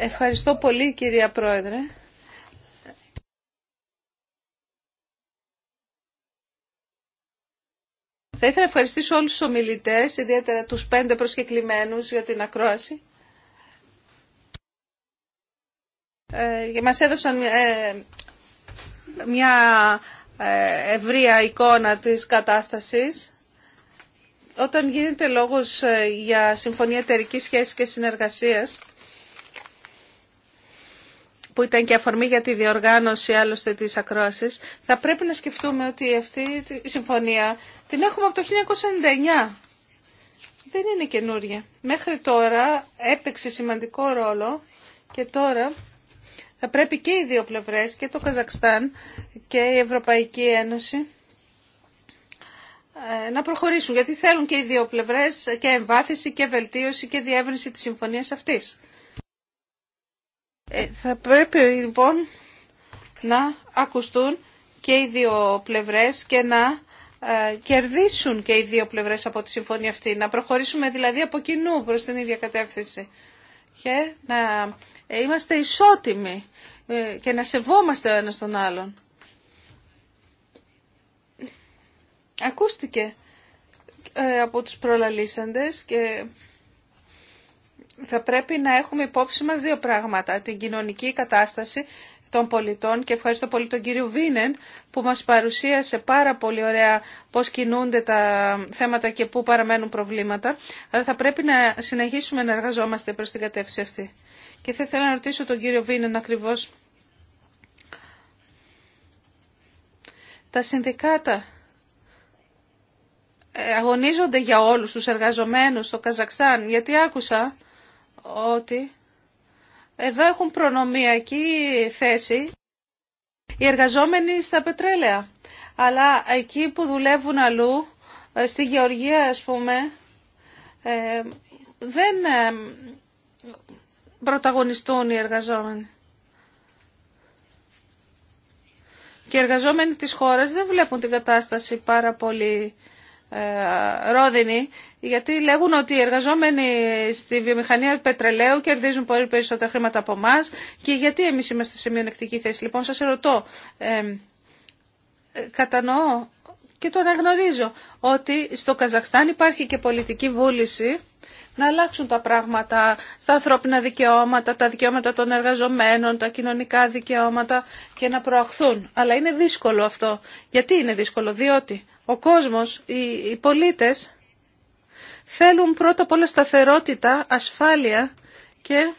Ευχαριστώ πολύ κυρία Πρόεδρε. Θα ήθελα να ευχαριστήσω όλους τους ομιλητές, ιδιαίτερα τους πέντε προσκεκλημένους για την ακρόαση. Ε, μας έδωσαν ε, μια ε, ευρεία εικόνα της κατάστασης. Όταν γίνεται λόγος ε, για συμφωνία εταιρικής σχέσης και συνεργασίας, που ήταν και αφορμή για τη διοργάνωση άλλωστε της ακρόασης, θα πρέπει να σκεφτούμε ότι αυτή η συμφωνία την έχουμε από το 1999. Δεν είναι καινούρια. Μέχρι τώρα έπαιξε σημαντικό ρόλο και τώρα θα πρέπει και οι δύο πλευρές, και το Καζακστάν και η Ευρωπαϊκή Ένωση, ε, να προχωρήσουν, γιατί θέλουν και οι δύο πλευρές και εμβάθυνση και βελτίωση και διεύρυνση της συμφωνίας αυτής. Ε, θα πρέπει λοιπόν να ακουστούν και οι δύο πλευρές και να ε, κερδίσουν και οι δύο πλευρές από τη συμφωνία αυτή. Να προχωρήσουμε δηλαδή από κοινού προς την ίδια κατεύθυνση και να είμαστε ισότιμοι ε, και να σεβόμαστε ο ένας τον άλλον. Ακούστηκε ε, από τους προλαλήσαντες και θα πρέπει να έχουμε υπόψη μας δύο πράγματα. Την κοινωνική κατάσταση των πολιτών και ευχαριστώ πολύ τον κύριο Βίνεν που μας παρουσίασε πάρα πολύ ωραία πώς κινούνται τα θέματα και πού παραμένουν προβλήματα. Αλλά θα πρέπει να συνεχίσουμε να εργαζόμαστε προς την κατεύθυνση αυτή. Και θα ήθελα να ρωτήσω τον κύριο Βίνεν ακριβώς τα συνδικάτα ε, αγωνίζονται για όλους τους εργαζομένους στο Καζακστάν γιατί άκουσα ότι εδώ έχουν προνομιακή θέση οι εργαζόμενοι στα πετρέλαια. Αλλά εκεί που δουλεύουν αλλού, ε, στη Γεωργία ας πούμε, ε, δεν ε, πρωταγωνιστούν οι εργαζόμενοι. Και οι εργαζόμενοι της χώρας δεν βλέπουν την κατάσταση πάρα πολύ ε, ρόδινη, γιατί λέγουν ότι οι εργαζόμενοι στη βιομηχανία πετρελαίου κερδίζουν πολύ περισσότερα χρήματα από εμά και γιατί εμείς είμαστε σε μειονεκτική θέση. Λοιπόν, σας ρωτώ, ε, ε, κατανοώ και το αναγνωρίζω ότι στο Καζακστάν υπάρχει και πολιτική βούληση να αλλάξουν τα πράγματα στα ανθρώπινα δικαιώματα, τα δικαιώματα των εργαζομένων, τα κοινωνικά δικαιώματα και να προαχθούν. Αλλά είναι δύσκολο αυτό. Γιατί είναι δύσκολο, διότι ο κόσμος, οι, πολίτες θέλουν πρώτα απ' όλα σταθερότητα, ασφάλεια και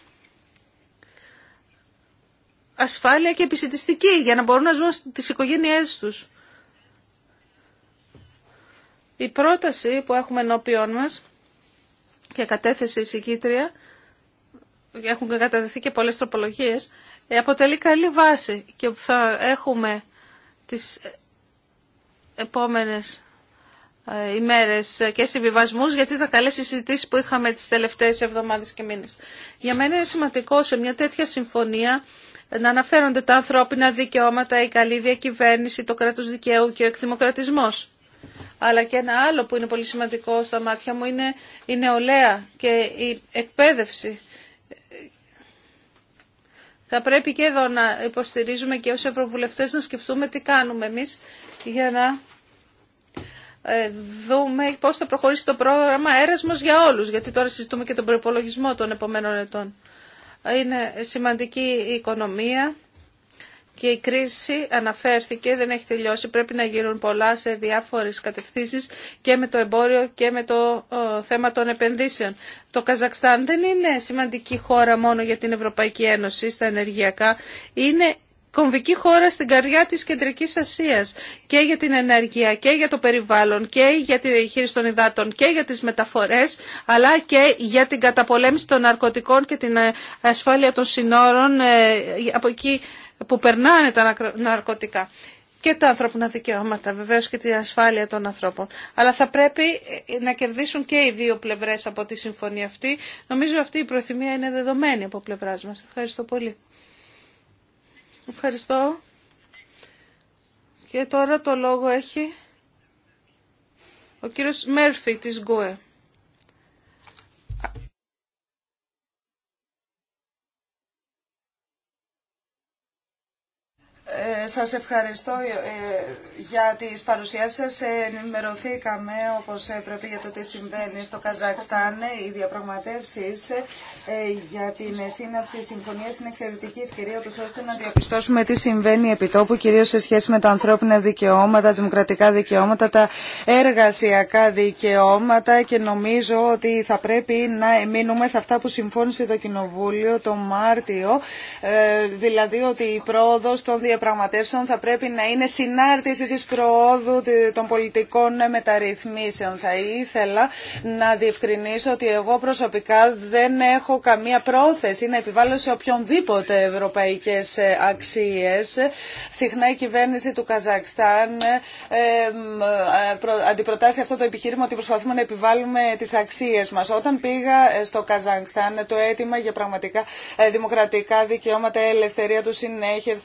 ασφάλεια και επισητιστική για να μπορούν να ζουν στις οικογένειές τους. Η πρόταση που έχουμε ενώπιόν μας και κατέθεση η συγκήτρια, έχουν καταδεθεί και πολλές τροπολογίες, ε, αποτελεί καλή βάση και θα έχουμε τις επόμενες ε, ημέρες και συμβιβασμούς γιατί θα καλέσει συζητήσει που είχαμε τις τελευταίες εβδομάδες και μήνες. Για μένα είναι σημαντικό σε μια τέτοια συμφωνία να αναφέρονται τα ανθρώπινα δικαιώματα, η καλή διακυβέρνηση, το κράτος δικαίου και ο εκδημοκρατισμός αλλά και ένα άλλο που είναι πολύ σημαντικό στα μάτια μου είναι η νεολαία και η εκπαίδευση. Θα πρέπει και εδώ να υποστηρίζουμε και ως ευρωβουλευτές να σκεφτούμε τι κάνουμε εμείς για να ε, δούμε πώς θα προχωρήσει το πρόγραμμα έρεσμος για όλους, γιατί τώρα συζητούμε και τον προπολογισμό των επόμενων ετών. Είναι σημαντική η οικονομία και η κρίση αναφέρθηκε, δεν έχει τελειώσει, πρέπει να γίνουν πολλά σε διάφορες κατευθύνσεις και με το εμπόριο και με το θέμα των επενδύσεων. Το Καζακστάν δεν είναι σημαντική χώρα μόνο για την Ευρωπαϊκή Ένωση στα ενεργειακά, είναι κομβική χώρα στην καρδιά της Κεντρικής Ασίας και για την ενέργεια και για το περιβάλλον και για τη διαχείριση των υδάτων και για τις μεταφορές αλλά και για την καταπολέμηση των ναρκωτικών και την ε, ασφάλεια των συνόρων. Ε, από εκεί που περνάνε τα ναρκωτικά και τα ανθρώπινα δικαιώματα βεβαίως και την ασφάλεια των ανθρώπων. Αλλά θα πρέπει ε, να κερδίσουν και οι δύο πλευρές από τη συμφωνία αυτή. Νομίζω αυτή η προθυμία είναι δεδομένη από πλευράς μας. Ευχαριστώ πολύ. Ευχαριστώ. Και τώρα το λόγο έχει ο κύριος Μέρφυ της ΓΚΟΕ. Ε, σας ευχαριστώ ε, ε, για τις παρουσιάσεις σας. Ενημερωθήκαμε όπως πρέπει για το τι συμβαίνει στο Καζακστάν. Οι διαπραγματεύσεις για την σύναψη συμφωνίας είναι εξαιρετική ευκαιρία τους ώστε να διαπιστώσουμε τι συμβαίνει επί τόπου, κυρίως σε σχέση με τα ανθρώπινα δικαιώματα, δημοκρατικά δικαιώματα, τα εργασιακά δικαιώματα και νομίζω ότι θα πρέπει να μείνουμε σε αυτά που συμφώνησε το Κοινοβούλιο το Μάρτιο, δηλαδή ότι η πρόοδος των διαπραγματεύσεων διαπραγματεύσεων θα πρέπει να είναι συνάρτηση της προόδου των πολιτικών μεταρρυθμίσεων. Θα ήθελα να διευκρινίσω ότι εγώ προσωπικά δεν έχω καμία πρόθεση να επιβάλλω σε οποιονδήποτε ευρωπαϊκές ε, αξίες. Συχνά η κυβέρνηση του Καζακστάν ε, ε, αντιπροτάσει αυτό το επιχείρημα ότι προσπαθούμε να επιβάλλουμε τις αξίες μας. Όταν πήγα στο Καζακστάν το αίτημα για πραγματικά δημοκρατικά δικαιώματα, ελευθερία του συνέχεια,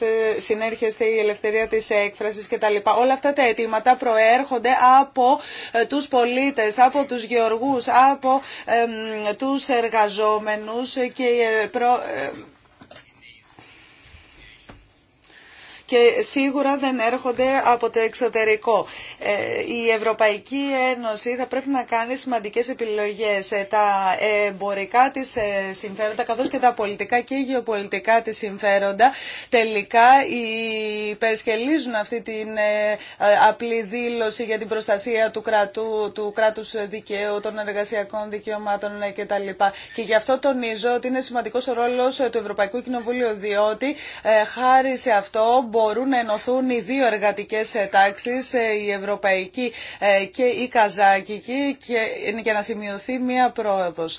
έρχεστε, η ελευθερία της έκφρασης κτλ. Όλα αυτά τα αιτήματα προέρχονται από ε, τους πολίτες, από τους γεωργούς, από τους εργαζόμενους και ε, προ ε, και σίγουρα δεν έρχονται από το εξωτερικό. Ε, η Ευρωπαϊκή Ένωση θα πρέπει να κάνει σημαντικές επιλογές. Ε, τα εμπορικά της ε, συμφέροντα καθώς και τα πολιτικά και γεωπολιτικά της συμφέροντα τελικά υπερσκελίζουν αυτή την απλή δήλωση για την προστασία του, κρατού, κράτους δικαίου, των εργασιακών δικαιωμάτων κτλ. Και γι' αυτό τονίζω ότι είναι σημαντικός ο ρόλος του Ευρωπαϊκού Κοινοβουλίου διότι χάρη σε αυτό μπορούν να ενωθούν οι δύο εργατικές ε, τάξεις, ε, η ευρωπαϊκή ε, και η καζάκικη και να σημειωθεί μία πρόοδος.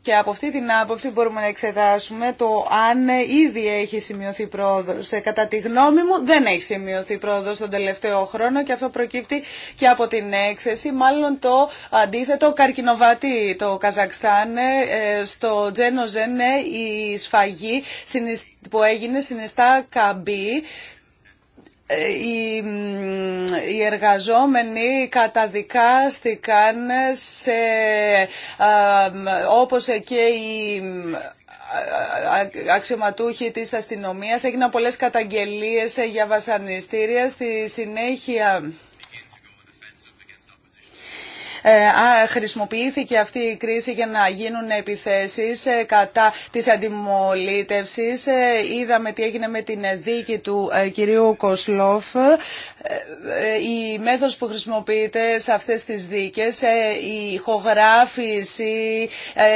Και από αυτή την άποψη μπορούμε να εξετάσουμε το αν ήδη έχει σημειωθεί πρόοδο. Ε, κατά τη γνώμη μου δεν έχει σημειωθεί πρόοδο τον τελευταίο χρόνο και αυτό προκύπτει και από την έκθεση. Μάλλον το αντίθετο καρκινοβατή το Καζακστάν ε, στο Τζένοζεν η σφαγή που έγινε συνιστά καμπή ε, οι, οι εργαζόμενοι καταδικάστηκαν σε, όπως και οι αξιωματούχοι της αστυνομίας. Έγιναν πολλές καταγγελίες για βασανιστήρια. Στη συνέχεια ε, χρησιμοποιήθηκε αυτή η κρίση για να γίνουν επιθέσεις ε, κατά της Ε, Είδαμε τι έγινε με την δίκη του ε, κυρίου Κοσλόφ. Η μέθοδος που χρησιμοποιείται σε αυτές τις δίκες, η ηχογράφηση,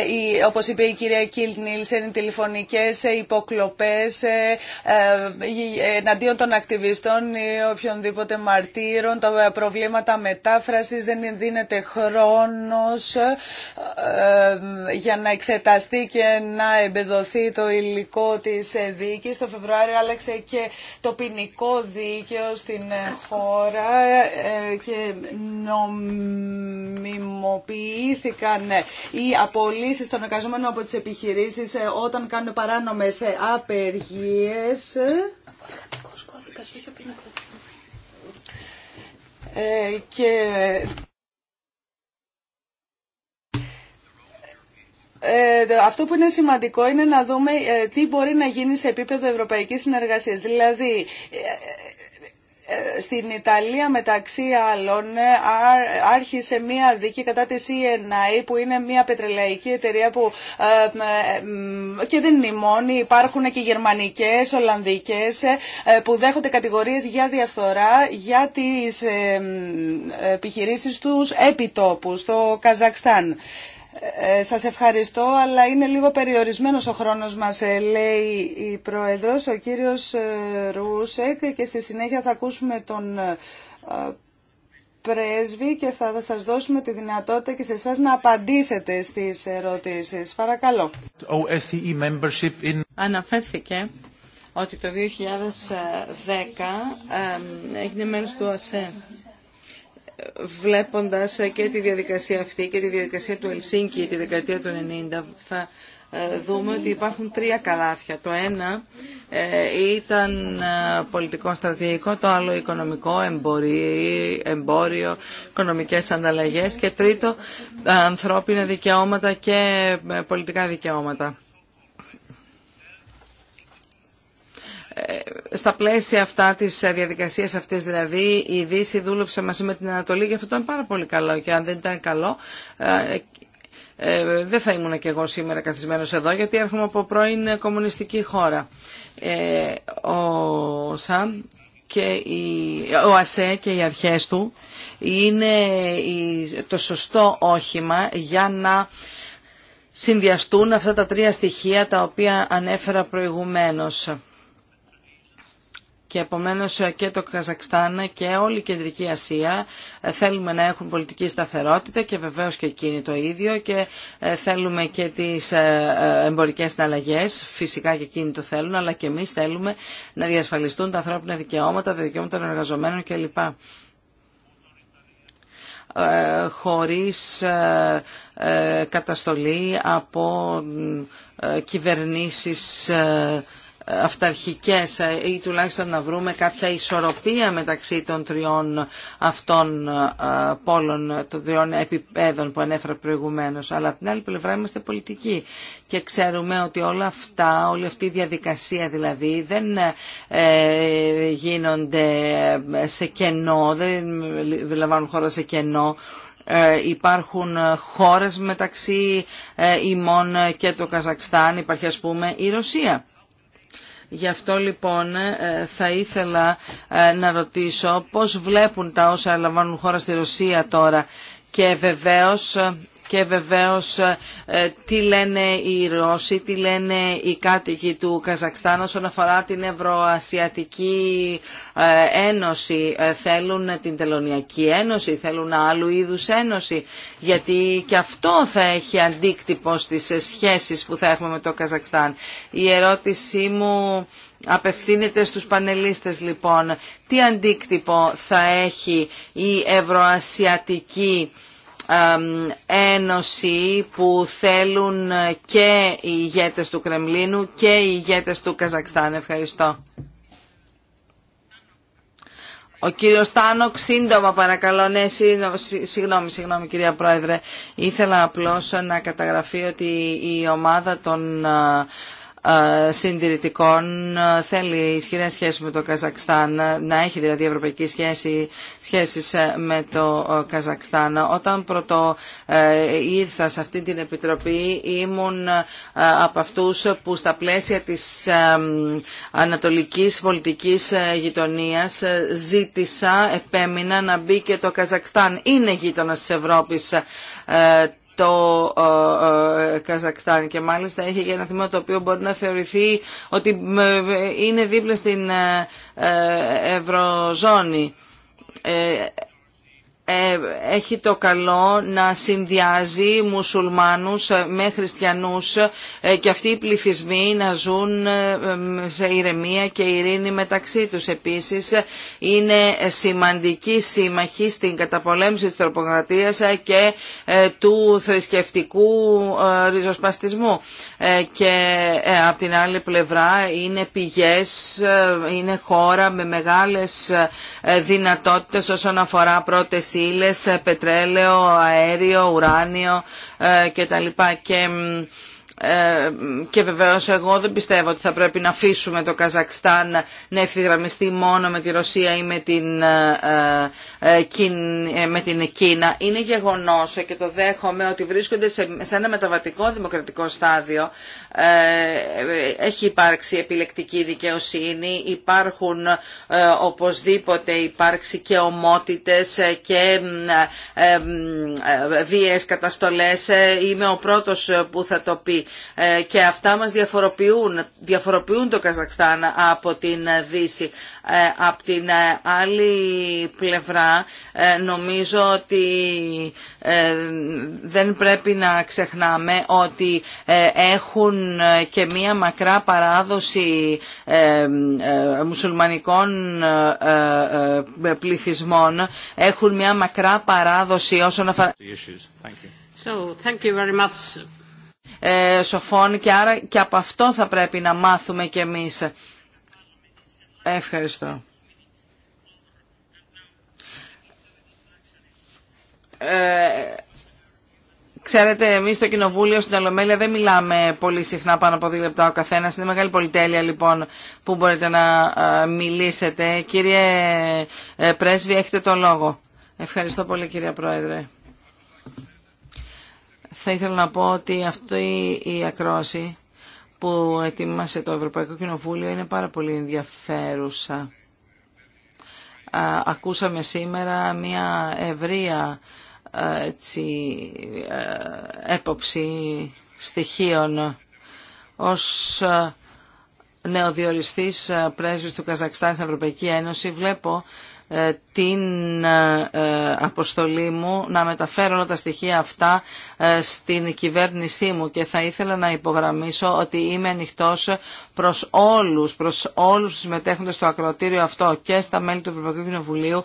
η, όπως είπε η κυρία Κιλ Νίλσεν, οι τηλεφωνικές υποκλοπές εναντίον των ακτιβιστών ή οποιονδήποτε μαρτύρων, τα προβλήματα μετάφρασης, δεν δίνεται χρόνο χρόνος ε, ε, για να εξεταστεί και να εμπεδοθεί το υλικό της δίκης. Το Φεβρουάριο άλλαξε και το ποινικό δίκαιο στην χώρα ε, και νομιμοποιήθηκαν οι απολύσεις των εργαζομένων από τις επιχειρήσεις όταν κάνουν παράνομες απεργίες. και Ε, αυτό που είναι σημαντικό είναι να δούμε ε, τι μπορεί να γίνει σε επίπεδο ευρωπαϊκής συνεργασίας. Δηλαδή, ε, στην Ιταλία μεταξύ άλλων άρχισε μία δίκη κατά τη CNI που είναι μία πετρελαϊκή εταιρεία που και δεν είναι η μόνη, υπάρχουν και γερμανικές, ολλανδικές που δέχονται κατηγορίες για διαφθορά για τις επιχειρήσεις τους επιτόπου στο Καζακστάν. Σα ε, ε, σας ευχαριστώ, αλλά είναι λίγο περιορισμένος ο χρόνος μας, ε, λέει η Πρόεδρος, ο κύριος Ρούσεκ και στη συνέχεια θα ακούσουμε τον πρέσβη και θα σας δώσουμε τη δυνατότητα και σε εσά να απαντήσετε στις ερωτήσεις. Παρακαλώ. E e Αναφέρθηκε ότι το 2010 έγινε μέλος του ΟΣΕ βλέποντας ε, και τη διαδικασία αυτή και τη διαδικασία του Ελσίνκη τη δεκαετία του 90 θα ε, δούμε ότι υπάρχουν τρία καλάθια. Το ένα ε, ήταν πολιτικό στρατηγικό, το άλλο οικονομικό, εμπόριο, οικονομικές ανταλλαγές και τρίτο ανθρώπινα δικαιώματα και πολιτικά δικαιώματα. Ε, στα πλαίσια αυτά τη ε, διαδικασία αυτής δηλαδή η Δύση δούλεψε μαζί με την Ανατολή και αυτό ήταν πάρα πολύ καλό και αν δεν ήταν καλό ε, δεν θα ήμουν και εγώ σήμερα καθισμένο εδώ γιατί έρχομαι από πρώην κομμουνιστική χώρα. ο ΣΑ και η, ο ΑΣΕ και οι αρχές του είναι το σωστό όχημα για να συνδυαστούν αυτά τα τρία στοιχεία τα οποία ανέφερα προηγουμένως και επομένως ε, και το Καζακστάν και όλη η Κεντρική Ασία ε, θέλουμε να έχουν πολιτική σταθερότητα και βεβαίως και εκείνη το ίδιο και ε, θέλουμε και τις εμπορικές συναλλαγές, φυσικά και εκείνοι το θέλουν, αλλά και εμείς θέλουμε να διασφαλιστούν τα ανθρώπινα δικαιώματα, τα δικαιώματα των εργαζομένων κλπ χωρίς καταστολή από κυβερνήσεις αυταρχικές ε, ή τουλάχιστον να βρούμε κάποια ισορροπία μεταξύ των τριών αυτών ε, πόλων, των τριών επιπέδων που ανέφερα προηγουμένως. Αλλά από την άλλη πλευρά είμαστε πολιτικοί και ξέρουμε ότι όλα αυτά, όλη αυτή η διαδικασία δηλαδή δεν ε, γίνονται σε κενό, δεν λαμβάνουν χώρα σε κενό. υπάρχουν χώρες μεταξύ ε, ημών και το Καζακστάν, υπάρχει ας πούμε η Ρωσία. Γι' αυτό λοιπόν ε, θα ήθελα ε, να ρωτήσω πώς βλέπουν τα όσα λαμβάνουν χώρα στη Ρωσία τώρα και βεβαίως ε, και βεβαίως ε, ε, τι λένε οι Ρώσοι, τι λένε οι κάτοικοι του Καζακστάν όσον αφορά την Ευρωασιατική ε, Ένωση. Θέλουν την Τελωνιακή Ένωση, θέλουν άλλου είδους ένωση, γιατί και αυτό θα έχει αντίκτυπο στις σχέσεις που θα έχουμε με το Καζακστάν. Η ερώτησή μου... Απευθύνεται στους πανελίστες λοιπόν τι αντίκτυπο θα έχει η ευρωασιατική ένωση που θέλουν και οι ηγέτες του Κρεμλίνου και οι ηγέτες του Καζακστάν. Ευχαριστώ. Ο κύριος Τάνοκ, σύντομα παρακαλώ, ναι, συγγνώμη, συγγνώμη κυρία Πρόεδρε, ήθελα απλώς να καταγραφεί ότι η ομάδα των ε, συντηρητικών, ε, θέλει ισχυρέ σχέσει με το Καζακστάν, ε, να έχει δηλαδή ευρωπαϊκή σχέση, σχέσεις με το Καζακστάν. Όταν πρώτο ήρθα σε αυτή την επιτροπή ήμουν από αυτούς που στα πλαίσια της ανατολικής πολιτικής γειτονίας ζήτησα, επέμεινα να μπει και το Καζακστάν. Είναι γείτονα της Ευρώπης το ε, ε, Καζακστάν και μάλιστα έχει για ένα τμήμα το οποίο μπορεί να θεωρηθεί ότι ε, είναι δίπλα στην Ευρωζώνη. Ε, έχει το καλό να συνδυάζει μουσουλμάνους με χριστιανούς ε, και αυτοί οι πληθυσμοί να ζουν ε, σε ηρεμία και ειρήνη μεταξύ τους. Επίσης είναι σημαντική σύμμαχη στην καταπολέμηση της τροποκρατίας και του θρησκευτικού ριζοσπαστισμού. Και από την άλλη πλευρά είναι πηγές, είναι χώρα με μεγάλες δυνατότητες όσον αφορά πρώτες ύλες, ε, πετρέλαιο, αέριο, ουράνιο κτλ. Ε, και ε, και βεβαίω εγώ δεν πιστεύω ότι θα πρέπει να αφήσουμε το Καζακστάν να ευθυγραμμιστεί μόνο με τη Ρωσία ή με την, ε, ε, με την Κίνα. Είναι γεγονός και το δέχομαι ότι βρίσκονται σε, ένα μεταβατικό δημοκρατικό στάδιο. έχει υπάρξει επιλεκτική δικαιοσύνη, υπάρχουν οπωσδήποτε υπάρξει και ομότητες και ε, βίαιες καταστολές. Είμαι ο πρώτος που θα το πει. Ε, και αυτά μας διαφοροποιούν, διαφοροποιούν το Καζακστάν από την Δύση. Ε, από την ε, άλλη πλευρά νομίζω ότι δεν πρέπει να ξεχνάμε ότι έχουν και μία μακρά παράδοση μουσουλμανικών πληθυσμών, έχουν μία μακρά παράδοση όσον αφορά... So, thank ε, σοφών και άρα και από αυτό θα πρέπει να μάθουμε κι εμείς. Ευχαριστώ. Ε, ξέρετε, εμείς στο Κοινοβούλιο, στην Ολομέλεια, δεν μιλάμε πολύ συχνά πάνω από δύο λεπτά ο καθένας Είναι μεγάλη πολυτέλεια, λοιπόν, που μπορείτε να ε, μιλήσετε. Κύριε ε, Πρέσβη, έχετε το λόγο. Ευχαριστώ πολύ, κυρία Πρόεδρε θα ήθελα να πω ότι αυτή η ακρόαση που ετοίμασε το Ευρωπαϊκό Κοινοβούλιο είναι πάρα πολύ ενδιαφέρουσα. Ακούσαμε σήμερα μια ευρεία έτσι, έποψη στοιχείων ως νεοδιοριστής πρέσβης του Καζακστάν στην Ευρωπαϊκή Ένωση βλέπω ε, την ε, ε, αποστολή μου να μεταφέρω τα στοιχεία αυτά στην κυβέρνησή μου και θα ήθελα να υπογραμμίσω ότι είμαι ανοιχτό προς όλους, προς όλους τους μετέχοντες στο ακροτήριο αυτό και στα μέλη του Ευρωπαϊκού Κοινοβουλίου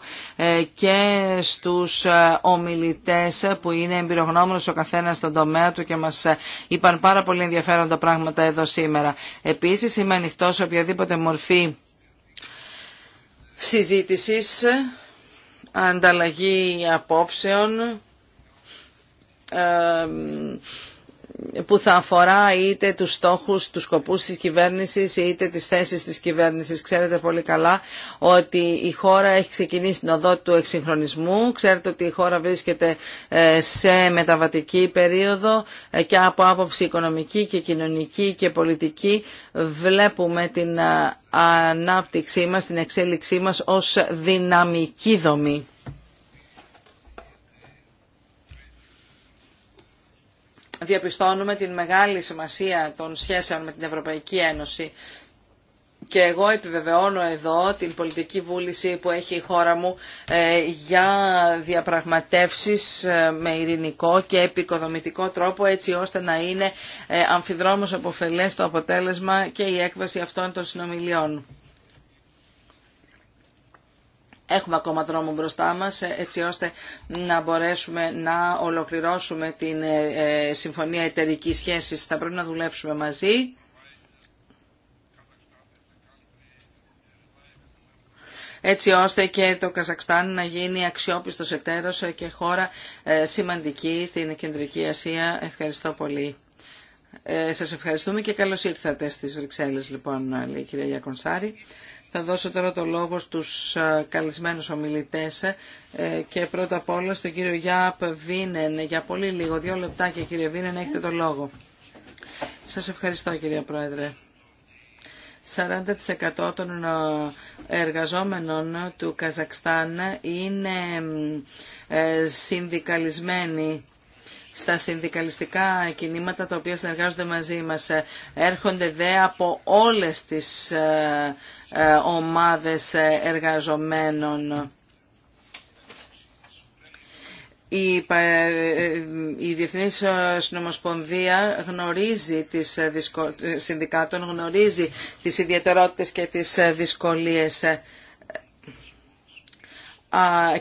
και στους ομιλητές που είναι εμπειρογνώμενος ο καθένας στον τομέα του και μας είπαν πάρα πολύ ενδιαφέροντα πράγματα εδώ σήμερα. Επίσης είμαι ανοιχτό σε οποιαδήποτε μορφή συζήτησης, ανταλλαγή απόψεων, ε, που θα αφορά είτε τους στόχους, τους σκοπούς της κυβέρνησης είτε τις θέσεις της κυβέρνησης. Ξέρετε πολύ καλά ότι η χώρα έχει ξεκινήσει την οδό του εξυγχρονισμού. Ξέρετε ότι η χώρα βρίσκεται ε, σε μεταβατική περίοδο ε, και από άποψη οικονομική και κοινωνική και πολιτική βλέπουμε την ε, ανάπτυξή μας, την εξέλιξή μας ως δυναμική δομή. διαπιστώνουμε την μεγάλη σημασία των σχέσεων με την Ευρωπαϊκή Ένωση. Και εγώ επιβεβαιώνω εδώ την πολιτική βούληση που έχει η χώρα μου ε, για διαπραγματεύσεις ε, με ειρηνικό και επικοδομητικό τρόπο έτσι ώστε να είναι ε, αμφιδρόμως αποφελές το αποτέλεσμα και η έκβαση αυτών των συνομιλιών. Έχουμε ακόμα δρόμο μπροστά μας ε, έτσι ώστε να μπορέσουμε να ολοκληρώσουμε την ε, ε, Συμφωνία εταιρική Σχέσης. Θα πρέπει να δουλέψουμε μαζί. έτσι ώστε και το Καζακστάν να γίνει αξιόπιστος εταίρος και χώρα σημαντική στην Κεντρική Ασία. Ευχαριστώ πολύ. Ε, σας ευχαριστούμε και καλώς ήρθατε στις Βρυξέλλες, λοιπόν, λέει η κυρία Γιακονσάρη. Θα δώσω τώρα το λόγο στους καλεσμένους ομιλητές ε, και πρώτα απ' όλα στον κύριο Γιάπ Βίνεν. Για πολύ λίγο, δύο λεπτάκια κύριε Βίνεν, έχετε το λόγο. Σας ευχαριστώ κύριε Πρόεδρε. 40% των εργαζόμενων του Καζακστάν είναι ε, συνδικαλισμένοι στα συνδικαλιστικά κινήματα τα οποία συνεργάζονται μαζί μας. Έρχονται δε από όλες τις ε, ε, ομάδες εργαζομένων. Η, ε, η Διεθνής Συνομοσπονδία γνωρίζει τις ε, συνδικάτων, γνωρίζει τις ιδιαιτερότητες και τις δυσκολίες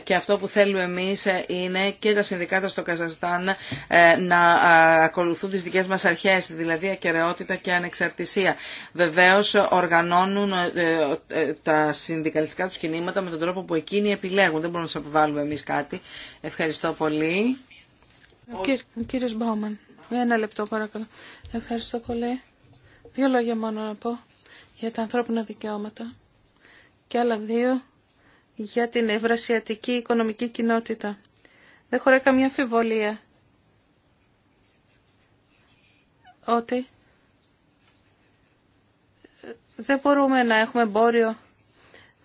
και αυτό που θέλουμε εμείς ε, είναι και τα συνδικάτα στο Καζαστάν ε, να ακολουθούν τις δικές μας αρχές, δηλαδή ακεραιότητα και ανεξαρτησία. Βεβαίως οργανώνουν ε, τα συνδικαλιστικά τους κινήματα με τον τρόπο που εκείνοι επιλέγουν. Δεν μπορούμε να σας αποβάλουμε εμείς κάτι. Ευχαριστώ πολύ. Ο κύριος Μπάουμαν, ένα λεπτό παρακαλώ. Ευχαριστώ πολύ. Δύο λόγια μόνο να πω για τα ανθρώπινα δικαιώματα και άλλα δύο για την Ευρασιατική Οικονομική Κοινότητα. Δεν χωράει καμία αμφιβολία ότι δεν μπορούμε να έχουμε εμπόριο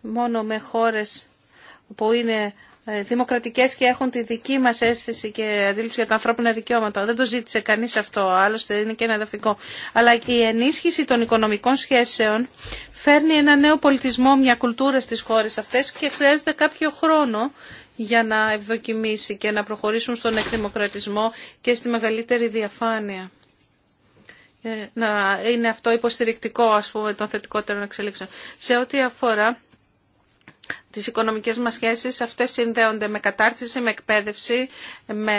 μόνο με χώρες που είναι ε, δημοκρατικές και έχουν τη δική μας αίσθηση και αντίληψη για τα ανθρώπινα δικαιώματα. Δεν το ζήτησε κανείς αυτό, άλλωστε είναι και ένα εδαφικό. Αλλά η ενίσχυση των οικονομικών σχέσεων φέρνει ένα νέο πολιτισμό, μια κουλτούρα στις χώρες αυτές και χρειάζεται κάποιο χρόνο για να ευδοκιμήσει και να προχωρήσουν στον εκδημοκρατισμό και στη μεγαλύτερη διαφάνεια. Ε, να είναι αυτό υποστηρικτικό, ας πούμε, των θετικότερων εξελίξεων. Σε ό,τι αφορά τις οικονομικές μας σχέσεις. Αυτές συνδέονται με κατάρτιση, με εκπαίδευση, με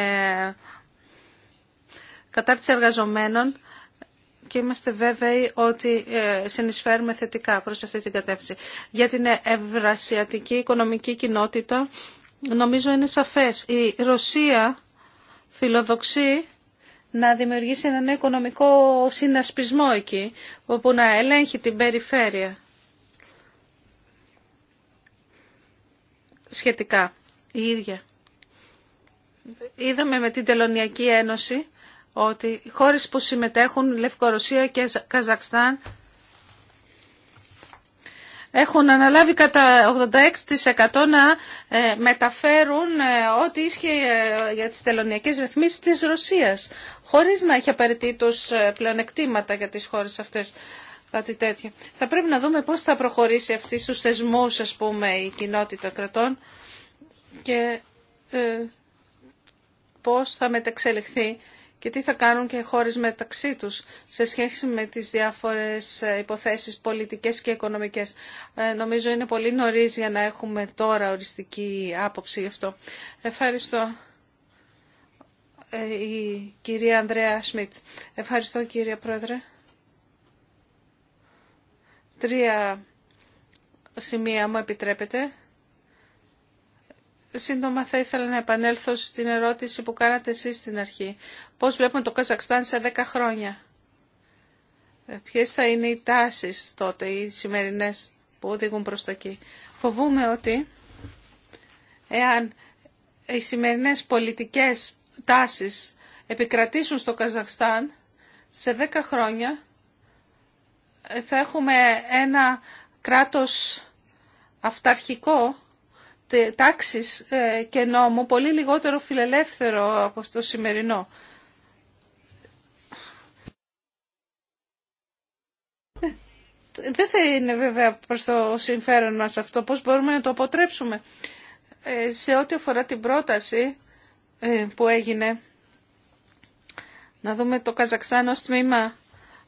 κατάρτιση εργαζομένων και είμαστε βέβαιοι ότι ε, συνεισφέρουμε θετικά προς αυτή την κατεύθυνση. Για την ευρασιατική οικονομική κοινότητα νομίζω είναι σαφές. Η Ρωσία φιλοδοξεί να δημιουργήσει ένα οικονομικό συνασπισμό εκεί, όπου να ελέγχει την περιφέρεια. σχετικά. Η ίδια. Είδαμε με την Τελωνιακή Ένωση ότι οι χώρες που συμμετέχουν, Λευκορωσία και Καζακστάν, έχουν αναλάβει κατά 86% να ε, μεταφέρουν ε, ό,τι ίσχυε ε, για τις τελωνιακές ρυθμίσεις της Ρωσίας, χωρίς να έχει απαραίτητος πλεονεκτήματα για τις χώρες αυτές κάτι τέτοιο. Θα πρέπει να δούμε πώς θα προχωρήσει αυτή στους θεσμούς, ας πούμε, η κοινότητα κρατών και ε, πώς θα μεταξελιχθεί και τι θα κάνουν και χώρες μεταξύ τους σε σχέση με τις διάφορες ε, υποθέσεις πολιτικές και οικονομικές. Ε, νομίζω είναι πολύ νωρίς για να έχουμε τώρα οριστική άποψη γι' αυτό. Ευχαριστώ ε, η κυρία Ανδρέα Σμιτς. Ευχαριστώ κύριε Πρόεδρε. Τρία σημεία μου επιτρέπετε. Σύντομα θα ήθελα να επανέλθω στην ερώτηση που κάνατε εσείς στην αρχή. Πώς βλέπουμε το Καζακστάν σε δέκα χρόνια. Ε, ποιες θα είναι οι τάσεις τότε, οι σημερινές που οδηγούν προς τα εκεί. Φοβούμε ότι εάν οι σημερινές πολιτικές τάσεις επικρατήσουν στο Καζακστάν, σε δέκα χρόνια θα έχουμε ένα κράτος αυταρχικό τάξης ε, και νόμου, πολύ λιγότερο φιλελεύθερο από το σημερινό. Δεν θα είναι βέβαια προς το συμφέρον μας αυτό, πώς μπορούμε να το αποτρέψουμε. Ε, σε ό,τι αφορά την πρόταση ε, που έγινε, να δούμε το Καζακστάν ως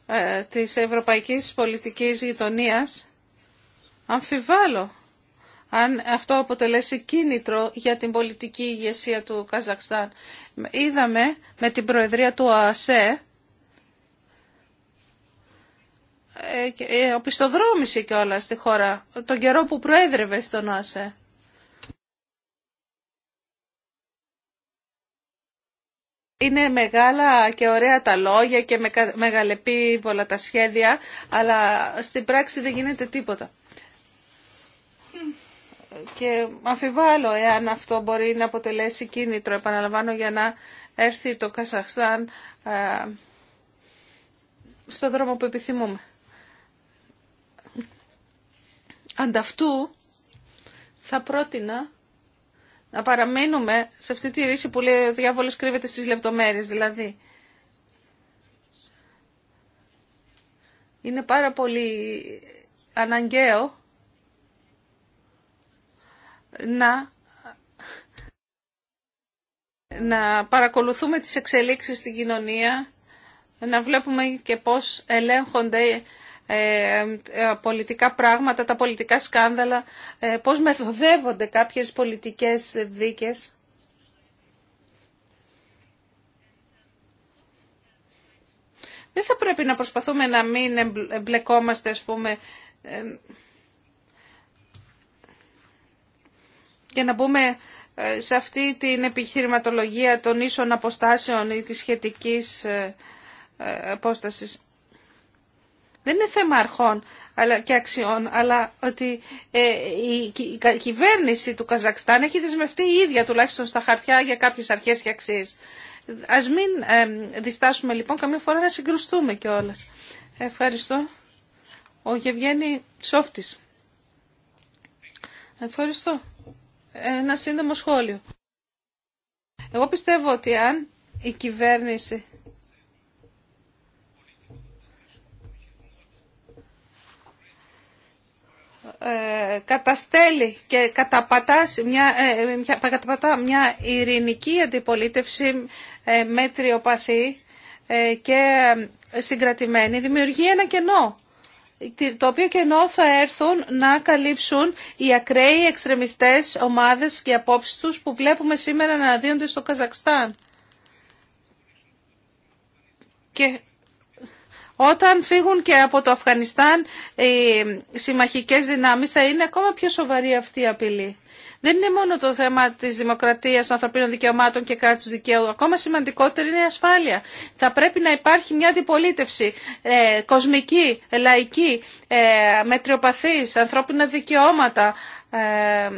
ε, της ευρωπαϊκής πολιτικής γειτονίας, αμφιβάλλω αν αυτό αποτελέσει κίνητρο για την πολιτική ηγεσία του Καζακστάν. Είδαμε με την προεδρία του ε, ε οπισθοδρόμησε όλα στη χώρα τον καιρό που προέδρευε στον ΟΑΣΕ. Είναι μεγάλα και ωραία τα λόγια και μεγαλεπίβολα τα σχέδια, αλλά στην πράξη δεν γίνεται τίποτα. Και αφιβάλλω εάν αυτό μπορεί να αποτελέσει κίνητρο, επαναλαμβάνω, για να έρθει το Κασαχστάν ε, στο δρόμο που επιθυμούμε. Ανταυτού θα πρότεινα να παραμένουμε σε αυτή τη ρίση που λέει ο διάβολος κρύβεται στις λεπτομέρειες δηλαδή. Είναι πάρα πολύ αναγκαίο να να παρακολουθούμε τις εξελίξεις στην κοινωνία, να βλέπουμε και πώς ελέγχονται ε, ε, πολιτικά πράγματα, τα πολιτικά σκάνδαλα, ε, πώς μεθοδεύονται κάποιες πολιτικές δίκες. Δεν θα πρέπει να προσπαθούμε να μην εμπλεκόμαστε, ας πούμε, και να μπούμε σε αυτή την επιχειρηματολογία των ίσων αποστάσεων ή της σχετικής απόστασης δεν είναι θέμα αρχών και αξιών, αλλά ότι ε, η κυβέρνηση του Καζακστάν έχει δεσμευτεί η ίδια τουλάχιστον στα χαρτιά για κάποιες αρχές και αξίες. Ας μην διστάσουμε λοιπόν καμία φορά να συγκρουστούμε κιόλα. Ευχαριστώ. Ο Γευγένη Σόφτης. Ευχαριστώ. Ένα σύντομο σχόλιο. Εγώ πιστεύω ότι αν η κυβέρνηση Ε, καταστέλει και καταπατά ε, μια, καταπατά μια ειρηνική αντιπολίτευση ε, μέτριοπαθή και συγκρατημένη, δημιουργεί ένα κενό το οποίο κενό θα έρθουν να καλύψουν οι ακραίοι εξτρεμιστές ομάδες και απόψεις τους που βλέπουμε σήμερα να αναδύονται στο Καζακστάν. Και όταν φύγουν και από το Αφγανιστάν οι συμμαχικές δυνάμεις θα είναι ακόμα πιο σοβαρή αυτή η απειλή. Δεν είναι μόνο το θέμα της δημοκρατίας, ανθρωπίνων δικαιωμάτων και κράτους δικαίου. Ακόμα σημαντικότερη είναι η ασφάλεια. Θα πρέπει να υπάρχει μια αντιπολίτευση ε, κοσμική, λαϊκή, ε, μετριοπαθής, ανθρώπινα δικαιώματα, ε,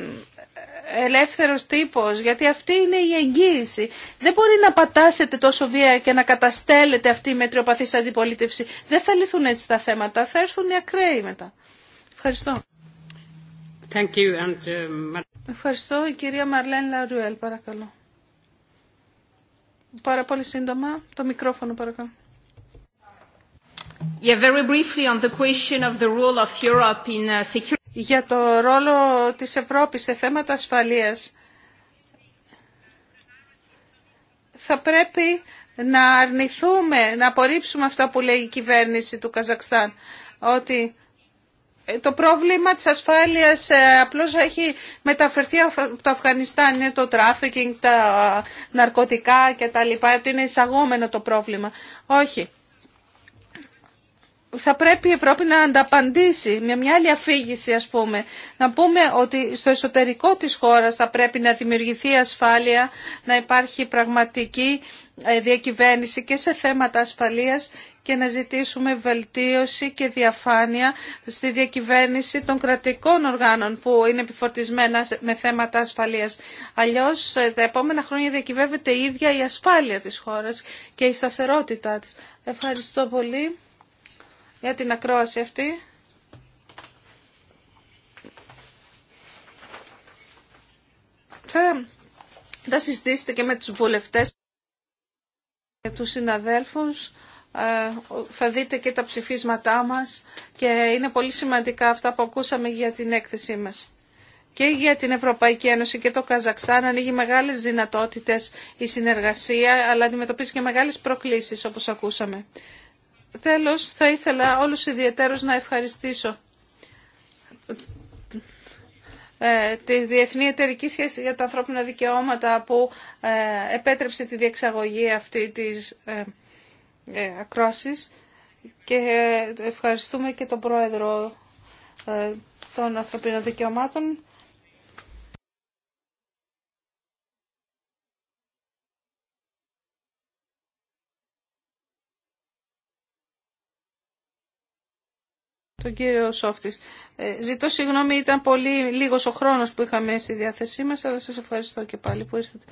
ελεύθερος τύπος, γιατί αυτή είναι η εγγύηση. Δεν μπορεί να πατάσετε τόσο βία και να καταστέλλετε αυτή η μετριοπαθής αντιπολίτευση. Δεν θα λυθούν έτσι τα θέματα, θα έρθουν οι ακραίοι μετά. Ευχαριστώ. Thank you and... Uh, Ευχαριστώ. Η κυρία Μαρλέν Λαρουέλ, παρακαλώ. Πάρα πολύ σύντομα. Το μικρόφωνο, παρακαλώ. Yeah, very briefly on the question of the role of Europe in uh, security για το ρόλο της Ευρώπης σε θέματα ασφαλείας θα πρέπει να αρνηθούμε, να απορρίψουμε αυτά που λέει η κυβέρνηση του Καζακστάν, ότι ε, το πρόβλημα της ασφάλειας ε, απλώς έχει μεταφερθεί από το Αφγανιστάν, είναι το τράφικινγκ, τα ναρκωτικά και τα λοιπά, ότι είναι εισαγόμενο το πρόβλημα. Όχι θα πρέπει η Ευρώπη να ανταπαντήσει με μια άλλη αφήγηση ας πούμε. Να πούμε ότι στο εσωτερικό της χώρας θα πρέπει να δημιουργηθεί ασφάλεια, να υπάρχει πραγματική ε, διακυβέρνηση και σε θέματα ασφαλείας και να ζητήσουμε βελτίωση και διαφάνεια στη διακυβέρνηση των κρατικών οργάνων που είναι επιφορτισμένα με θέματα ασφαλείας. Αλλιώς ε, τα επόμενα χρόνια διακυβεύεται η ίδια η ασφάλεια της χώρας και η σταθερότητά της. Ευχαριστώ πολύ για την ακρόαση αυτή. Θα, θα συζητήσετε και με τους βουλευτές και τους συναδέλφους. Ε, θα δείτε και τα ψηφίσματά μας και είναι πολύ σημαντικά αυτά που ακούσαμε για την έκθεσή μας. Και για την Ευρωπαϊκή Ένωση και το Καζακστάν ανοίγει μεγάλες δυνατότητες η συνεργασία, αλλά αντιμετωπίζει και μεγάλες προκλήσεις όπως ακούσαμε. Τέλος, θα ήθελα όλους ιδιαίτερως να ευχαριστήσω ε, τη Διεθνή Εταιρική Σχέση για τα Ανθρώπινα Δικαιώματα που ε, επέτρεψε τη διεξαγωγή αυτή της ε, ακρόασης και ευχαριστούμε και τον Πρόεδρο των Ανθρωπίνων Δικαιωμάτων τον κύριο Σόφτης. Ε, ζητώ συγγνώμη, ήταν πολύ λίγος ο χρόνος που είχαμε στη διάθεσή μας, αλλά σας ευχαριστώ και πάλι που ήρθατε.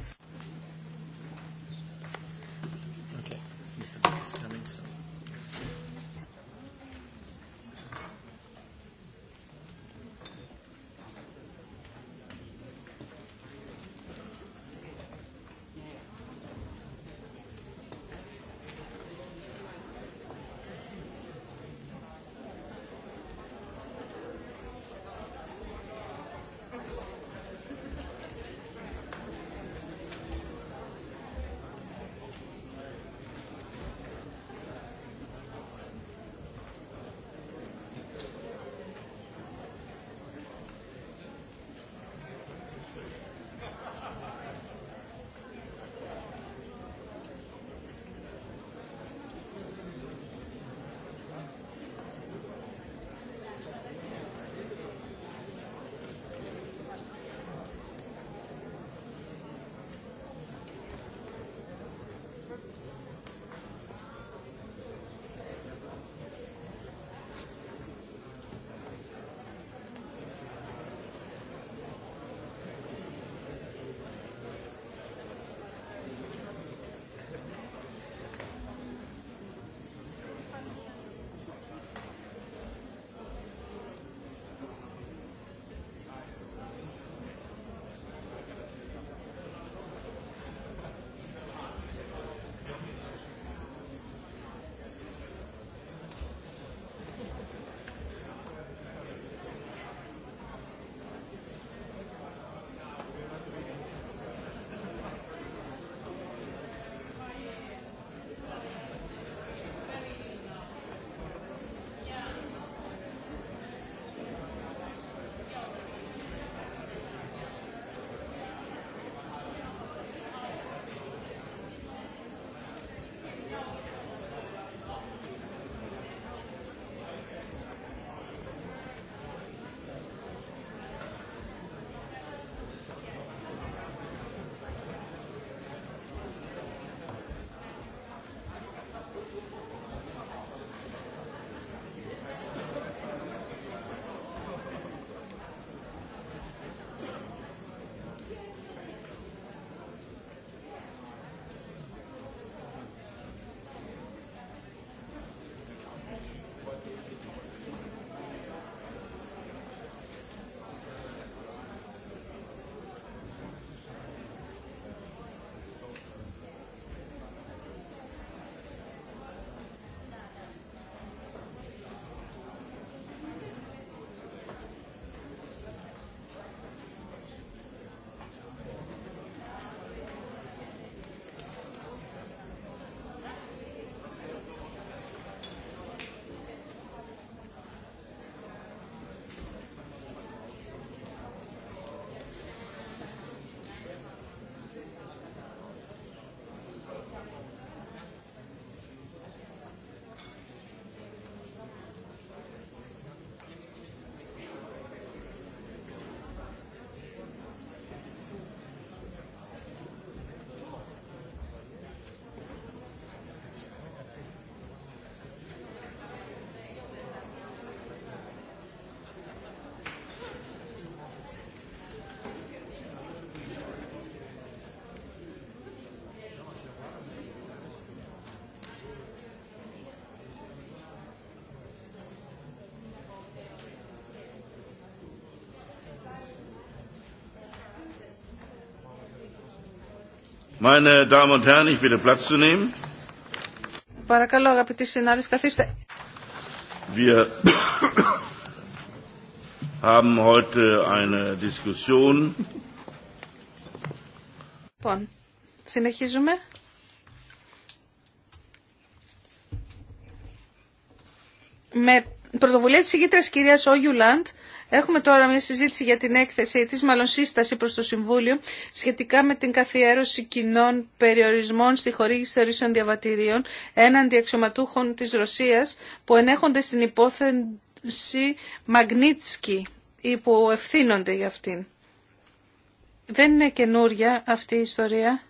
Παρακαλώ, αγαπητοί συνάδελφοι, καθίστε. Λοιπόν, συνεχίζουμε. Με πρωτοβουλία της ηγήτρας κυρίας Όγιου Λαντ, Έχουμε τώρα μια συζήτηση για την έκθεση της, μάλλον σύσταση προς το Συμβούλιο, σχετικά με την καθιέρωση κοινών περιορισμών στη χορήγηση θεωρήσεων διαβατηρίων έναντι αξιωματούχων της Ρωσίας που ενέχονται στην υπόθεση Μαγνίτσκι ή που ευθύνονται για αυτήν. Δεν είναι καινούρια αυτή η ιστορία.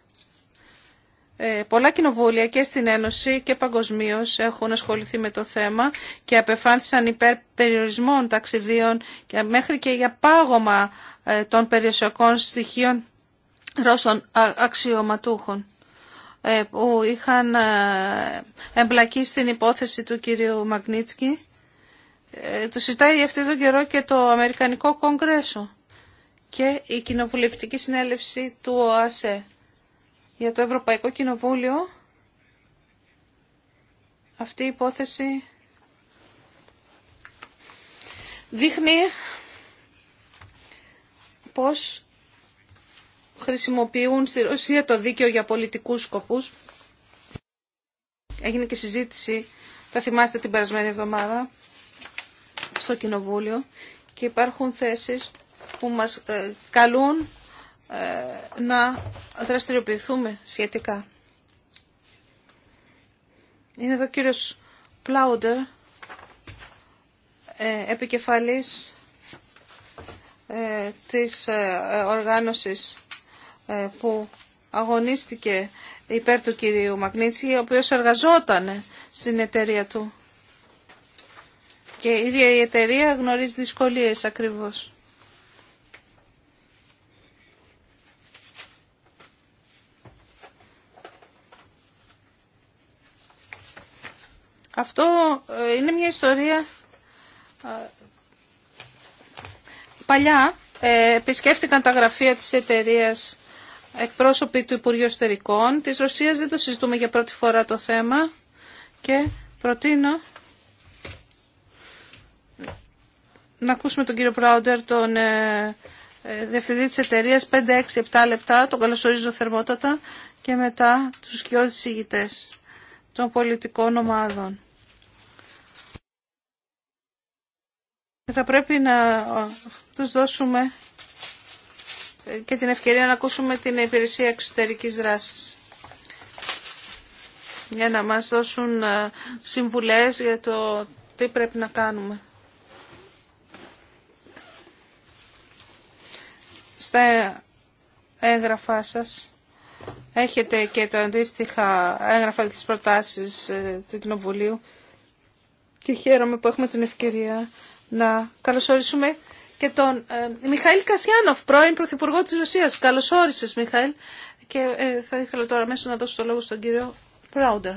Ε, πολλά κοινοβούλια και στην Ένωση και παγκοσμίω έχουν ασχοληθεί με το θέμα και απεφάνθησαν υπέρ περιορισμών ταξιδίων και μέχρι και για πάγωμα ε, των περιοσιακών στοιχείων Ρώσων αξιωματούχων ε, που είχαν εμπλακεί στην υπόθεση του κυρίου Μαγνίτσκι. Το συζητάει αυτή τον καιρό και το Αμερικανικό Κογκρέσο και η Κοινοβουλευτική Συνέλευση του ΟΑΣΕ για το Ευρωπαϊκό Κοινοβούλιο αυτή η υπόθεση δείχνει πώς χρησιμοποιούν στη Ρωσία το δίκαιο για πολιτικούς σκοπούς. Έγινε και συζήτηση, θα θυμάστε την περασμένη εβδομάδα, στο Κοινοβούλιο και υπάρχουν θέσεις που μας ε, καλούν ε, να δραστηριοποιηθούμε σχετικά. Είναι εδώ ο κύριος Πλάουντερ, ε, επικεφαλής ε, της οργάνωσης που αγωνίστηκε υπέρ του κυρίου Μαγνίτσι, ο οποίος εργαζόταν στην εταιρεία του. Και η ίδια η εταιρεία γνωρίζει δυσκολίες ακριβώς. Αυτό ε, είναι μια ιστορία ε, παλιά. Ε, Επισκέφτηκαν τα γραφεία της εταιρείας εκπρόσωποι του Υπουργείου Εστερικών. Της Ρωσίας δεν το συζητούμε για πρώτη φορά το θέμα και προτείνω να ακούσουμε τον κύριο Πράουντερ, τον διευθυντή της εταιρείας, 5-6-7 λεπτά, τον καλωσορίζω θερμότατα και μετά τους κοιόδης ηγητές των πολιτικών ομάδων. Θα πρέπει να τους δώσουμε και την ευκαιρία να ακούσουμε την υπηρεσία εξωτερικής δράσης για να μας δώσουν ε, συμβουλές για το τι πρέπει να κάνουμε. Στα έγγραφά σας έχετε και το αντίστοιχα έγγραφα της προτάσεις ε, του Κοινοβουλίου και χαίρομαι που έχουμε την ευκαιρία να καλωσορίσουμε και τον ε, Μιχαήλ Κασιάνοφ, πρώην Πρωθυπουργό της Ρωσίας. Καλώς όρισες, Μιχαήλ. Και ε, θα ήθελα τώρα αμέσως να δώσω το λόγο στον κύριο Πράουντερ.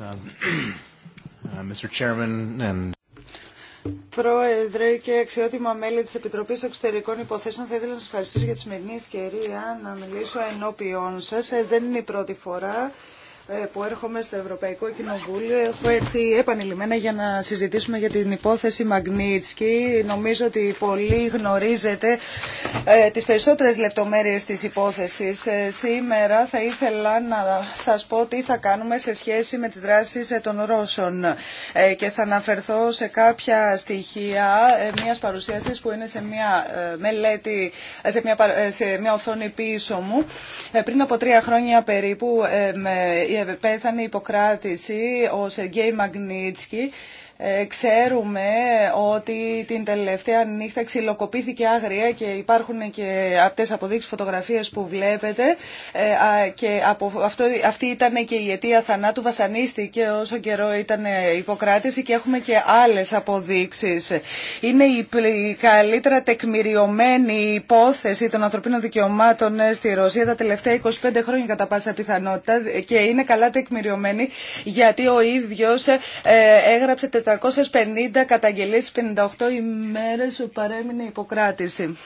Um, uh, Πρόεδρε και αξιότιμα μέλη της Επιτροπής Εξωτερικών Υποθέσεων, θα ήθελα να σας ευχαριστήσω για τη σημερινή ευκαιρία να μιλήσω ενώπιον σας. Ε, δεν είναι η πρώτη φορά. Ε, που έρχομαι στο Ευρωπαϊκό Κοινοβούλιο έχω έρθει επανειλημμένα για να συζητήσουμε για την υπόθεση Μαγνίτσκι. Νομίζω ότι πολλοί γνωρίζετε ε, τις περισσότερες λεπτομέρειες της υπόθεσης. Ε, σήμερα θα ήθελα να σας πω τι θα κάνουμε σε σχέση με τις δράσεις των Ρώσων και θα αναφερθώ σε κάποια στοιχεία μιας παρουσίασης που είναι σε μια μελέτη, μια, οθόνη πίσω μου. Πριν από τρία χρόνια περίπου πέθανε υποκράτηση ο Σεργέη Μαγνίτσκι ε, ξέρουμε ότι την τελευταία νύχτα ξυλοκοπήθηκε άγρια και υπάρχουν και αυτές αποδείξεις φωτογραφίες που βλέπετε ε, και αυτό, αυτή ήταν και η αιτία θανάτου βασανίστηκε όσο καιρό ήταν υποκράτηση και έχουμε και άλλες αποδείξεις. Είναι η καλύτερα τεκμηριωμένη υπόθεση των ανθρωπίνων δικαιωμάτων στη Ρωσία τα τελευταία 25 χρόνια κατά πάσα πιθανότητα και είναι καλά τεκμηριωμένη γιατί ο ίδιος ε, έγραψε 450 καταγγελίες, 58 ημέρες παρέμεινε υποκράτηση.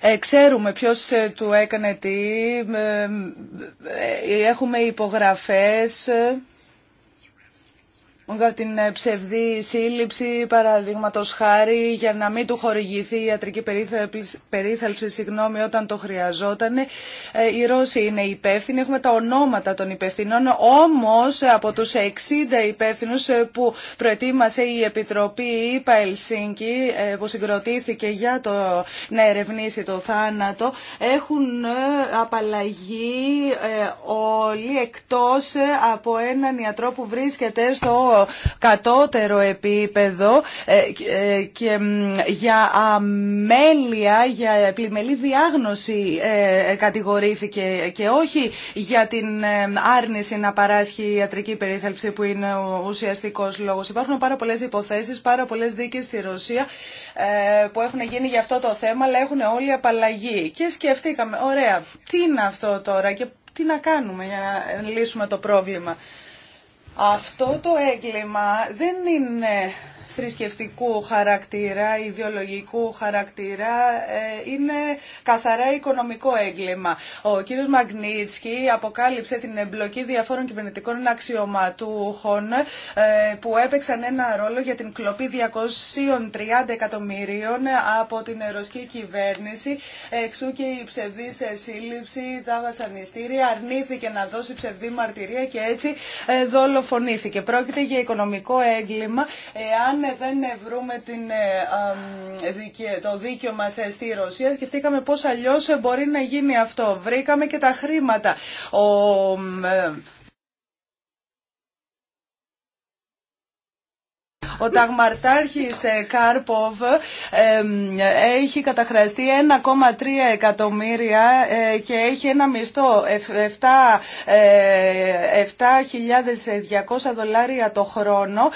Ε, ξέρουμε ποιος ε, του έκανε τι, ε, έχουμε υπογραφές για την ε, ψευδή σύλληψη, παραδείγματο χάρη, για να μην του χορηγηθεί η ιατρική περίθαλψη συγγνώμη, όταν το χρειαζόταν. Ε, οι Ρώσοι είναι υπεύθυνοι, έχουμε τα ονόματα των υπευθυνών, όμως ε, από τους 60 υπεύθυνου που προετοίμασε η Επιτροπή ΙΠΑ Ελσίνκη, που συγκροτήθηκε για το, να ερευνήσει το θάνατο, έχουν απαλλαγεί όλοι εκτό από έναν ιατρό που βρίσκεται στο κατώτερο επίπεδο ε, και ε, για αμέλεια, για επιμελή διάγνωση ε, κατηγορήθηκε και όχι για την άρνηση να παράσχει ιατρική περίθαλψη που είναι ο ουσιαστικός λόγος. Υπάρχουν πάρα πολλές υποθέσεις, πάρα πολλές δίκες στη Ρωσία που έχουν γίνει για αυτό το θέμα, αλλά έχουν όλοι απαλλαγή. Και σκεφτήκαμε, ωραία, τι είναι αυτό τώρα και τι να κάνουμε για να λύσουμε το πρόβλημα. Αυτό το έγκλημα δεν είναι θρησκευτικού χαρακτήρα, ιδεολογικού χαρακτήρα, ε, είναι καθαρά οικονομικό έγκλημα. Ο κ. Μαγνίτσκι αποκάλυψε την εμπλοκή διαφόρων κυβερνητικών αξιωματούχων ε, που έπαιξαν ένα ρόλο για την κλοπή 230 εκατομμυρίων από την ρωσική κυβέρνηση, εξού και η ψευδή σύλληψη, τα βασανιστήρια, αρνήθηκε να δώσει ψευδή μαρτυρία και έτσι ε, δολοφονήθηκε. Πρόκειται για οικονομικό έγκλημα δεν βρούμε την, ε, το δίκαιο μας ε, στη Ρωσία, σκεφτήκαμε πώς αλλιώς μπορεί να γίνει αυτό. Βρήκαμε και τα χρήματα. Ο, ε, Ο ταγμαρτάρχης ε, Κάρποβ έχει καταχραστεί 1,3 εκατομμύρια ε, και έχει ένα μισθό 7.200 ε, δολάρια το χρόνο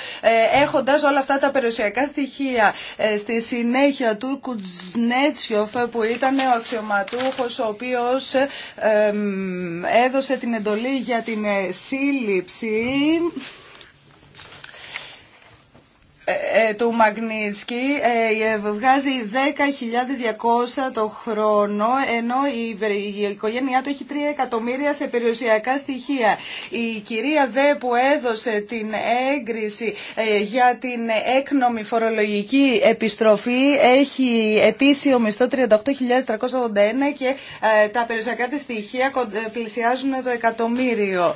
έχοντας όλα αυτά τα περιουσιακά στοιχεία. Στη συνέχεια του Κουτζνέτσιοφ που ήταν ο αξιωματούχος ο οποίος έδωσε την εντολή για την σύλληψη ε, ε, του ε, ε, βγάζει 10.200 το χρόνο ενώ η οικογένειά του έχει 3 εκατομμύρια σε περιουσιακά στοιχεία. Η κυρία Δε που έδωσε την έγκριση για την έκνομη φορολογική επιστροφή έχει ετήσιο μισθό 38.381 και τα περιουσιακά της στοιχεία πλησιάζουν το εκατομμύριο.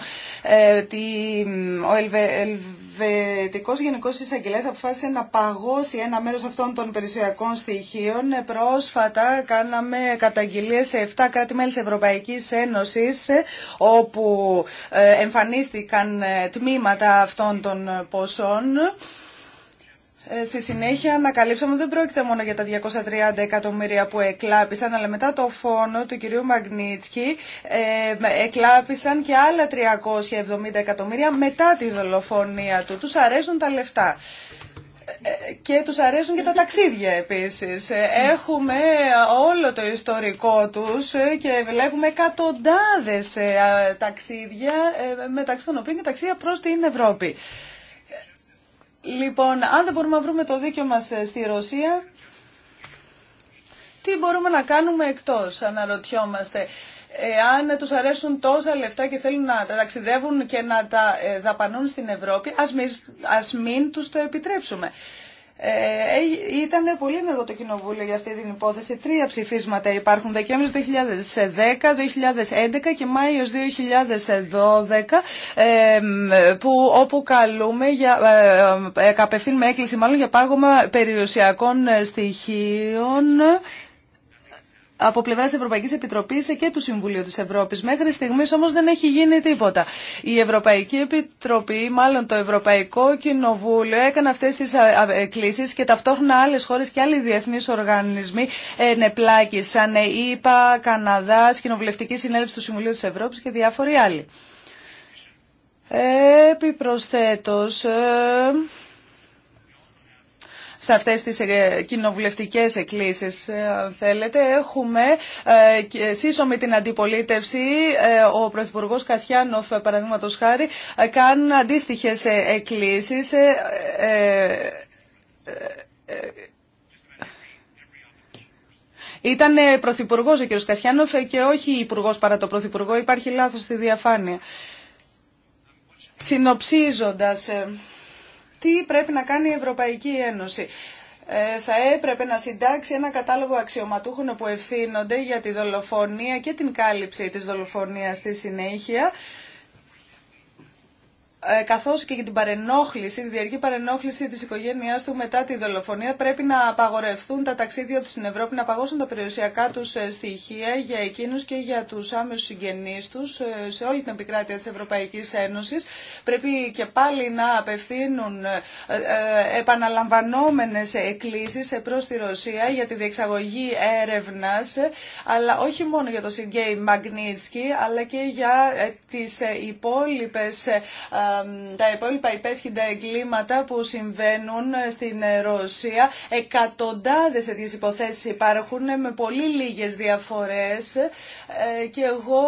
Ο Ελβε Ελβετικό Γενικό Εισαγγελέα αποφάσισε να παγώσει ένα μέρο αυτών των περιουσιακών στοιχείων. Πρόσφατα κάναμε καταγγελίε σε 7 κράτη-μέλη τη Ευρωπαϊκή Ένωση, όπου ε, εμφανίστηκαν ε, τμήματα αυτών των ποσών. Ε, στη συνέχεια ανακαλύψαμε ότι δεν πρόκειται μόνο για τα 230 εκατομμύρια που εκλάπησαν, αλλά μετά το φόνο του κυρίου Μαγνίτσκι ε, εκλάπησαν και άλλα 370 εκατομμύρια μετά τη δολοφονία του. Τους αρέσουν τα λεφτά. Ε, και τους αρέσουν και τα ταξίδια επίσης. Ε, έχουμε όλο το ιστορικό τους και βλέπουμε εκατοντάδες ταξίδια, μεταξύ των οποίων και ταξίδια προς την Ευρώπη. Λοιπόν, αν δεν μπορούμε να βρούμε το δίκιο μας ε, στη Ρωσία, τι μπορούμε να κάνουμε εκτός, αναρωτιόμαστε. Αν τους αρέσουν τόσα λεφτά και θέλουν να τα ταξιδεύουν και να τα ε, δαπανούν στην Ευρώπη, ας μην, ας μην τους το επιτρέψουμε. Ε, ε, ήταν πολύ ενεργό το Κοινοβούλιο για αυτή την υπόθεση. Τρία ψηφίσματα υπάρχουν. Δεκέμβριο 2010, 2011 και Μάιο 2012 ε, που όπου καλούμε για, ε, καπευθύνουμε ε, έκκληση μάλλον για πάγωμα περιουσιακών στοιχείων από πλευρά τη Ευρωπαϊκή Επιτροπή και του Συμβουλίου τη Ευρώπη. Μέχρι στιγμή όμω δεν έχει γίνει τίποτα. Η Ευρωπαϊκή Επιτροπή, μάλλον το Ευρωπαϊκό Κοινοβούλιο, έκανε αυτέ τι ε, κλήσει και ταυτόχρονα άλλε χώρε και άλλοι διεθνεί οργανισμοί ενεπλάκησαν. ΕΙΠΑ, Καναδά, Κοινοβουλευτική Συνέλευση του Συμβουλίου τη Ευρώπη και διάφοροι άλλοι. Επιπροσθέτως, ε, σε αυτές τις ε, κοινοβουλευτικές εκκλήσεις, ε, αν θέλετε. Έχουμε ε, σύσσωμη την αντιπολίτευση, ο Πρωθυπουργός Κασιάνοφ, παραδείγματος χάρη, κάνει αντίστοιχες εκκλήσεις. Ήταν πρωθυπουργό ο κ. Κασιάνοφ και όχι υπουργό παρά το πρωθυπουργό. Υπάρχει λάθο στη διαφάνεια. Συνοψίζοντα, τι πρέπει να κάνει η Ευρωπαϊκή Ένωση ε, θα έπρεπε να συντάξει ένα κατάλογο αξιωματούχων που ευθύνονται για τη δολοφονία και την κάλυψη της δολοφονίας στη συνέχεια ε, καθώς και για την παρενόχληση, τη διαρκή παρενόχληση της οικογένειάς του μετά τη δολοφονία πρέπει να απαγορευτούν τα ταξίδια του στην Ευρώπη, να παγώσουν τα περιουσιακά τους ε, στοιχεία για εκείνους και για τους άμεσους συγγενείς τους ε, σε όλη την επικράτεια της Ευρωπαϊκής Ένωσης. Πρέπει και πάλι να απευθύνουν επαναλαμβανόμενες εκκλήσεις προς τη Ρωσία για τη διεξαγωγή έρευνας, αλλά όχι μόνο για τον Σιγκέι Μαγνίτσκι, αλλά και για τις υπόλοιπες τα υπόλοιπα υπέσχυντα εγκλήματα που συμβαίνουν στην Ρωσία. Εκατοντάδες τέτοιες υποθέσεις υπάρχουν με πολύ λίγες διαφορές ε, και εγώ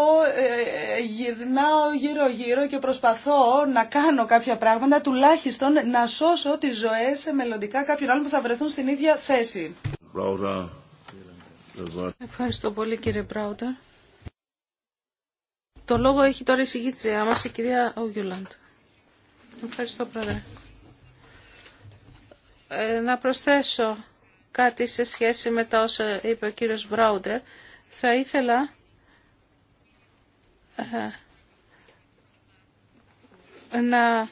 ε, γυρνάω γύρω-γύρω και προσπαθώ να κάνω κάποια πράγματα, τουλάχιστον να σώσω τις ζωές μελλοντικά κάποιων άλλων που θα βρεθούν στην ίδια θέση. Ευχαριστώ πολύ κύριε Πράουτα. Το λόγο έχει τώρα η συγγήτρια μας, η κυρία Ογιουλάντ. Ευχαριστώ, Πρόεδρε. Ε, να προσθέσω κάτι σε σχέση με τα όσα είπε ο κύριος Μπράουντερ. Θα ήθελα ε, να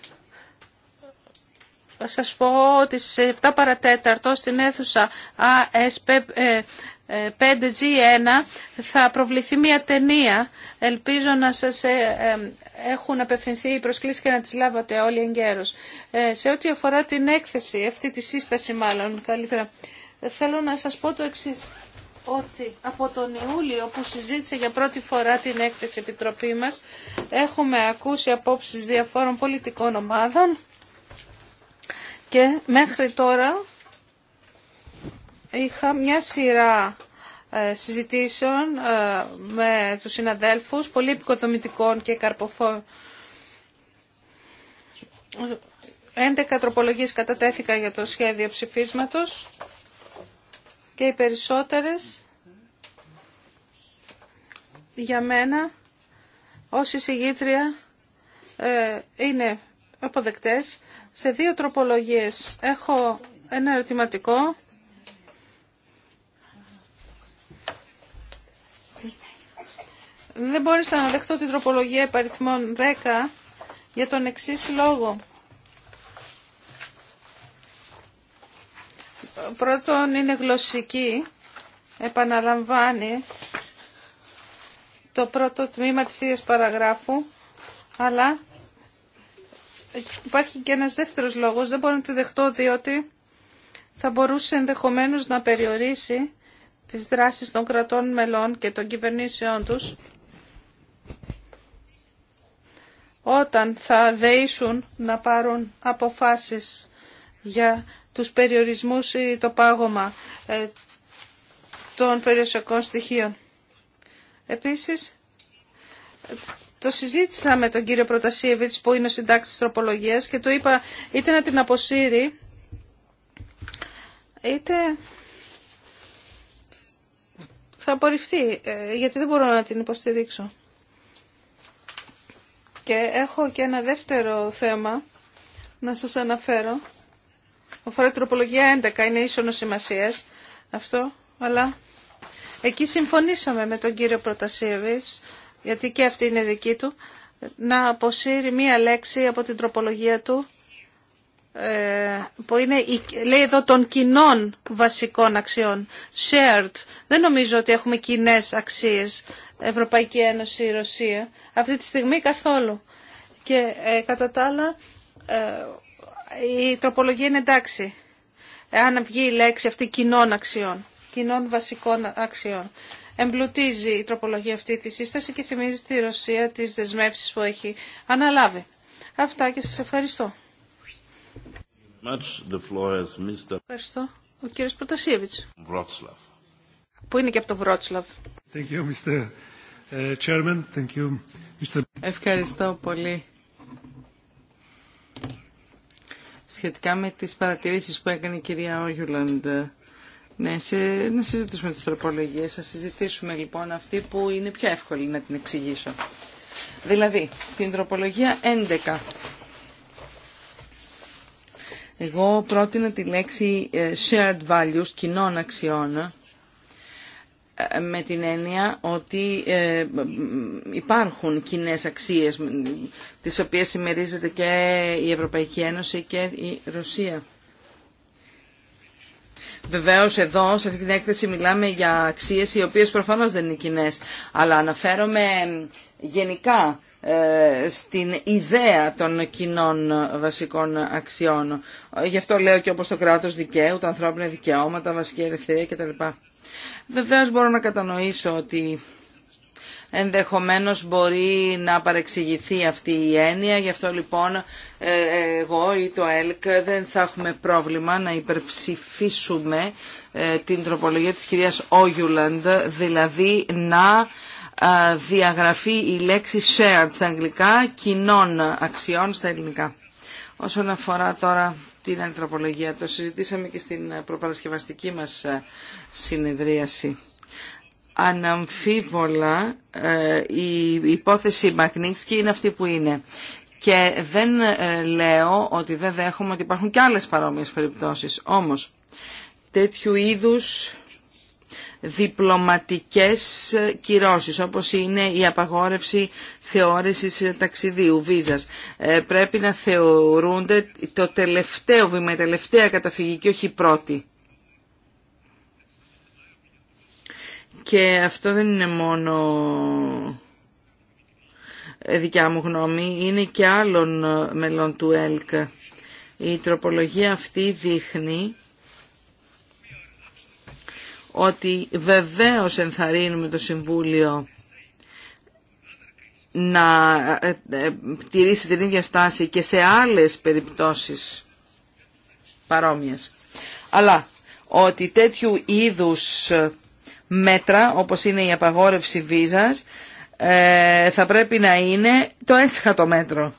σας πω ότι σε 7 παρατέταρτο στην αίθουσα ASP 5G1 ε, θα προβληθεί μια ταινία. Ελπίζω να σας ε, ε, έχουν απευθυνθεί οι προσκλήσεις και να τις λάβατε όλοι εγκαίρως. Σε ό,τι αφορά την έκθεση, αυτή τη σύσταση μάλλον καλύτερα, θέλω να σας πω το εξή Ότι από τον Ιούλιο που συζήτησε για πρώτη φορά την έκθεση επιτροπή μας, έχουμε ακούσει απόψεις διαφόρων πολιτικών ομάδων και μέχρι τώρα είχα μια σειρά ε, συζητήσεων ε, με τους συναδέλφους, πολύ επικοδομητικών και καρποφών 11 τροπολογίες κατατέθηκα για το σχέδιο ψηφίσματος και οι περισσότερες για μένα ως εισηγήτρια ε, είναι αποδεκτές. Σε δύο τροπολογίες έχω ένα ερωτηματικό δεν μπόρεσα να δεχτώ την τροπολογία επαριθμών 10 για τον εξής λόγο. Πρώτον είναι γλωσσική, επαναλαμβάνει το πρώτο τμήμα της ίδιας παραγράφου, αλλά υπάρχει και ένας δεύτερος λόγος, δεν μπορώ να τη δεχτώ διότι θα μπορούσε ενδεχομένως να περιορίσει τις δράσεις των κρατών μελών και των κυβερνήσεών τους όταν θα δεήσουν να πάρουν αποφάσεις για τους περιορισμούς ή το πάγωμα ε, των περιοσιακών στοιχείων. Επίσης, το συζήτησα με τον κύριο Προτασίεβιτς που είναι ο συντάκτης τροπολογίας και του είπα είτε να την αποσύρει είτε θα απορριφθεί ε, γιατί δεν μπορώ να την υποστηρίξω. Και έχω και ένα δεύτερο θέμα να σας αναφέρω. Αφορά τροπολογία 11, είναι ίσονο σημασία αυτό, αλλά εκεί συμφωνήσαμε με τον κύριο Προτασίεβης, γιατί και αυτή είναι δική του, να αποσύρει μία λέξη από την τροπολογία του, ε, που είναι, λέει εδώ, των κοινών βασικών αξιών, shared. Δεν νομίζω ότι έχουμε κοινέ αξίες Ευρωπαϊκή Ένωση, Ρωσία. Αυτή τη στιγμή καθόλου. Και ε, κατά τα άλλα ε, η τροπολογία είναι εντάξει. Αν βγει η λέξη αυτή κοινών αξιών, κοινών βασικών αξιών. Εμπλουτίζει η τροπολογία αυτή τη σύσταση και θυμίζει τη Ρωσία τις δεσμεύσεις που έχει αναλάβει. Αυτά και σας ευχαριστώ. Ευχαριστώ. Ο κύριος Προτασίεβιτς. Που είναι και από το Βρότσλαβ. Thank you, ε, Ευχαριστώ πολύ. Σχετικά με τις παρατηρήσεις που έκανε η κυρία Όγιουλαντ, ναι, σε, να συζητήσουμε τις τροπολογίες. Θα συζητήσουμε λοιπόν αυτή που είναι πιο εύκολη να την εξηγήσω. Δηλαδή, την τροπολογία 11. Εγώ πρότεινα τη λέξη ε, shared values, κοινών αξιών, με την έννοια ότι ε, υπάρχουν κοινέ αξίες τις οποίες συμμερίζεται και η Ευρωπαϊκή Ένωση και η Ρωσία. Βεβαίως εδώ σε αυτή την έκθεση μιλάμε για αξίες οι οποίες προφανώς δεν είναι κοινέ, αλλά αναφέρομαι γενικά ε, στην ιδέα των κοινών βασικών αξιών. Γι' αυτό λέω και όπως το κράτος δικαίου, τα ανθρώπινα δικαιώματα, βασική ελευθερία κτλ. Βεβαίως μπορώ να κατανοήσω ότι ενδεχομένως μπορεί να παρεξηγηθεί αυτή η έννοια. Γι' αυτό λοιπόν ε, εγώ ή το ΕΛΚ δεν θα έχουμε πρόβλημα να υπερψηφίσουμε ε, την τροπολογία της κυρίας Όγιουλαντ, δηλαδή να ε, διαγραφεί η λέξη shared στα αγγλικά, κοινών αξιών στα ελληνικά. Όσον αφορά τώρα την ανθρωπολογία. Το συζητήσαμε και στην προπαρασκευαστική μας ε, συνεδρίαση. Αναμφίβολα ε, η υπόθεση Μακνίτσκι είναι αυτή που είναι. Και δεν ε, λέω ότι δεν δέχομαι ότι υπάρχουν και άλλες παρόμοιες περιπτώσεις. Όμως τέτοιου είδους διπλωματικές κυρώσεις όπως είναι η απαγόρευση θεώρησης ταξιδίου, βίζας. Ε, πρέπει να θεωρούνται το τελευταίο βήμα, η τελευταία καταφυγική, όχι η πρώτη. Και αυτό δεν είναι μόνο ε, δικιά μου γνώμη, είναι και άλλων ε, μελών του ΕΛΚ. Η τροπολογία αυτή δείχνει ότι βεβαίως ενθαρρύνουμε το Συμβούλιο να ε, ε, τηρήσει την ίδια στάση και σε άλλες περιπτώσεις παρόμοιες. Αλλά ότι τέτοιου είδους μέτρα, όπως είναι η απαγόρευση βίζας, ε, θα πρέπει να είναι το έσχατο μέτρο.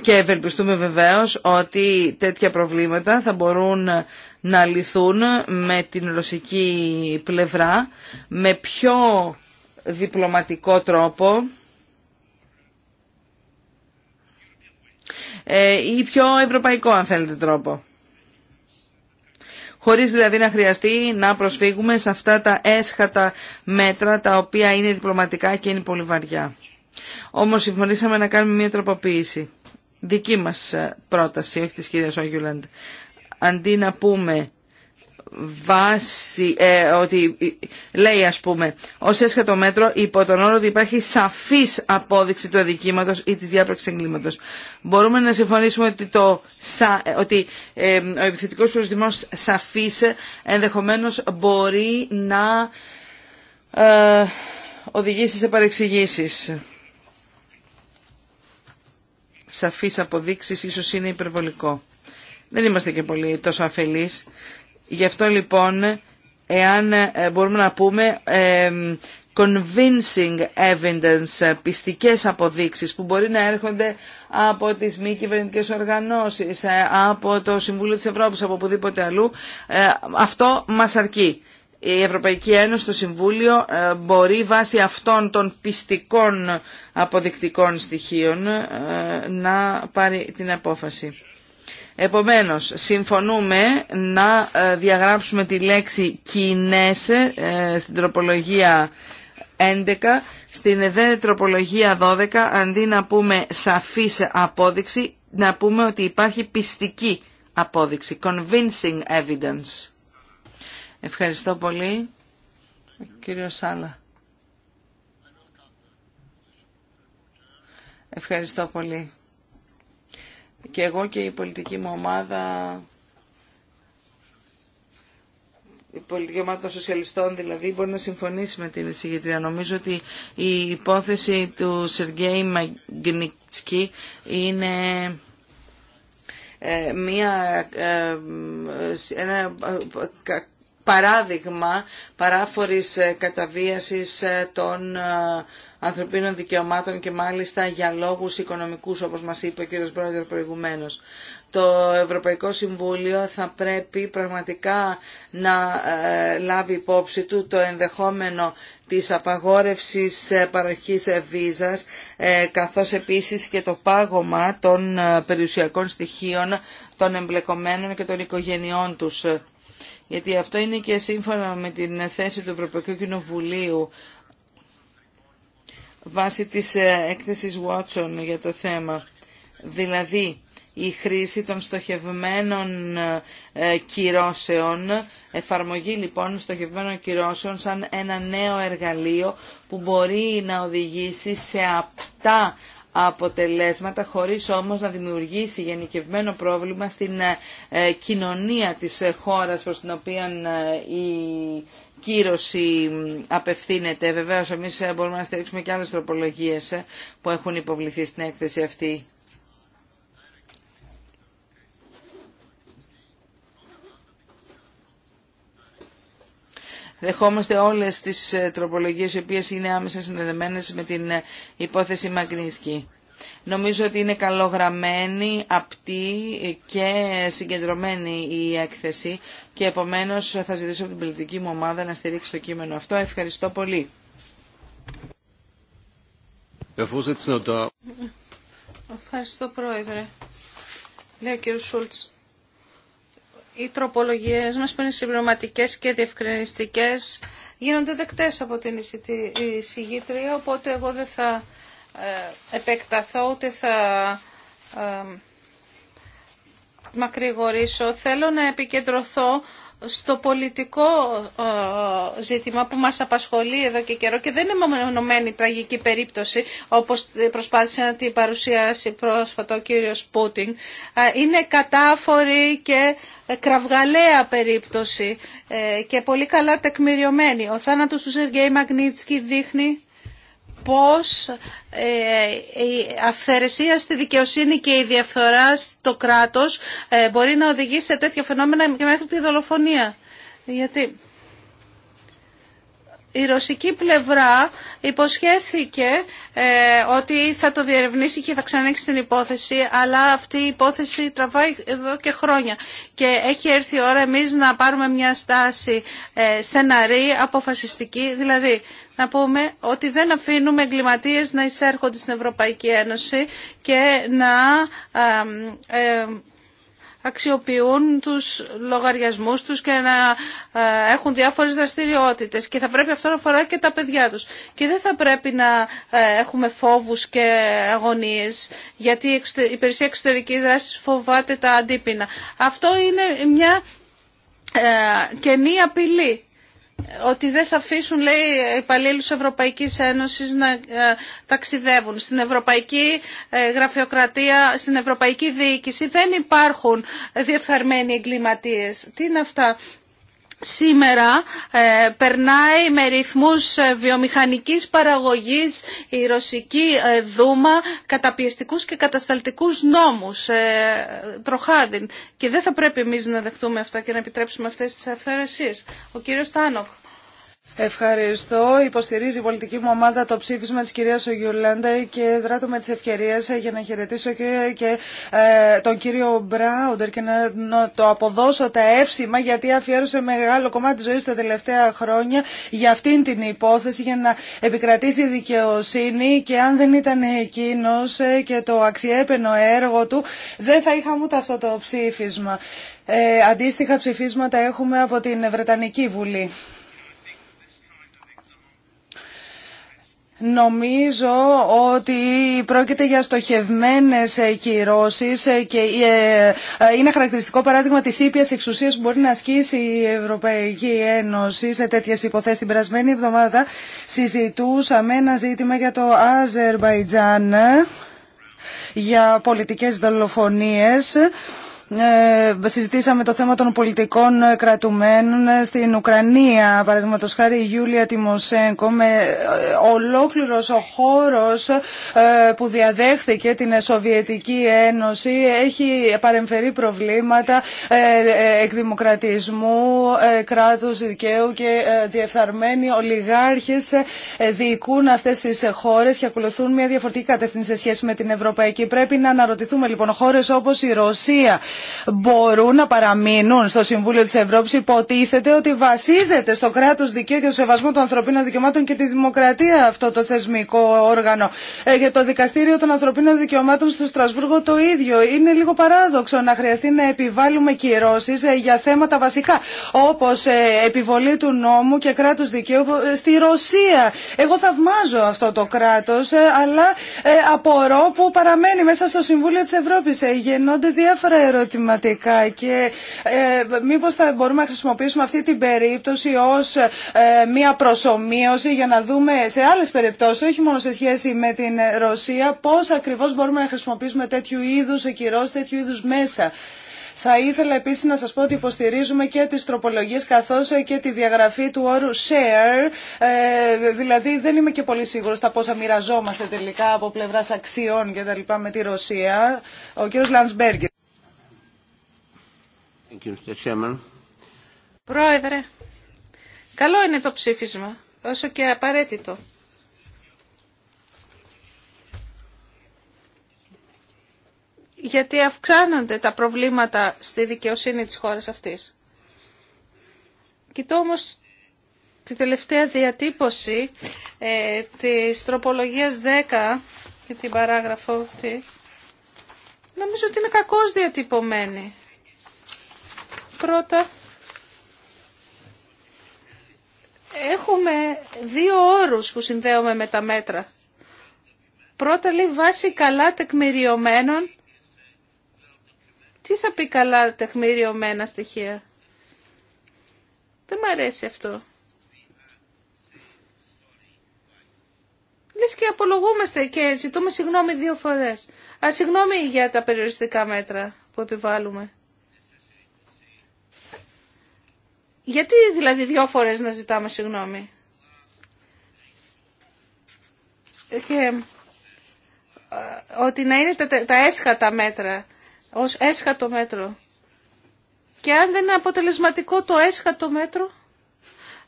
Και ευελπιστούμε βεβαίως ότι τέτοια προβλήματα θα μπορούν να λυθούν με την ρωσική πλευρά με πιο διπλωματικό τρόπο ε, ή πιο ευρωπαϊκό αν θέλετε τρόπο. Χωρίς δηλαδή να χρειαστεί να προσφύγουμε σε αυτά τα έσχατα μέτρα τα οποία είναι διπλωματικά και είναι πολύ βαριά. Όμως συμφωνήσαμε να κάνουμε μια τροποποίηση. Δική μας ε, πρόταση, όχι της κυρίας Όγιουλαντ αντί να πούμε βάση, ε, ότι ε, λέει ας πούμε, ως έσχατο μέτρο υπό τον όρο ότι υπάρχει σαφής απόδειξη του αδικήματος ή της διάπραξης εγκλήματος. Μπορούμε να συμφωνήσουμε ότι, το, ότι ε, ο επιθετικός προσδημός σαφής ενδεχομένως μπορεί να οδηγήσει σε παρεξηγήσεις. Σαφής αποδείξεις ίσως είναι υπερβολικό. Δεν είμαστε και πολύ τόσο αφελείς. Γι' αυτό λοιπόν, εάν ε, μπορούμε να πούμε ε, convincing evidence, πιστικές αποδείξεις που μπορεί να έρχονται από τις μη κυβερνητικέ οργανώσεις, ε, από το Συμβούλιο της Ευρώπης, από οπουδήποτε αλλού, αυτό μας αρκεί. Η Ευρωπαϊκή Ένωση, το Συμβούλιο, μπορεί βάσει αυτών των πιστικών αποδεικτικών στοιχείων να πάρει την απόφαση. Επομένως, συμφωνούμε να ε, διαγράψουμε τη λέξη ε, στην τροπολογία 11, στην ΕΔΕ τροπολογία 12, αντί να πούμε «σαφής απόδειξη», να πούμε ότι υπάρχει πιστική απόδειξη, «convincing evidence». Ευχαριστώ πολύ, κύριο Σάλα. Ευχαριστώ πολύ και εγώ και η πολιτική μου ομάδα, η πολιτική ομάδα των σοσιαλιστών δηλαδή, μπορεί να συμφωνήσει με την εισηγητρία. Νομίζω ότι η υπόθεση του Σεργέη Μαγνιτσκή είναι ε, μια, ε, ένα ε, παράδειγμα παράφορης καταβίασης των ανθρωπίνων δικαιωμάτων και μάλιστα για λόγους οικονομικούς όπως μας είπε ο κύριος Μπρόντερ προηγουμένως. Το Ευρωπαϊκό Συμβούλιο θα πρέπει πραγματικά να ε, λάβει υπόψη του το ενδεχόμενο της απαγόρευσης ε, παροχής ε, βίζας καθώς επίσης και το πάγωμα των περιουσιακών στοιχείων των εμπλεκομένων και των οικογενειών τους. Γιατί αυτό είναι και σύμφωνα με την θέση του Ευρωπαϊκού Κοινοβουλίου βάσει της ε, έκθεσης Watson για το θέμα. Δηλαδή, η χρήση των στοχευμένων ε, κυρώσεων, εφαρμογή λοιπόν στοχευμένων κυρώσεων σαν ένα νέο εργαλείο που μπορεί να οδηγήσει σε απτά αποτελέσματα χωρίς όμως να δημιουργήσει γενικευμένο πρόβλημα στην ε, κοινωνία της χώρας προς την οποία η κύρωση απευθύνεται. βεβαίω εμεί μπορούμε να στηρίξουμε και άλλε τροπολογίε που έχουν υποβληθεί στην έκθεση αυτή. Δεχόμαστε όλες τις τροπολογίες οι οποίες είναι άμεσα συνδεδεμένες με την υπόθεση Μαγκνίσκη. Νομίζω ότι είναι καλογραμμένη, απτή και συγκεντρωμένη η έκθεση και επομένως θα ζητήσω από την πολιτική μου ομάδα να στηρίξει το κείμενο αυτό. Ευχαριστώ πολύ. Ευχαριστώ Πρόεδρε. Λέει ο Σούλτς. Οι τροπολογίες μας που είναι συμπληρωματικές και διευκρινιστικές γίνονται δεκτές από την εισηγήτρια, οπότε εγώ δεν θα ε, επεκταθώ ούτε θα ε, μακρηγορήσω. Θέλω να επικεντρωθώ στο πολιτικό ε, ζήτημα που μας απασχολεί εδώ και καιρό και δεν είναι μονομένη τραγική περίπτωση όπως προσπάθησε να την παρουσιάσει πρόσφατα ο κύριος Πούτιν. Είναι κατάφορη και κραυγαλαία περίπτωση και πολύ καλά τεκμηριωμένη. Ο θάνατος του Σεργέη Μαγνίτσκι δείχνει πώς ε, η αυθαιρεσία στη δικαιοσύνη και η διαφθορά στο κράτος ε, μπορεί να οδηγήσει σε τέτοια φαινόμενα και μέχρι τη δολοφονία. Γιατί η ρωσική πλευρά υποσχέθηκε ε, ότι θα το διερευνήσει και θα ξαναέξει την υπόθεση, αλλά αυτή η υπόθεση τραβάει εδώ και χρόνια. Και έχει έρθει η ώρα εμείς να πάρουμε μια στάση ε, στεναρή, αποφασιστική, δηλαδή να πούμε ότι δεν αφήνουμε εγκληματίες να εισέρχονται στην Ευρωπαϊκή Ένωση και να ε, αξιοποιούν τους λογαριασμούς τους και να ε, έχουν διάφορες δραστηριότητες και θα πρέπει αυτό να αφορά και τα παιδιά τους. Και δεν θα πρέπει να ε, έχουμε φόβους και αγωνίες γιατί η υπηρεσία εξωτερική δράση φοβάται τα αντίπεινα. Αυτό είναι μια ε, καινή απειλή ότι δεν θα αφήσουν, λέει, υπαλλήλου Ευρωπαϊκής Ένωσης να ε, ταξιδεύουν. Στην Ευρωπαϊκή ε, Γραφειοκρατία, στην Ευρωπαϊκή Διοίκηση δεν υπάρχουν διεφθαρμένοι εγκληματίε. Τι είναι αυτά Σήμερα ε, περνάει με ρυθμούς ε, βιομηχανικής παραγωγής η Ρωσική ε, Δούμα καταπιεστικούς και κατασταλτικούς νόμους, ε, τροχάδιν. Και δεν θα πρέπει εμείς να δεχτούμε αυτά και να επιτρέψουμε αυτές τις αυθαιρεσίες. Ο κύριος Τάνοκ. Ευχαριστώ. Υποστηρίζει η πολιτική μου ομάδα το ψήφισμα της κυρίας Ογιουλάντα και δράτω με τι ευκαιρίε ε, για να χαιρετήσω και, και ε, τον κύριο Μπράουντερ και να, να το αποδώσω τα εύσημα γιατί αφιέρωσε μεγάλο κομμάτι τη ζωή τα τελευταία χρόνια για αυτήν την υπόθεση για να επικρατήσει δικαιοσύνη και αν δεν ήταν εκείνος ε, και το αξιέπαινο έργο του δεν θα είχαμε ούτε αυτό το ψήφισμα. Ε, αντίστοιχα ψηφίσματα έχουμε από την Βρετανική Βουλή. Νομίζω ότι πρόκειται για στοχευμένες ε, κυρώσεις ε, και ε, είναι χαρακτηριστικό παράδειγμα της ήπιας εξουσίας που μπορεί να ασκήσει η Ευρωπαϊκή Ένωση σε τέτοιες υποθέσεις. Την περασμένη εβδομάδα συζητούσαμε ένα ζήτημα για το Αζερβαϊτζάν για πολιτικές δολοφονίες. Ε, συζητήσαμε το θέμα των πολιτικών κρατουμένων στην Ουκρανία. Παραδείγματος χάρη η Γιούλια Τιμοσέγκο με ε, ολόκληρος ο χώρος ε, που διαδέχθηκε την Σοβιετική Ένωση έχει παρεμφερεί προβλήματα εκδημοκρατισμού, κράτους δικαίου και διεφθαρμένοι ολιγάρχες διοικούν αυτές τις χώρες και ακολουθούν μια διαφορετική κατεύθυνση σε σχέση με την Ευρωπαϊκή. Πρέπει να αναρωτηθούμε λοιπόν χώρες όπως η Ρωσία μπορούν να παραμείνουν στο Συμβούλιο της Ευρώπης υποτίθεται ότι βασίζεται στο κράτος δικαίου και στο σεβασμό των ανθρωπίνων δικαιωμάτων και τη δημοκρατία αυτό το θεσμικό όργανο. Ε, για το Δικαστήριο των Ανθρωπίνων Δικαιωμάτων στο Στρασβούργο το ίδιο. Είναι λίγο παράδοξο να χρειαστεί να επιβάλλουμε κυρώσεις ε, για θέματα βασικά όπως ε, επιβολή του νόμου και κράτους δικαίου ε, στη Ρωσία. Εγώ θαυμάζω αυτό το κράτος αλλά απορώ που παραμένει μέσα στο Συμβούλιο της Ευρώπης. Γεννώνται διάφορα ερωτήματα ερωτηματικά και ε, μήπως θα μπορούμε να χρησιμοποιήσουμε αυτή την περίπτωση ως ε, μια προσωμείωση για να δούμε σε άλλες περιπτώσεις, όχι μόνο σε σχέση με την Ρωσία, πώς ακριβώς μπορούμε να χρησιμοποιήσουμε τέτοιου είδους κυρώσεις, τέτοιου είδους μέσα. Θα ήθελα επίσης να σας πω ότι υποστηρίζουμε και τις τροπολογίες καθώς και τη διαγραφή του όρου share, ε, δηλαδή δεν είμαι και πολύ σίγουρο τα πόσα μοιραζόμαστε τελικά από πλευράς αξιών και τα λοιπά με τη Ρωσία. Ο κύριος Λαντσμπέργκερ. Πρόεδρε, καλό είναι το ψήφισμα, όσο και απαραίτητο. γιατί αυξάνονται τα προβλήματα στη δικαιοσύνη της χώρας αυτής. Κοιτώ όμως τη τελευταία διατύπωση ε, της τροπολογίας 10 και την παράγραφο αυτή. Νομίζω ότι είναι κακώς διατυπωμένη. Πρώτα, έχουμε δύο όρους που συνδέουμε με τα μέτρα. Πρώτα λέει βάση καλά τεκμηριωμένων. Τι θα πει καλά τεκμηριωμένα στοιχεία. Δεν μου αρέσει αυτό. Λες και απολογούμαστε και ζητούμε συγγνώμη δύο φορές. Α, συγγνώμη για τα περιοριστικά μέτρα που επιβάλλουμε. Γιατί δηλαδή δυο φορές να ζητάμε συγγνώμη. Και ε, ότι να είναι τα, τα έσχατα μέτρα, ως έσχατο μέτρο. Και αν δεν είναι αποτελεσματικό το έσχατο μέτρο,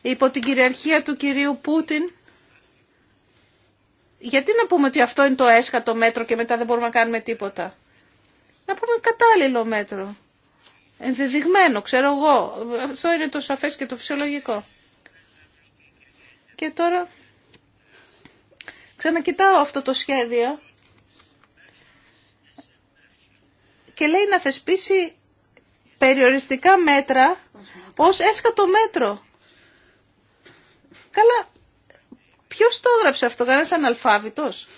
υπό την κυριαρχία του κυρίου Πούτιν, γιατί να πούμε ότι αυτό είναι το έσχατο μέτρο και μετά δεν μπορούμε να κάνουμε τίποτα. Να πούμε κατάλληλο μέτρο ενδεδειγμένο, ξέρω εγώ. Αυτό είναι το σαφές και το φυσιολογικό. Και τώρα ξανακοιτάω αυτό το σχέδιο και λέει να θεσπίσει περιοριστικά μέτρα ως έσκατο μέτρο. Καλά, ποιος το έγραψε αυτό, κανένας αναλφάβητος.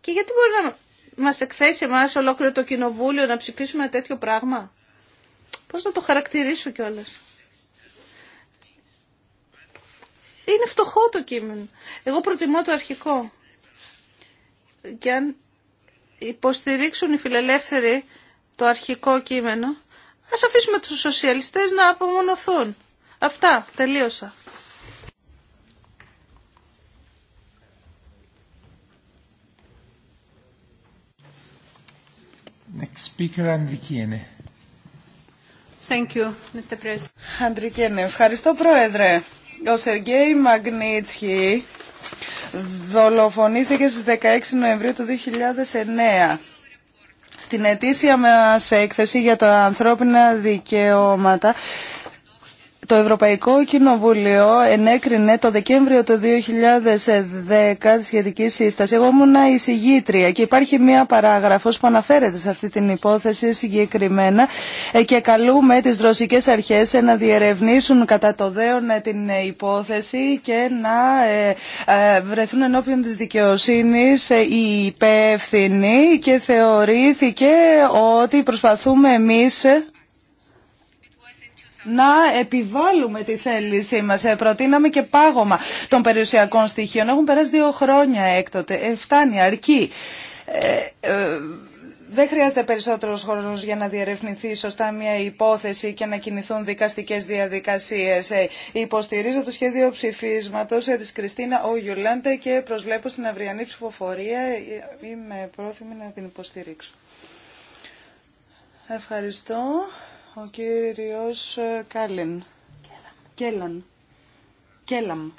Και γιατί μπορεί να μας εκθέσει εμά ολόκληρο το κοινοβούλιο να ψηφίσουμε ένα τέτοιο πράγμα. Πώς να το χαρακτηρίσω κιόλας. Είναι φτωχό το κείμενο. Εγώ προτιμώ το αρχικό. Και αν υποστηρίξουν οι φιλελεύθεροι το αρχικό κείμενο, ας αφήσουμε τους σοσιαλιστές να απομονωθούν. Αυτά, τελείωσα. Next ευχαριστώ Πρόεδρε. Ο Σεργέη Μαγνίτσχη δολοφονήθηκε στις 16 Νοεμβρίου του 2009. Στην ετήσια μας έκθεση για τα ανθρώπινα δικαιώματα το Ευρωπαϊκό Κοινοβούλιο ενέκρινε το Δεκέμβριο του 2010 τη σχετική σύσταση. Εγώ ήμουν εισηγήτρια και υπάρχει μία παράγραφος που αναφέρεται σε αυτή την υπόθεση συγκεκριμένα ε, και καλούμε τις δροσικές αρχές ε, να διερευνήσουν κατά το δέον ε, την υπόθεση και να βρεθούν ενώπιον της δικαιοσύνης οι υπεύθυνοι και θεωρήθηκε ότι προσπαθούμε εμείς να επιβάλλουμε τη θέλησή μας. Ε, προτείναμε και πάγωμα των περιουσιακών στοιχείων. Έχουν περάσει δύο χρόνια έκτοτε. Ε, φτάνει, αρκεί. Ε, ε δεν χρειάζεται περισσότερο χρόνο για να διερευνηθεί σωστά μια υπόθεση και να κινηθούν δικαστικέ διαδικασίε. Ε, υποστηρίζω το σχέδιο ψηφίσματο τη Κριστίνα Ογιουλάντε και προσβλέπω στην αυριανή ψηφοφορία. Είμαι πρόθυμη να την υποστηρίξω. Ευχαριστώ. Ο κύριος ε, Κάλιν. Κέλαν.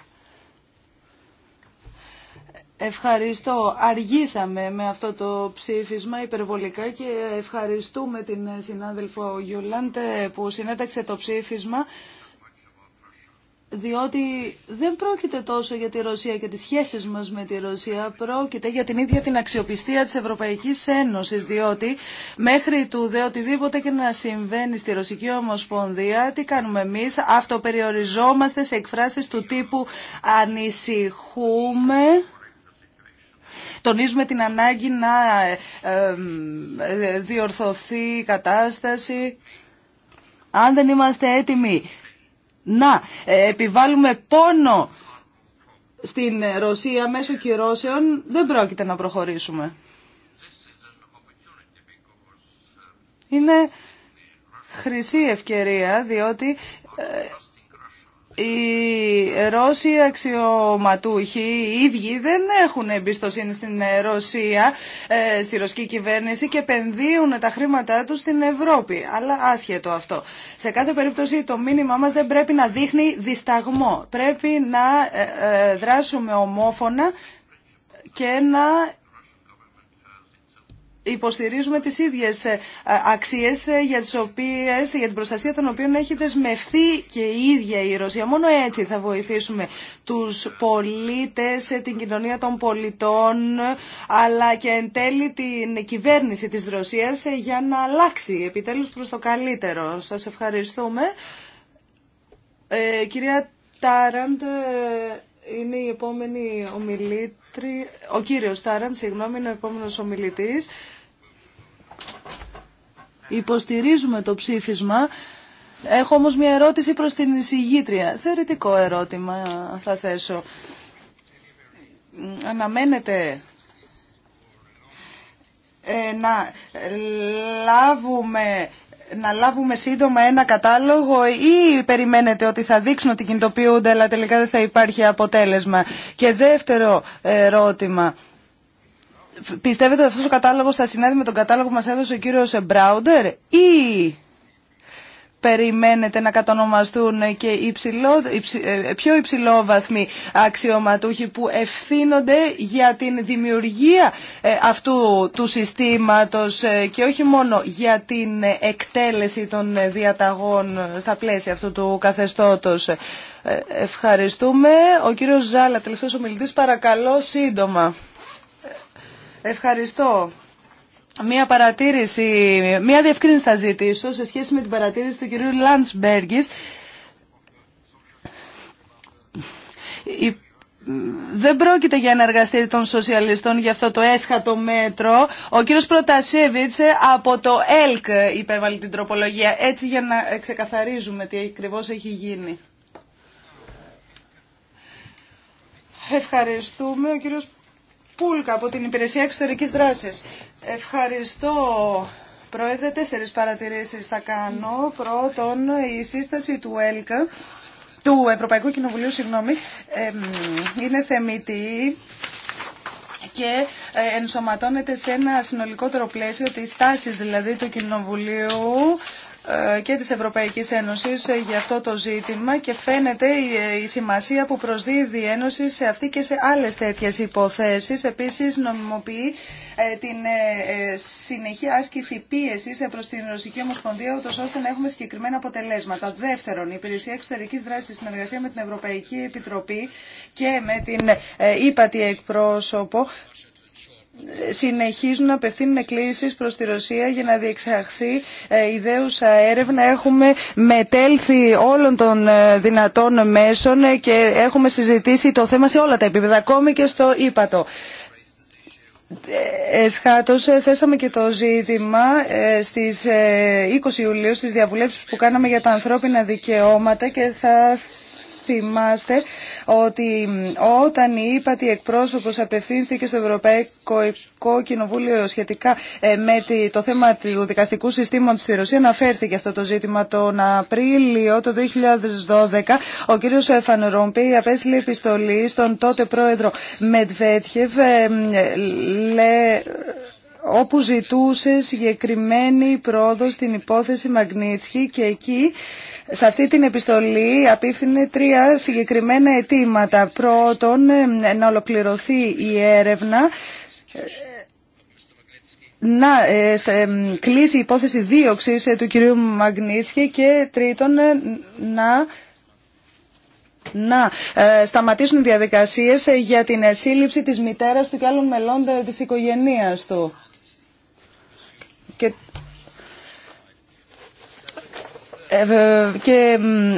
Ευχαριστώ. Αργήσαμε με αυτό το ψήφισμα υπερβολικά και ευχαριστούμε την συνάδελφο Γιουλάντε που συνέταξε το ψήφισμα διότι δεν πρόκειται τόσο για τη Ρωσία και τις σχέσεις μας με τη Ρωσία, πρόκειται για την ίδια την αξιοπιστία της Ευρωπαϊκής Ένωσης, διότι μέχρι του δε οτιδήποτε και να συμβαίνει στη Ρωσική Ομοσπονδία, τι κάνουμε εμείς, αυτοπεριοριζόμαστε σε εκφράσεις του τύπου ανησυχούμε τονίζουμε την ανάγκη να ε, ε, διορθωθεί η κατάσταση. Αν δεν είμαστε έτοιμοι να ε, επιβάλλουμε πόνο στην Ρωσία μέσω κυρώσεων δεν πρόκειται να προχωρήσουμε. Είναι χρυσή ευκαιρία διότι ε, οι Ρώσοι αξιωματούχοι, οι ίδιοι δεν έχουν εμπιστοσύνη στην ε, Ρωσία, ε, στη ρωσική κυβέρνηση και επενδύουν τα χρήματά του στην Ευρώπη. Αλλά άσχετο αυτό. Σε κάθε περίπτωση το μήνυμά μα δεν πρέπει να δείχνει δισταγμό. Πρέπει να ε, δράσουμε ομόφωνα και να υποστηρίζουμε τις ίδιες ε, αξίες ε, για, τις οποίες, για την προστασία των οποίων έχει δεσμευθεί και η ίδια η Ρωσία. Μόνο έτσι θα βοηθήσουμε τους πολίτες, ε, την κοινωνία των πολιτών, αλλά και εν τέλει την κυβέρνηση της Ρωσίας για να αλλάξει επιτέλους προς το καλύτερο. Σας ευχαριστούμε. Ε, κυρία Τάραντ, είναι η επόμενη ομιλήτρη, ο κύριος Τάραντ, συγγνώμη, είναι ο επόμενος ομιλητής. Υποστηρίζουμε το ψήφισμα. Έχω όμως μια ερώτηση προς την εισηγήτρια. Θεωρητικό ερώτημα θα θέσω. Αναμένετε να λάβουμε να λάβουμε σύντομα ένα κατάλογο ή περιμένετε ότι θα δείξουν ότι κινητοποιούνται αλλά τελικά δεν θα υπάρχει αποτέλεσμα. Και δεύτερο ερώτημα. Πιστεύετε ότι αυτός ο κατάλογος θα συνάδει με τον κατάλογο που μας έδωσε ο κύριος Μπράουντερ ή περιμένετε να κατονομαστούν και υψηλό, ε, πιο υψηλόβαθμοι αξιωματούχοι που ευθύνονται για την δημιουργία ε, αυτού του συστήματος ε, και όχι μόνο για την εκτέλεση των διαταγών στα πλαίσια αυτού του καθεστώτος. Ευχαριστούμε. Ο κύριος Ζάλα, τελευταίος ομιλητής, παρακαλώ σύντομα. Ευχαριστώ. Μία παρατήρηση, μία διευκρίνηση θα ζητήσω σε σχέση με την παρατήρηση του κυρίου Λαντσμπέργκης. Δεν πρόκειται για ένα εργαστήρι των σοσιαλιστών για αυτό το έσχατο μέτρο. Ο κύριος Προτασίεβιτς από το ΕΛΚ υπέβαλε την τροπολογία. Έτσι για να ξεκαθαρίζουμε τι ακριβώς έχει γίνει. Ευχαριστούμε. Ο κύριος Πούλκα από την Υπηρεσία Εξωτερικής Δράσης. Ευχαριστώ. Πρόεδρε, Τέσσερι παρατηρήσεις θα κάνω. Πρώτον, η σύσταση του ΕΛΚΑ, του Ευρωπαϊκού Κοινοβουλίου, συγγνώμη, είναι θεμητή και ε, ενσωματώνεται σε ένα συνολικότερο πλαίσιο της τάσης δηλαδή του Κοινοβουλίου ε, και της Ευρωπαϊκής Ένωσης ε, για αυτό το ζήτημα και φαίνεται ε, η σημασία που προσδίδει η Ένωση σε αυτή και σε άλλες τέτοιες υποθέσεις. Επίσης νομιμοποιεί την συνεχή άσκηση πίεσης προς την Ρωσική Ομοσπονδία ούτως ώστε να έχουμε συγκεκριμένα αποτελέσματα. Δεύτερον, η Υπηρεσία Εξωτερικής Δράσης συνεργασία με την Ευρωπαϊκή Επιτροπή και με την ύπατη εκπρόσωπο συνεχίζουν να απευθύνουν εκκλήσεις προς τη Ρωσία για να διεξαχθεί ε, ιδέουσα έρευνα. Έχουμε μετέλθει όλων των ε, δυνατών μέσων ε, και έχουμε συζητήσει το θέμα σε όλα τα επίπεδα, ακόμη και στο ύπατο. Εσχάτως θέσαμε και το ζήτημα στις 20 Ιουλίου στις διαβουλεύσεις που κάναμε για τα ανθρώπινα δικαιώματα και θα θυμάστε ότι όταν η ύπατη εκπρόσωπος απευθύνθηκε στο Ευρωπαϊκό Κοινοβούλιο σχετικά ε, με το θέμα του δικαστικού συστήματος στη Ρωσία αναφέρθηκε αυτό το ζήτημα τον Απρίλιο το 2012 ο κύριος Ρομπή απέστειλε επιστολή στον τότε πρόεδρο Μετβέτχευ ε, ε, όπου ζητούσε συγκεκριμένη πρόοδο στην υπόθεση Μαγνίτσχη και εκεί σε αυτή την επιστολή απίφθινε τρία συγκεκριμένα αιτήματα. Πρώτον, ε, να ολοκληρωθεί η έρευνα ε, να ε, κλείσει η υπόθεση δίωξης του κυρίου Μαγνίτσχη και τρίτον να να σταματήσουν διαδικασίες για την σύλληψη της μητέρας του και άλλων μελών της οικογένειας του και ε, και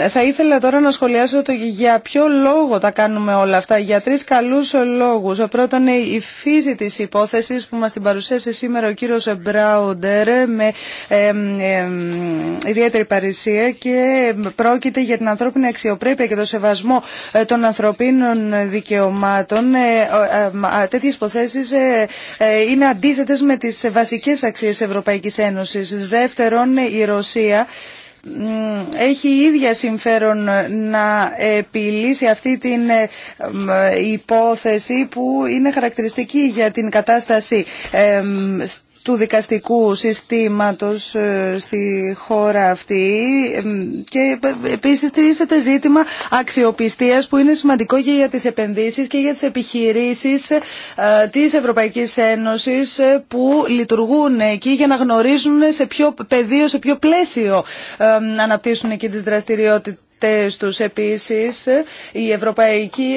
θα ήθελα τώρα να σχολιάσω το για ποιο λόγο τα κάνουμε όλα αυτά. Για τρεις καλούς λόγους. Ο πρώτον είναι η φύση της υπόθεσης που μας την παρουσίασε σήμερα ο κύριος Μπράουντερ με ε, ε, ιδιαίτερη παρησία και πρόκειται για την ανθρώπινη αξιοπρέπεια και το σεβασμό των ανθρωπίνων δικαιωμάτων. Τέτοιες υποθέσεις είναι αντίθετες με τις βασικές αξίες Ευρωπαϊκής Ένωσης. Δεύτερον, η Ρωσία έχει ίδια συμφέρον να επιλύσει αυτή την ε, υπόθεση που είναι χαρακτηριστική για την κατάσταση ε, του δικαστικού συστήματος ε, στη χώρα αυτή και ε, επίσης τίθεται ζήτημα αξιοπιστίας που είναι σημαντικό και για τις επενδύσεις και για τις επιχειρήσεις ε, της Ευρωπαϊκής Ένωσης που λειτουργούν εκεί για να γνωρίζουν σε ποιο πεδίο, σε ποιο πλαίσιο αναπτύσσουν εκεί τις δραστηριότητες πολίτες τους. Επίσης, η Ευρωπαϊκή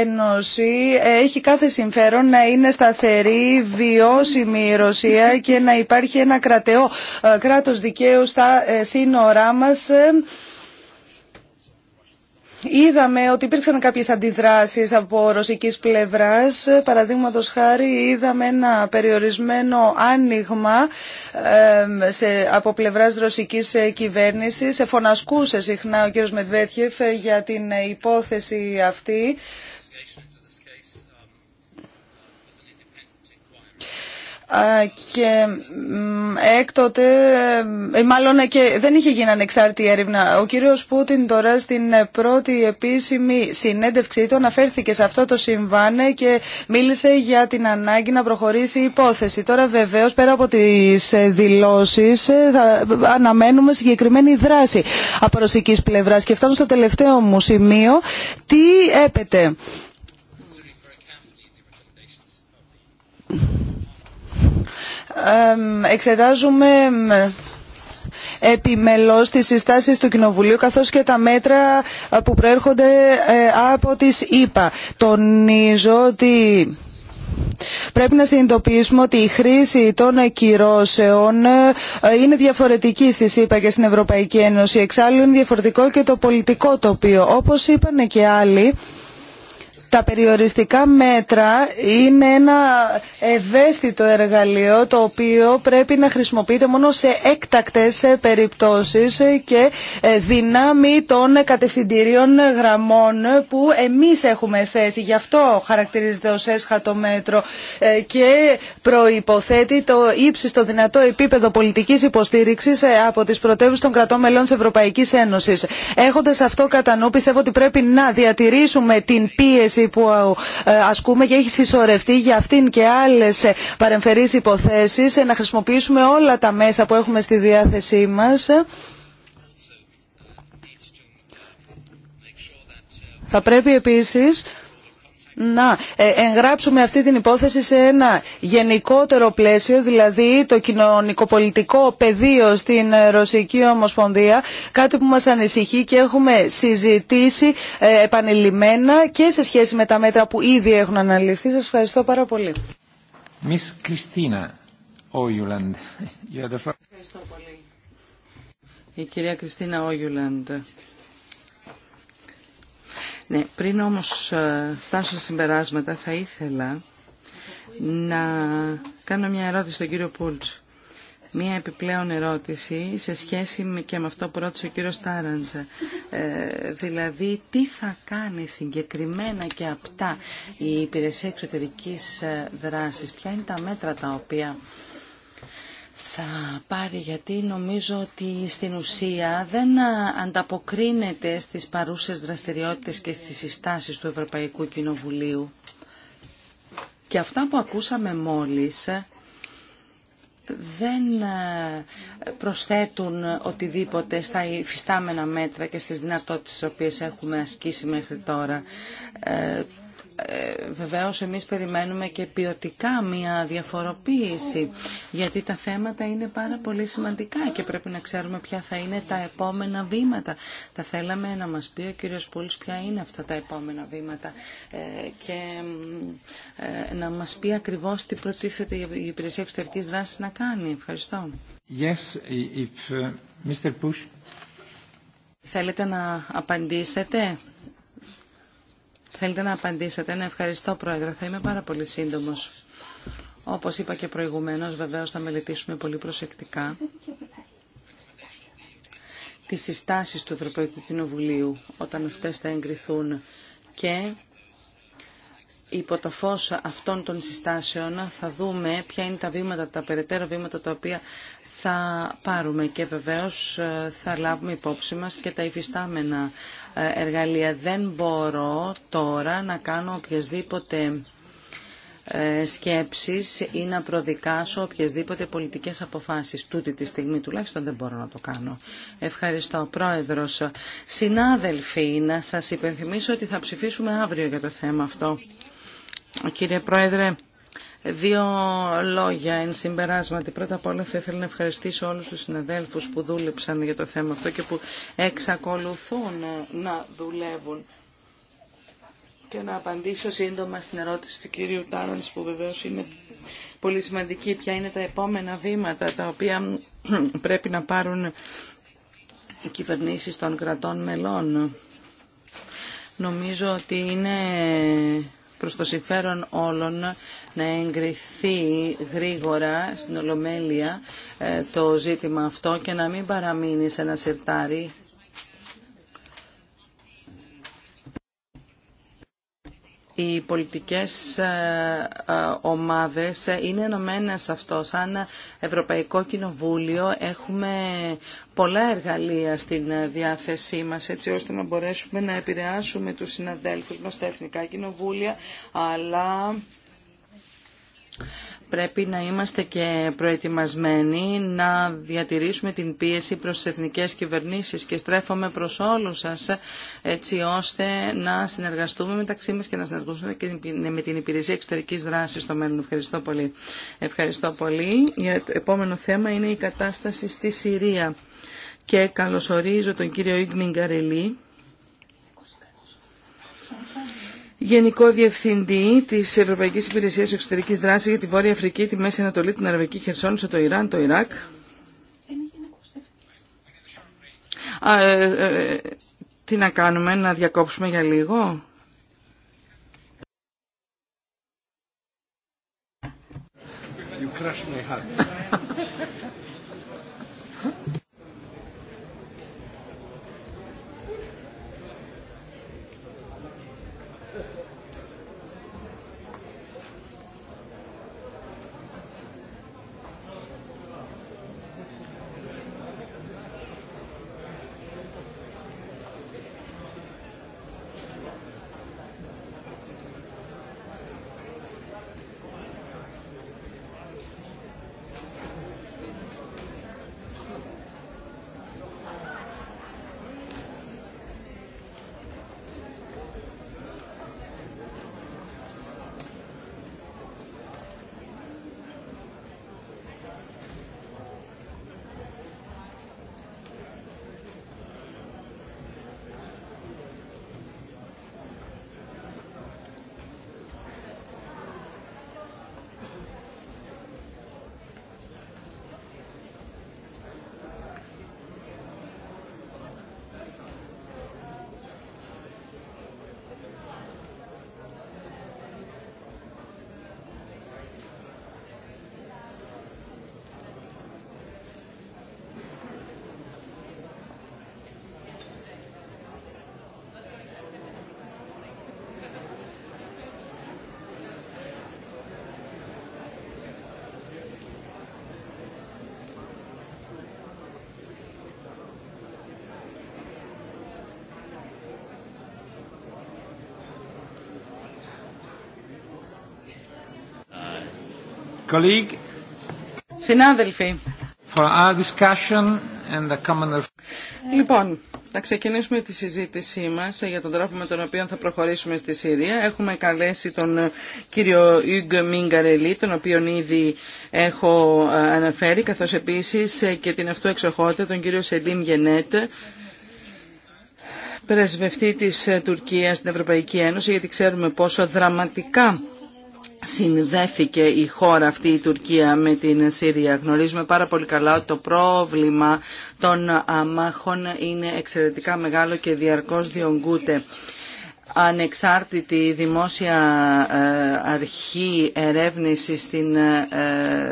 Ένωση έχει κάθε συμφέρον να είναι σταθερή, βιώσιμη η Ρωσία και να υπάρχει ένα κρατεό ε, κράτος δικαίου στα ε, σύνορά μας Είδαμε ότι υπήρξαν κάποιες αντιδράσεις από ρωσικής πλευράς. Παραδείγματο χάρη είδαμε ένα περιορισμένο άνοιγμα σε, από πλευράς ρωσικής κυβέρνησης. Φωνασκούσε συχνά ο κ. Μετβέτχεφ για την υπόθεση αυτή. και έκτοτε, ε, μάλλον και δεν είχε γίνει ανεξάρτητη έρευνα. Ο κύριος Πούτιν τώρα στην πρώτη επίσημη συνέντευξή του αναφέρθηκε σε αυτό το συμβάν και μίλησε για την ανάγκη να προχωρήσει η υπόθεση. Τώρα βεβαίως πέρα από τις ε, δηλώσεις ε, θα αναμένουμε συγκεκριμένη δράση από ρωσικής πλευράς και φτάνω στο τελευταίο μου σημείο. Τι έπεται εξετάζουμε επιμελώς τις συστάσεις του Κοινοβουλίου καθώς και τα μέτρα που προέρχονται ε, από τις ΗΠΑ. Τονίζω ότι Πρέπει να συνειδητοποιήσουμε ότι η χρήση των ακυρώσεων ε, είναι διαφορετική στις ΣΥΠΑ και στην Ευρωπαϊκή Ένωση. Εξάλλου είναι διαφορετικό και το πολιτικό τοπίο. Όπως είπαν και άλλοι, τα περιοριστικά μέτρα είναι ένα ευαίσθητο εργαλείο το οποίο πρέπει να χρησιμοποιείται μόνο σε έκτακτες περιπτώσεις και ε, δυνάμει των κατευθυντηρίων γραμμών που εμείς έχουμε θέσει. Γι' αυτό χαρακτηρίζεται ως έσχατο μέτρο ε, και προϋποθέτει το ύψιστο δυνατό επίπεδο πολιτικής υποστήριξης ε, από τις πρωτεύουσες των κρατών μελών της Ευρωπαϊκής Ένωσης. Έχοντας αυτό κατά νου πιστεύω ότι πρέπει να διατηρήσουμε την πίεση που ε, ασκούμε και έχει συσσωρευτεί για αυτήν και άλλες ε, παρεμφερείς υποθέσεις, ε, να χρησιμοποιήσουμε όλα τα μέσα που έχουμε στη διάθεσή μας. Θα πρέπει επίσης να ε, εγγράψουμε αυτή την υπόθεση σε ένα γενικότερο πλαίσιο, δηλαδή το κοινωνικοπολιτικό πεδίο στην Ρωσική Ομοσπονδία, κάτι που μας ανησυχεί και έχουμε συζητήσει ε, επανειλημμένα και σε σχέση με τα μέτρα που ήδη έχουν αναλυφθεί. Σας ευχαριστώ πάρα πολύ. Miss Christina Oyuland. Ευχαριστώ πολύ. Η κυρία Κριστίνα Όγιουλαντ. Ναι, πριν όμως ε, φτάσω συμπεράσματα θα ήθελα να κάνω μια ερώτηση στον κύριο Πούλτς. Μία επιπλέον ερώτηση σε σχέση και με αυτό που ρώτησε ο κύριος Τάραντζα. Ε, δηλαδή, τι θα κάνει συγκεκριμένα και απτά η υπηρεσία εξωτερικής ε, δράσης. Ποια είναι τα μέτρα τα οποία θα πάρει γιατί νομίζω ότι στην ουσία δεν ανταποκρίνεται στις παρούσες δραστηριότητες και στις συστάσεις του Ευρωπαϊκού Κοινοβουλίου. Και αυτά που ακούσαμε μόλις δεν ε, προσθέτουν οτιδήποτε στα υφιστάμενα μέτρα και στις δυνατότητες τις οποίες έχουμε ασκήσει μέχρι τώρα. Ε, ε, βεβαίως εμείς περιμένουμε και ποιοτικά μια διαφοροποίηση γιατί τα θέματα είναι πάρα πολύ σημαντικά και πρέπει να ξέρουμε ποια θα είναι τα επόμενα βήματα. Θα θέλαμε να μας πει ο κύριος Πούλης ποια είναι αυτά τα επόμενα βήματα ε, και ε, να μας πει ακριβώς τι προτίθεται η υπηρεσία εξωτερικής δράσης να κάνει. Ευχαριστώ. Yes, if, Θέλετε να απαντήσετε. Θέλετε να απαντήσετε. Ναι, ευχαριστώ Πρόεδρε. Θα είμαι πάρα πολύ σύντομος. Όπως είπα και προηγουμένως, βεβαίως θα μελετήσουμε πολύ προσεκτικά τις συστάσεις του Ευρωπαϊκού Κοινοβουλίου όταν αυτές θα εγκριθούν και υπό το φως αυτών των συστάσεων θα δούμε ποια είναι τα βήματα, τα περαιτέρω βήματα τα οποία θα πάρουμε και βεβαίως θα λάβουμε υπόψη μας και τα υφιστάμενα εργαλεία. Δεν μπορώ τώρα να κάνω οποιασδήποτε ε, σκέψεις ή να προδικάσω οποιασδήποτε πολιτικές αποφάσεις. Τούτη τη στιγμή τουλάχιστον δεν μπορώ να το κάνω. Ευχαριστώ Πρόεδρος. Συνάδελφοι, να σας υπενθυμίσω ότι θα ψηφίσουμε αύριο για το θέμα αυτό. Κύριε Πρόεδρε, Δύο λόγια εν συμπεράσματι. Πρώτα απ' όλα θα ήθελα να ευχαριστήσω όλους τους συναδέλφους που δούλεψαν για το θέμα αυτό και που εξακολουθούν να δουλεύουν. Και να απαντήσω σύντομα στην ερώτηση του κύριου Τάρανς που βεβαίως είναι πολύ σημαντική. Ποια είναι τα επόμενα βήματα τα οποία πρέπει να πάρουν οι κυβερνήσεις των κρατών μελών. Νομίζω ότι είναι προς το συμφέρον όλων να εγκριθεί γρήγορα στην Ολομέλεια ε, το ζήτημα αυτό και να μην παραμείνει σε ένα σερτάρι. οι πολιτικές ε, ε, ομάδες είναι ενωμένε σε αυτό. Σαν Ευρωπαϊκό Κοινοβούλιο έχουμε πολλά εργαλεία στην διάθεσή μας έτσι ώστε να μπορέσουμε να επηρεάσουμε τους συναδέλφους μας στα Εθνικά Κοινοβούλια αλλά πρέπει να είμαστε και προετοιμασμένοι να διατηρήσουμε την πίεση προς τις εθνικές κυβερνήσεις και στρέφομαι προς όλους σας έτσι ώστε να συνεργαστούμε μεταξύ μας και να συνεργαστούμε και με την Υπηρεσία Εξωτερικής Δράσης στο μέλλον. Ευχαριστώ πολύ. Ευχαριστώ πολύ. Το επόμενο θέμα είναι η κατάσταση στη Συρία. Και καλωσορίζω τον κύριο Ιγμιν Γενικό Διευθυντή τη Ευρωπαϊκή Υπηρεσία Εξωτερική Δράση για τη Βόρεια Αφρική, τη Μέση Ανατολή, την Αραβική Χερσόνησο, το Ιράν, το Ιράκ. Α, ε, ε, τι να κάνουμε, να διακόψουμε για λίγο. Συνάδελφοι. Λοιπόν, θα ξεκινήσουμε τη συζήτησή μας για τον τρόπο με τον οποίο θα προχωρήσουμε στη Συρία. Έχουμε καλέσει τον ε, κύριο Ιγκ Μιγκαρελή, τον οποίον ήδη έχω ε, αναφέρει, καθώς επίσης ε, και την αυτού εξοχότητα, τον κύριο Σελίμ Γενέτ, πρεσβευτή της Τουρκίας στην Ευρωπαϊκή Ένωση, γιατί ξέρουμε πόσο δραματικά συνδέθηκε η χώρα αυτή, η Τουρκία, με την Συρία. Γνωρίζουμε πάρα πολύ καλά ότι το πρόβλημα των αμάχων είναι εξαιρετικά μεγάλο και διαρκώς διονγκούται ανεξάρτητη δημόσια ε, αρχή ερεύνηση στην ε,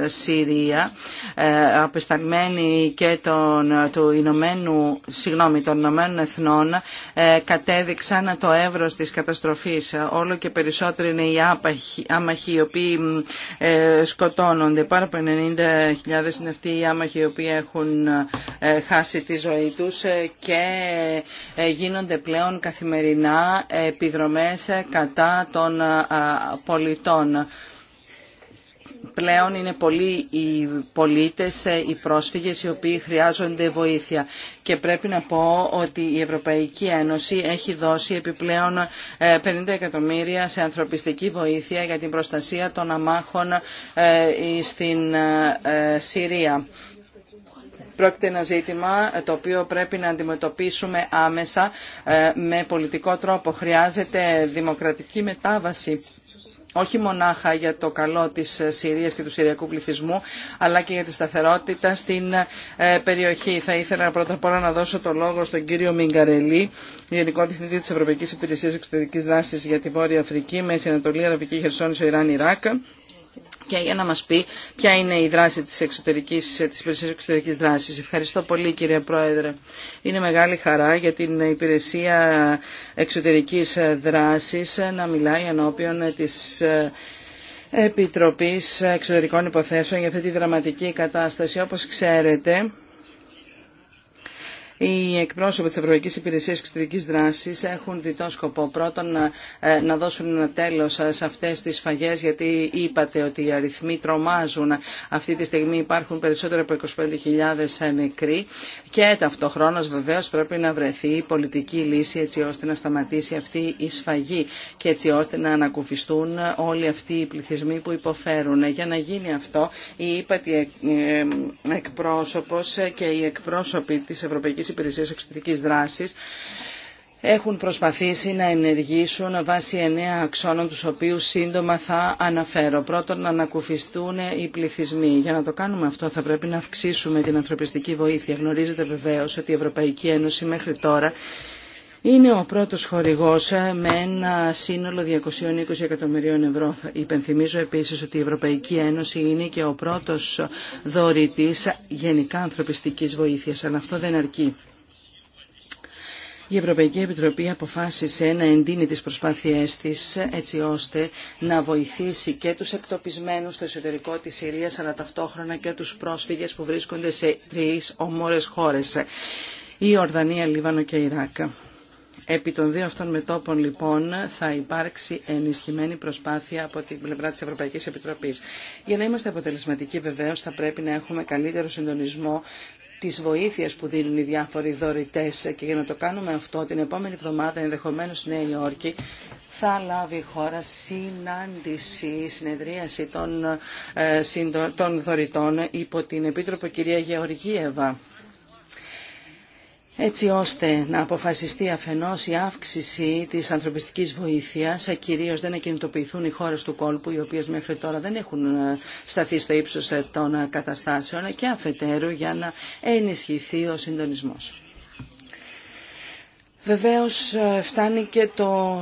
Συρία ε, απεσταλμένη και των, του Ηνωμένου, συγγνώμη, των Ηνωμένων Εθνών κατέδειξαν το εύρος της καταστροφής. Όλο και περισσότεροι είναι οι άμαχοι, άμαχοι οι οποίοι σκοτώνονται. Πάρα από 90.000 είναι αυτοί οι άμαχοι οι οποίοι έχουν χάσει τη ζωή τους και γίνονται πλέον καθημερινά επιδρομές κατά των πολιτών. Πλέον είναι πολλοί οι πολίτες, ε, οι πρόσφυγες οι οποίοι χρειάζονται βοήθεια. Και πρέπει να πω ότι η Ευρωπαϊκή Ένωση έχει δώσει επιπλέον 50 ε, εκατομμύρια σε ανθρωπιστική βοήθεια για την προστασία των αμάχων στην ε, Συρία. Πρόκειται ένα ζήτημα ε, το οποίο πρέπει να αντιμετωπίσουμε άμεσα ε, με πολιτικό τρόπο. Χρειάζεται δημοκρατική μετάβαση όχι μονάχα για το καλό της ε, Συρίας και του Συριακού πληθυσμού, αλλά και για τη σταθερότητα στην περιοχή. Θα ήθελα πρώτα απ' όλα να δώσω το λόγο στον κύριο Μιγκαρελή, Γενικό Διευθυντή της Ευρωπαϊκής Υπηρεσίας Εξωτερικής Δράσης για τη Βόρεια Αφρική, Μέση Ανατολή, Αραβική Χερσόνησο, Ιράν, Ιράκ και για να μας πει ποια είναι η δράση της εξωτερικής, της υπηρεσίας εξωτερικής δράσης. Ευχαριστώ πολύ κύριε Πρόεδρε. Είναι μεγάλη χαρά για την υπηρεσία εξωτερικής δράσης να μιλάει ενώπιον της ε, Επιτροπής Εξωτερικών Υποθέσεων για αυτή τη δραματική κατάσταση. Όπως ξέρετε, οι εκπρόσωποι τη Ευρωπαϊκή Υπηρεσία Εξωτερική Δράση έχουν διτό σκοπό πρώτον να, ε, να δώσουν ένα τέλο σε αυτές τις σφαγές γιατί είπατε ότι οι αριθμοί τρομάζουν. Αυτή τη στιγμή υπάρχουν περισσότερο από 25.000 νεκροί και ταυτοχρόνω βεβαίω πρέπει να βρεθεί η πολιτική λύση έτσι ώστε να σταματήσει αυτή η σφαγή και έτσι ώστε να ανακουφιστούν όλοι αυτοί οι πληθυσμοί που υποφέρουν. Για να γίνει αυτό η ε, ε, και οι εκπρόσωποι της Ευρωπαϊκής Υπηρεσίες Εξωτερικής Δράσης έχουν προσπαθήσει να ενεργήσουν βάσει εννέα αξώνων τους οποίους σύντομα θα αναφέρω. Πρώτον, να ανακουφιστούν οι πληθυσμοί. Για να το κάνουμε αυτό θα πρέπει να αυξήσουμε την ανθρωπιστική βοήθεια. Γνωρίζετε βεβαίως ότι η Ευρωπαϊκή Ένωση μέχρι τώρα είναι ο πρώτος χορηγός ε, με ένα σύνολο 220 εκατομμυρίων ευρώ. Υπενθυμίζω επίσης ότι η Ευρωπαϊκή Ένωση είναι και ο πρώτος δωρητής γενικά ανθρωπιστικής βοήθειας, αλλά αυτό δεν αρκεί. Η Ευρωπαϊκή Επιτροπή αποφάσισε να εντείνει τις προσπάθειές της έτσι ώστε να βοηθήσει και τους εκτοπισμένους στο εσωτερικό της Συρίας αλλά ταυτόχρονα και τους πρόσφυγες που βρίσκονται σε τρεις ομόρες χώρες, η Ορδανία, Λίβανο και Ιράκ. Επί των δύο αυτών μετώπων λοιπόν θα υπάρξει ενισχυμένη προσπάθεια από την πλευρά της Ευρωπαϊκής Επιτροπής. Για να είμαστε αποτελεσματικοί βεβαίως θα πρέπει να έχουμε καλύτερο συντονισμό της βοήθειας που δίνουν οι διάφοροι δωρητέ, και για να το κάνουμε αυτό την επόμενη εβδομάδα ενδεχομένως στη Νέα Υόρκη θα λάβει η χώρα συνάντηση, συνεδρίαση των, ε, των δωρητών υπό την Επίτροπο κυρία Γεωργίευα έτσι ώστε να αποφασιστεί αφενός η αύξηση της ανθρωπιστικής βοήθειας, ε, κυρίως δεν να κινητοποιηθούν οι χώρες του κόλπου, οι οποίες μέχρι τώρα δεν έχουν ε, σταθεί στο ύψος ε, των καταστάσεων και αφετέρου για να ενισχυθεί ο συντονισμός. Βεβαίως φτάνει και το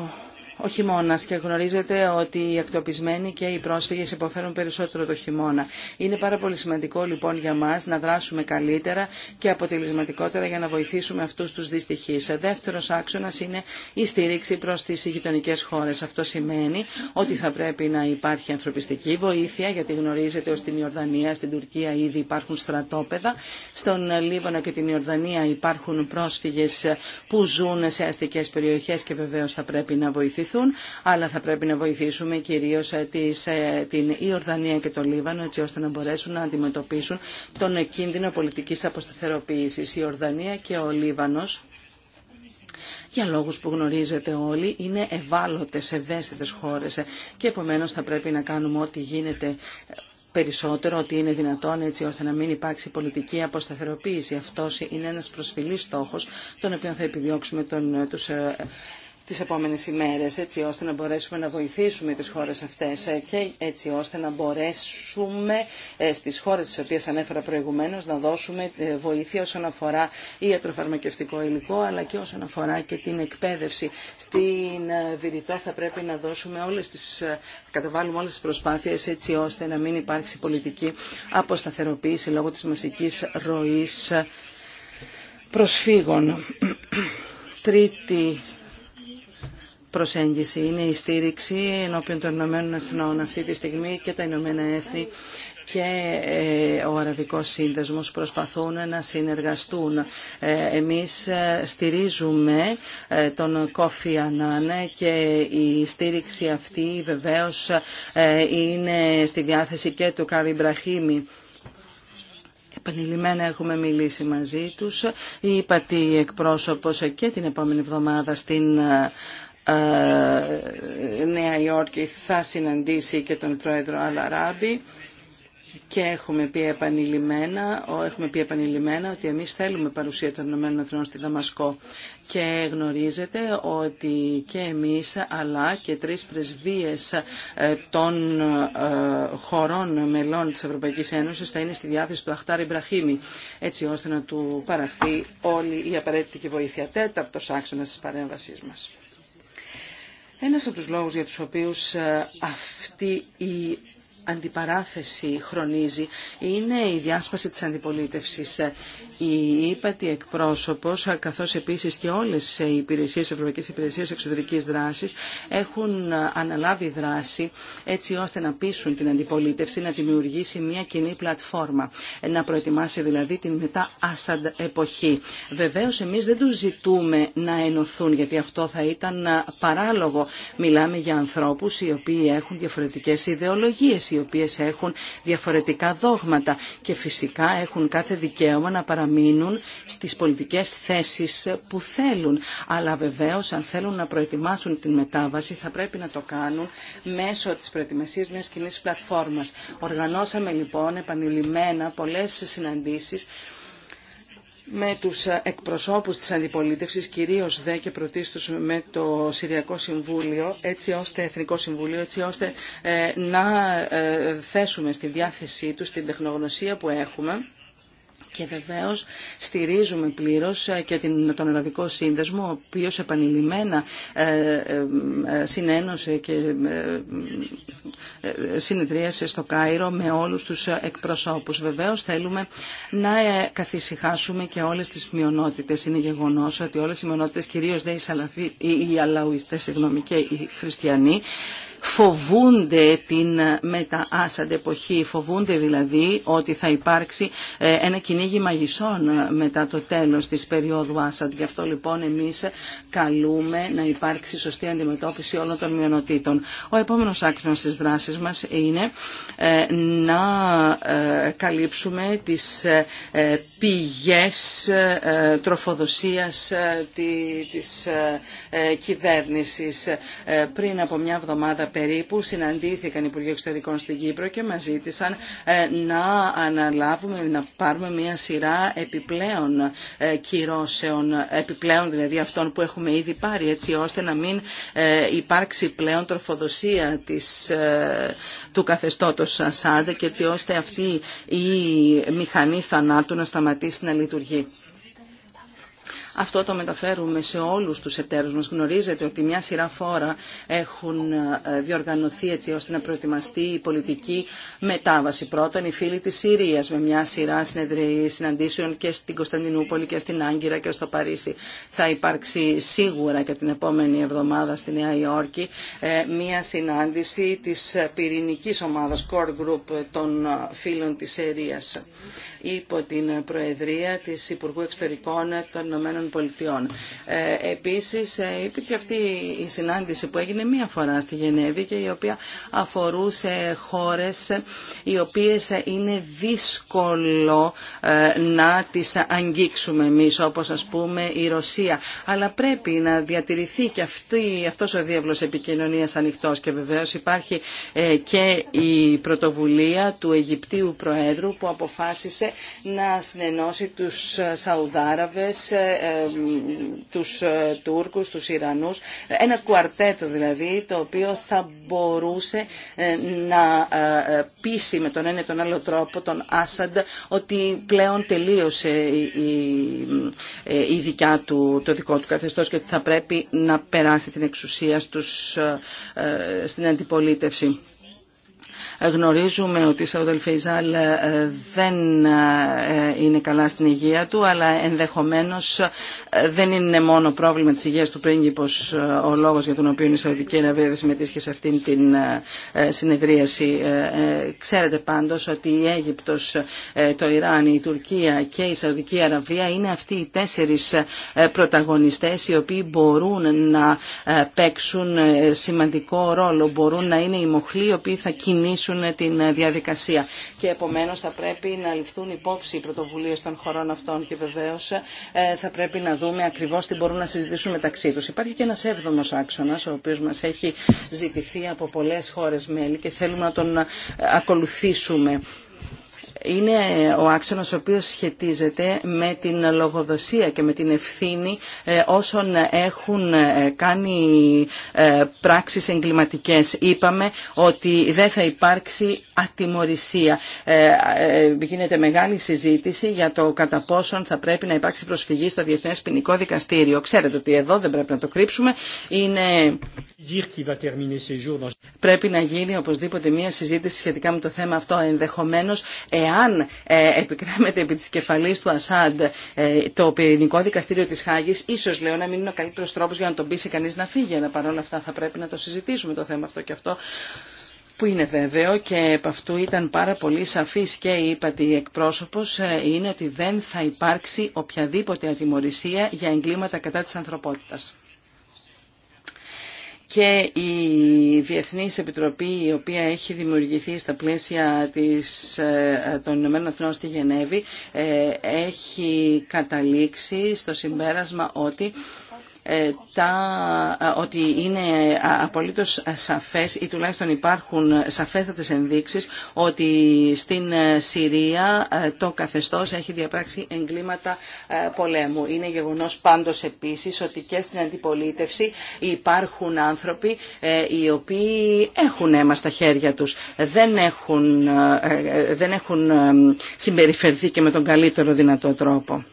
ο χειμώνα και γνωρίζετε ότι οι εκτοπισμένοι και οι πρόσφυγε υποφέρουν περισσότερο το χειμώνα. Είναι πάρα πολύ σημαντικό λοιπόν για μα να δράσουμε καλύτερα και αποτελεσματικότερα για να βοηθήσουμε αυτούς τους δυστυχείς. Δεύτερο άξονα είναι η στήριξη προ τι γειτονικέ χώρε. Αυτό σημαίνει ότι θα πρέπει να υπάρχει ανθρωπιστική βοήθεια γιατί γνωρίζετε ότι στην Ιορδανία, στην Τουρκία ήδη υπάρχουν στρατόπεδα. Στον Λίβανο και την Ιορδανία υπάρχουν πρόσφυγε που ζουν σε αστικέ περιοχέ και βεβαίω θα πρέπει να βοηθηθούν αλλά θα πρέπει να βοηθήσουμε κυρίως ε, ε, την Ιορδανία και το Λίβανο, έτσι ώστε να μπορέσουν να αντιμετωπίσουν τον κίνδυνο πολιτική αποσταθεροποίησης. Η Ιορδανία και ο Λίβανος για λόγους που γνωρίζετε όλοι, είναι ευάλωτες, ευαίσθητες χώρες ε, και επομένως θα πρέπει να κάνουμε ό,τι γίνεται περισσότερο ότι είναι δυνατόν έτσι ώστε να μην υπάρξει πολιτική αποσταθεροποίηση. Αυτός είναι ένας προσφυλής στόχος, τον οποίο θα επιδιώξουμε τον, τους τις επόμενες ημέρες έτσι ώστε να μπορέσουμε να βοηθήσουμε τις χώρες αυτές ε, και έτσι ώστε να μπορέσουμε ε, στις χώρες τις οποίες ανέφερα προηγουμένως να δώσουμε ε, βοήθεια όσον αφορά ιατροφαρμακευτικό υλικό αλλά και όσον αφορά και την εκπαίδευση. Στην Βηρητό θα πρέπει να δώσουμε όλες τις, καταβάλουμε όλες τις προσπάθειες έτσι ώστε να μην υπάρξει πολιτική αποσταθεροποίηση λόγω της μαζικής ροής προσφύγων. Τρίτη προσέγγιση. Είναι η στήριξη ενώπιον των Ηνωμένων Εθνών αυτή τη στιγμή και τα Ηνωμένα Έθνη και ε, ο Αραβικός Σύνδεσμος προσπαθούν να συνεργαστούν. Ε, εμείς ε, στηρίζουμε τον Κόφι Ανάν και η στήριξη αυτή βεβαίως είναι στη διάθεση και του Κάρι Μπραχίμη. Επανειλημμένα έχουμε μιλήσει μαζί τους. Η Πατή εκπρόσωπος και την επόμενη εβδομάδα στην ε, Νέα Υόρκη θα συναντήσει και τον πρόεδρο Αλαράμπη και έχουμε πει επανειλημμένα, έχουμε πει επανειλημμένα ότι εμείς θέλουμε παρουσία των Ηνωμένων Εθνών στη Δαμασκό και γνωρίζετε ότι και εμείς αλλά και τρεις πρεσβείες ε, των ε, χωρών μελών της Ευρωπαϊκής Ένωσης θα είναι στη διάθεση του Αχτάρ Μπραχήμι έτσι ώστε να του παραχθεί όλη η απαραίτητη βοήθεια τέταρτος άξονας της παρέμβασής μας. Ένας από τους λόγους για τους οποίους ε, αυτή η αντιπαράθεση χρονίζει είναι η διάσπαση της αντιπολίτευσης. Η ύπατη εκπρόσωπος, καθώς επίσης και όλες οι υπηρεσίες, ευρωπαϊκές υπηρεσίες εξωτερικής δράσης, έχουν αναλάβει δράση έτσι ώστε να πείσουν την αντιπολίτευση να δημιουργήσει μια κοινή πλατφόρμα, να προετοιμάσει δηλαδή την μετά Άσαντ εποχή. Βεβαίως εμείς δεν τους ζητούμε να ενωθούν γιατί αυτό θα ήταν παράλογο. Μιλάμε για ανθρώπους οι οποίοι έχουν διαφορετικές ιδεολογίες, οποίες έχουν διαφορετικά δόγματα και φυσικά έχουν κάθε δικαίωμα να παραμείνουν στις πολιτικές θέσεις που θέλουν. Αλλά βεβαίως αν θέλουν να προετοιμάσουν την μετάβαση θα πρέπει να το κάνουν μέσω της προετοιμασίας μιας κοινή πλατφόρμας. Οργανώσαμε λοιπόν επανειλημμένα πολλές συναντήσεις με τους εκπροσώπους της αντιπολίτευσης, κυρίως δε και πρωτίστως με το Συριακό Συμβούλιο, έτσι ώστε, Εθνικό Συμβούλιο, έτσι ώστε ε, να ε, θέσουμε στη διάθεσή τους την τεχνογνωσία που έχουμε και βεβαίω στηρίζουμε πλήρως ε, και τον Ελλαδικό Σύνδεσμο, ο οποίο επανειλημμένα ε, ε, συνένωσε και συνεδρίασε στο Κάιρο με όλους τους εκπροσώπους. Βεβαίω θέλουμε να καθησυχάσουμε και όλες τις μειονότητε. Είναι γεγονός ότι όλες οι μειονότητε, κυρίως οι, οι, οι Αλαουιστές και οι Χριστιανοί, φοβούνται την ε, μετα-Άσαντ εποχή, φοβούνται δηλαδή ότι θα υπάρξει ε, ένα κυνήγι μαγισσών ε, μετά το τέλος της περίοδου Άσαντ. Γι' αυτό λοιπόν εμείς καλούμε να υπάρξει σωστή αντιμετώπιση όλων των μειονοτήτων. Ο επόμενος άκρος της δράσεις μας είναι να καλύψουμε τις πηγές τροφοδοσίας της κυβέρνησης. Πριν από μια εβδομάδα περίπου συναντήθηκαν οι Υπουργοί Εξωτερικών στην Κύπρο και μας ζήτησαν ε, να αναλάβουμε, να πάρουμε μια σειρά επιπλέον ε, κυρώσεων, επιπλέον δηλαδή αυτών που έχουμε ήδη πάρει, έτσι ώστε να μην ε, υπάρξει πλέον τροφοδοσία της, του καθεστώτος Ασάντα και έτσι ώστε αυτή η μηχανή θανάτου να σταματήσει να λειτουργεί. Αυτό το μεταφέρουμε σε όλους τους εταίρους μας. Γνωρίζετε ότι μια σειρά φόρα έχουν ε, διοργανωθεί έτσι ώστε να προετοιμαστεί η πολιτική μετάβαση. Πρώτον, οι φίλοι της Συρίας με μια σειρά συναντήσεων και στην Κωνσταντινούπολη και στην Άγκυρα και στο Παρίσι. Θα υπάρξει σίγουρα και την επόμενη εβδομάδα στη Νέα Υόρκη ε, μια συνάντηση της πυρηνικής ομάδας Core Group των φίλων της Συρίας υπό την Προεδρία της Υπουργού Εξωτερικών των Ηνωμένων ΗΠΑ. Ε, επίσης ε, υπήρχε αυτή η συνάντηση που έγινε μία φορά στη Γενέβη και η οποία αφορούσε χώρες ε, οι οποίες είναι δύσκολο να τις αγγίξουμε εμείς όπως ας πούμε η Ρωσία. Αλλά πρέπει να διατηρηθεί και αυτή, αυτός ο δίευλος επικοινωνίας ανοιχτός και βεβαίως υπάρχει και η πρωτοβουλία του Αιγυπτίου Προέδρου που αποφάσισε να συνενώσει τους Σαουδάραβες τους ε, Τούρκους, τους Ιρανούς, ένα κουαρτέτο δηλαδή το οποίο θα μπορούσε ε, να ε, πείσει με τον ένα ή τον άλλο τρόπο τον Άσαντ ότι πλέον τελείωσε η δικιά του, το δικό του καθεστώς και ότι θα πρέπει να περάσει την εξουσία στους, στην αντιπολίτευση. Γνωρίζουμε ότι η Σαουδέλ Φεϊζάλ ε, δεν ε, είναι καλά στην υγεία του, αλλά ενδεχομένως ε, δεν είναι μόνο πρόβλημα της υγείας του πρίγκιπος ο λόγος για τον οποίο η Σαουδική Αραβία δεν συμμετείχε σε αυτήν την συνεδρίαση. Ξέρετε πάντως ότι η Αίγυπτος, το Ιράν, η Τουρκία και η Σαουδική Αραβία είναι αυτοί οι τέσσερις πρωταγωνιστές οι οποίοι μπορούν να παίξουν σημαντικό ρόλο, μπορούν να είναι οι μοχλοί οι οποίοι θα κινήσουν ενισχύσουν την ε, διαδικασία. Και επομένως θα πρέπει να ληφθούν υπόψη οι πρωτοβουλίε των χωρών αυτών και βεβαίω ε, θα πρέπει να δούμε ακριβώς τι μπορούν να συζητήσουν μεταξύ του. Υπάρχει και ένα έβδομο άξονας ο οποίος μας έχει ζητηθεί από πολλές χώρες μέλη και θέλουμε να τον ε, ακολουθήσουμε είναι ο άξονας ο οποίος σχετίζεται με την λογοδοσία και με την ευθύνη ε, όσων έχουν ε, κάνει ε, πράξεις εγκληματικές. Είπαμε ότι δεν θα υπάρξει ατιμορρησία. Γίνεται μεγάλη συζήτηση για το κατά πόσον θα πρέπει να υπάρξει προσφυγή στο Διεθνές Ποινικό Δικαστήριο. Ξέρετε ότι εδώ δεν πρέπει να το κρύψουμε. Είναι... Πρέπει να γίνει οπωσδήποτε μια συζήτηση σχετικά με το θέμα αυτό ενδεχομένως εάν ε, επικράμεται επί της κεφαλής του Ασάντ ε, το ποινικό δικαστήριο της Χάγης, ίσως λέω να μην είναι ο καλύτερος τρόπος για να τον πείσει κανείς να φύγει, αλλά παρόλα αυτά θα πρέπει να το συζητήσουμε το θέμα αυτό και αυτό που είναι βέβαιο και από αυτού ήταν πάρα πολύ σαφής και η εκπρόσωπος ε, είναι ότι δεν θα υπάρξει οποιαδήποτε ατιμορρησία για εγκλήματα κατά της ανθρωπότητας και η Διεθνής Επιτροπή η οποία έχει δημιουργηθεί στα πλαίσια της, ε, των Ηνωμένων Εθνών στη Γενέβη ε, έχει καταλήξει στο συμπέρασμα ότι ε, τα, ε, ότι είναι απολύτως σαφές ή τουλάχιστον υπάρχουν σαφέστατες ενδείξεις ότι στην ε, Συρία το καθεστώς έχει διαπράξει εγκλήματα πολέμου. Είναι γεγονός πάντως επίσης ότι και στην αντιπολίτευση υπάρχουν άνθρωποι οι οποίοι έχουν αίμα στα χέρια τους. Δεν έχουν, δεν έχουν συμπεριφερθεί και με τον καλύτερο δυνατό τρόπο.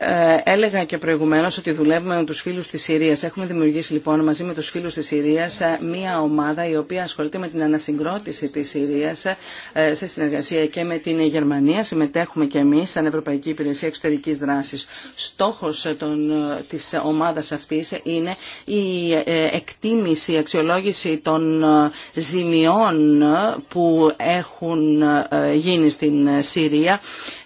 Ε, έλεγα και προηγουμένως ότι δουλεύουμε με τους φίλους της Συρίας. Έχουμε δημιουργήσει λοιπόν μαζί με τους φίλους της Συρίας ε, μία ομάδα η οποία ασχολείται με την ανασυγκρότηση της Συρίας ε, σε συνεργασία και με την Γερμανία. Συμμετέχουμε και εμείς σαν Ευρωπαϊκή Υπηρεσία Εξωτερικής Δράσης. Στόχος των, της ομάδας αυτής είναι η εκτίμηση, η αξιολόγηση των ζημιών που έχουν γίνει στην Συρία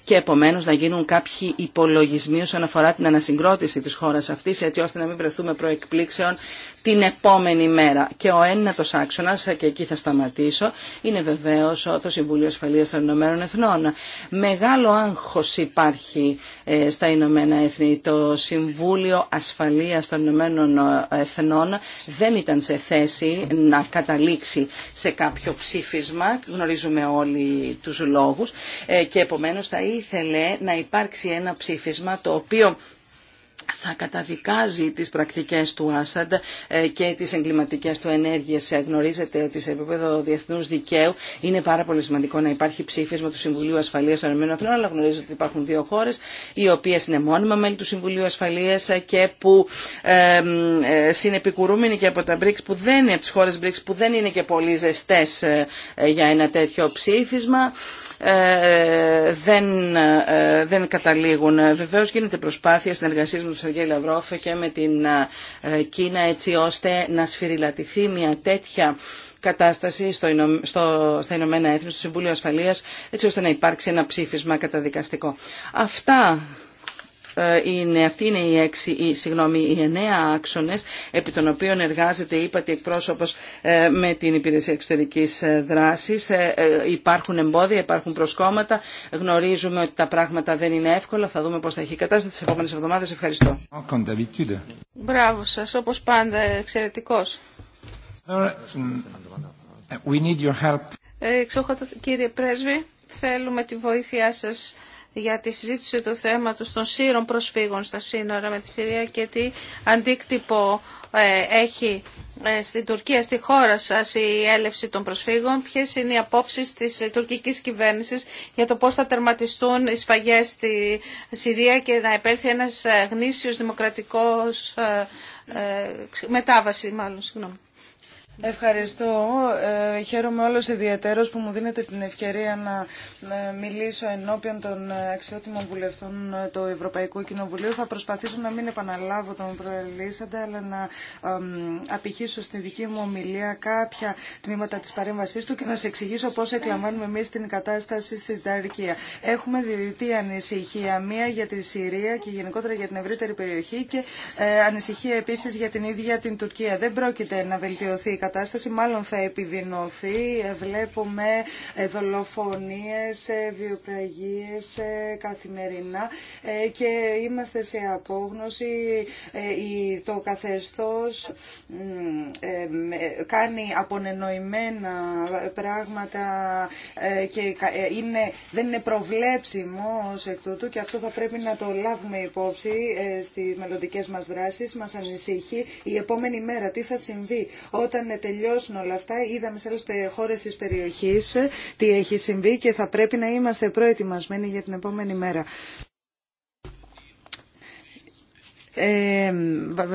και επομένω να γίνουν κάποιοι υπολογισμοί όσον αφορά την ανασυγκρότηση τη χώρα αυτή, έτσι ώστε να μην βρεθούμε προεκπλήξεων την επόμενη μέρα. Και ο ένατος άξονας, και εκεί θα σταματήσω, είναι βεβαίως το Συμβούλιο Ασφαλείας των Ηνωμένων Εθνών. Μεγάλο άγχος υπάρχει ε, στα Ηνωμένα Έθνη. Το Συμβούλιο Ασφαλείας των Ηνωμένων ε, Εθνών δεν ήταν σε θέση να καταλήξει σε κάποιο ψήφισμα. Γνωρίζουμε όλοι τους λόγους ε, και επομένως θα ήθελε να υπάρξει ένα ψήφισμα το οποίο θα καταδικάζει τις πρακτικές του Άσαντ ε, και τις εγκληματικές του ενέργειες. Ε, γνωρίζετε ότι σε επίπεδο διεθνούς δικαίου είναι πάρα πολύ σημαντικό να υπάρχει ψήφισμα του Συμβουλίου Ασφαλείας των ΗΠΑ, αλλά γνωρίζω ότι υπάρχουν δύο χώρες οι οποίες είναι μόνιμα μέλη του Συμβουλίου Ασφαλείας ε, και που συνεπικουρούμενοι και από τα BRICS που δεν είναι από τις χώρες BRICS που δεν είναι και πολύ ζεστές για ένα τέτοιο ψήφισμα δεν, δεν καταλήγουν. Βεβαίως γίνεται προσπάθεια συνεργασίας του Σεργέ Λαυρόφ και με την Κίνα έτσι ώστε να σφυριλατηθεί μια τέτοια κατάσταση στο, στο, στα Ηνωμένα Έθνη, στο Συμβούλιο Ασφαλείας, έτσι ώστε να υπάρξει ένα ψήφισμα καταδικαστικό. Αυτά ε, είναι, αυτοί είναι οι, έξι, η συγγνώμη, οι εννέα άξονες επί των οποίων εργάζεται, είπατε, εκπρόσωπος ε, με την Υπηρεσία Εξωτερικής ε, Δράσης. Υπάρχουν εμπόδια, υπάρχουν προσκόμματα. Γνωρίζουμε ότι τα πράγματα δεν είναι εύκολα. Θα δούμε πώς θα έχει η κατάσταση τις επόμενες εβδομάδες. Ευχαριστώ. Μπράβο σας, όπως πάντα, εξαιρετικός. We κύριε Πρέσβη, θέλουμε τη βοήθειά σας για τη συζήτηση του θέματος των σύρων προσφύγων στα σύνορα με τη Συρία και τι αντίκτυπο ε, έχει ε, στην Τουρκία, στη χώρα σας, η έλευση των προσφύγων. Ποιες είναι οι απόψεις της τουρκικής κυβέρνησης για το πώς θα τερματιστούν οι σφαγές στη Συρία και να επέλθει ένας ε, γνήσιος δημοκρατικός μετάβαση, μάλλον, συγγνώμη. Ευχαριστώ. Ε, χαίρομαι όλος ιδιαίτερος που μου δίνετε την ευκαιρία να μιλήσω ενώπιον των αξιότιμων βουλευτών του Ευρωπαϊκού Κοινοβουλίου. Θα προσπαθήσω να μην επαναλάβω τον προελίσαντα, αλλά να απηχήσω στη δική μου ομιλία κάποια τμήματα της παρέμβασής του και να σε εξηγήσω πώς εκλαμβάνουμε εμείς την κατάσταση στην Ταρκία. Έχουμε διδυτή ανησυχία, μία για τη Συρία και γενικότερα για την ευρύτερη περιοχή και ε, ανησυχία επίσης για την ίδια την Τουρκία. Δεν πρόκειται να βελτιωθεί η κατάσταση μάλλον θα επιδεινωθεί. Ε, βλέπουμε ε, δολοφονίες, ε, βιοπραγίες καθημερινά και είμαστε σε απόγνωση. Το καθεστώς κάνει απονενοημένα πράγματα και είναι, δεν είναι προβλέψιμο εκ τούτου και αυτό θα πρέπει να το λάβουμε υπόψη στις μελλοντικέ μας δράσεις. Μας ανησυχεί η επόμενη μέρα τι θα συμβεί όταν τελειώσουν όλα αυτά. Είδαμε σε άλλε χώρε τη περιοχή ε, τι έχει συμβεί και θα πρέπει να είμαστε προετοιμασμένοι για την επόμενη μέρα. Ε,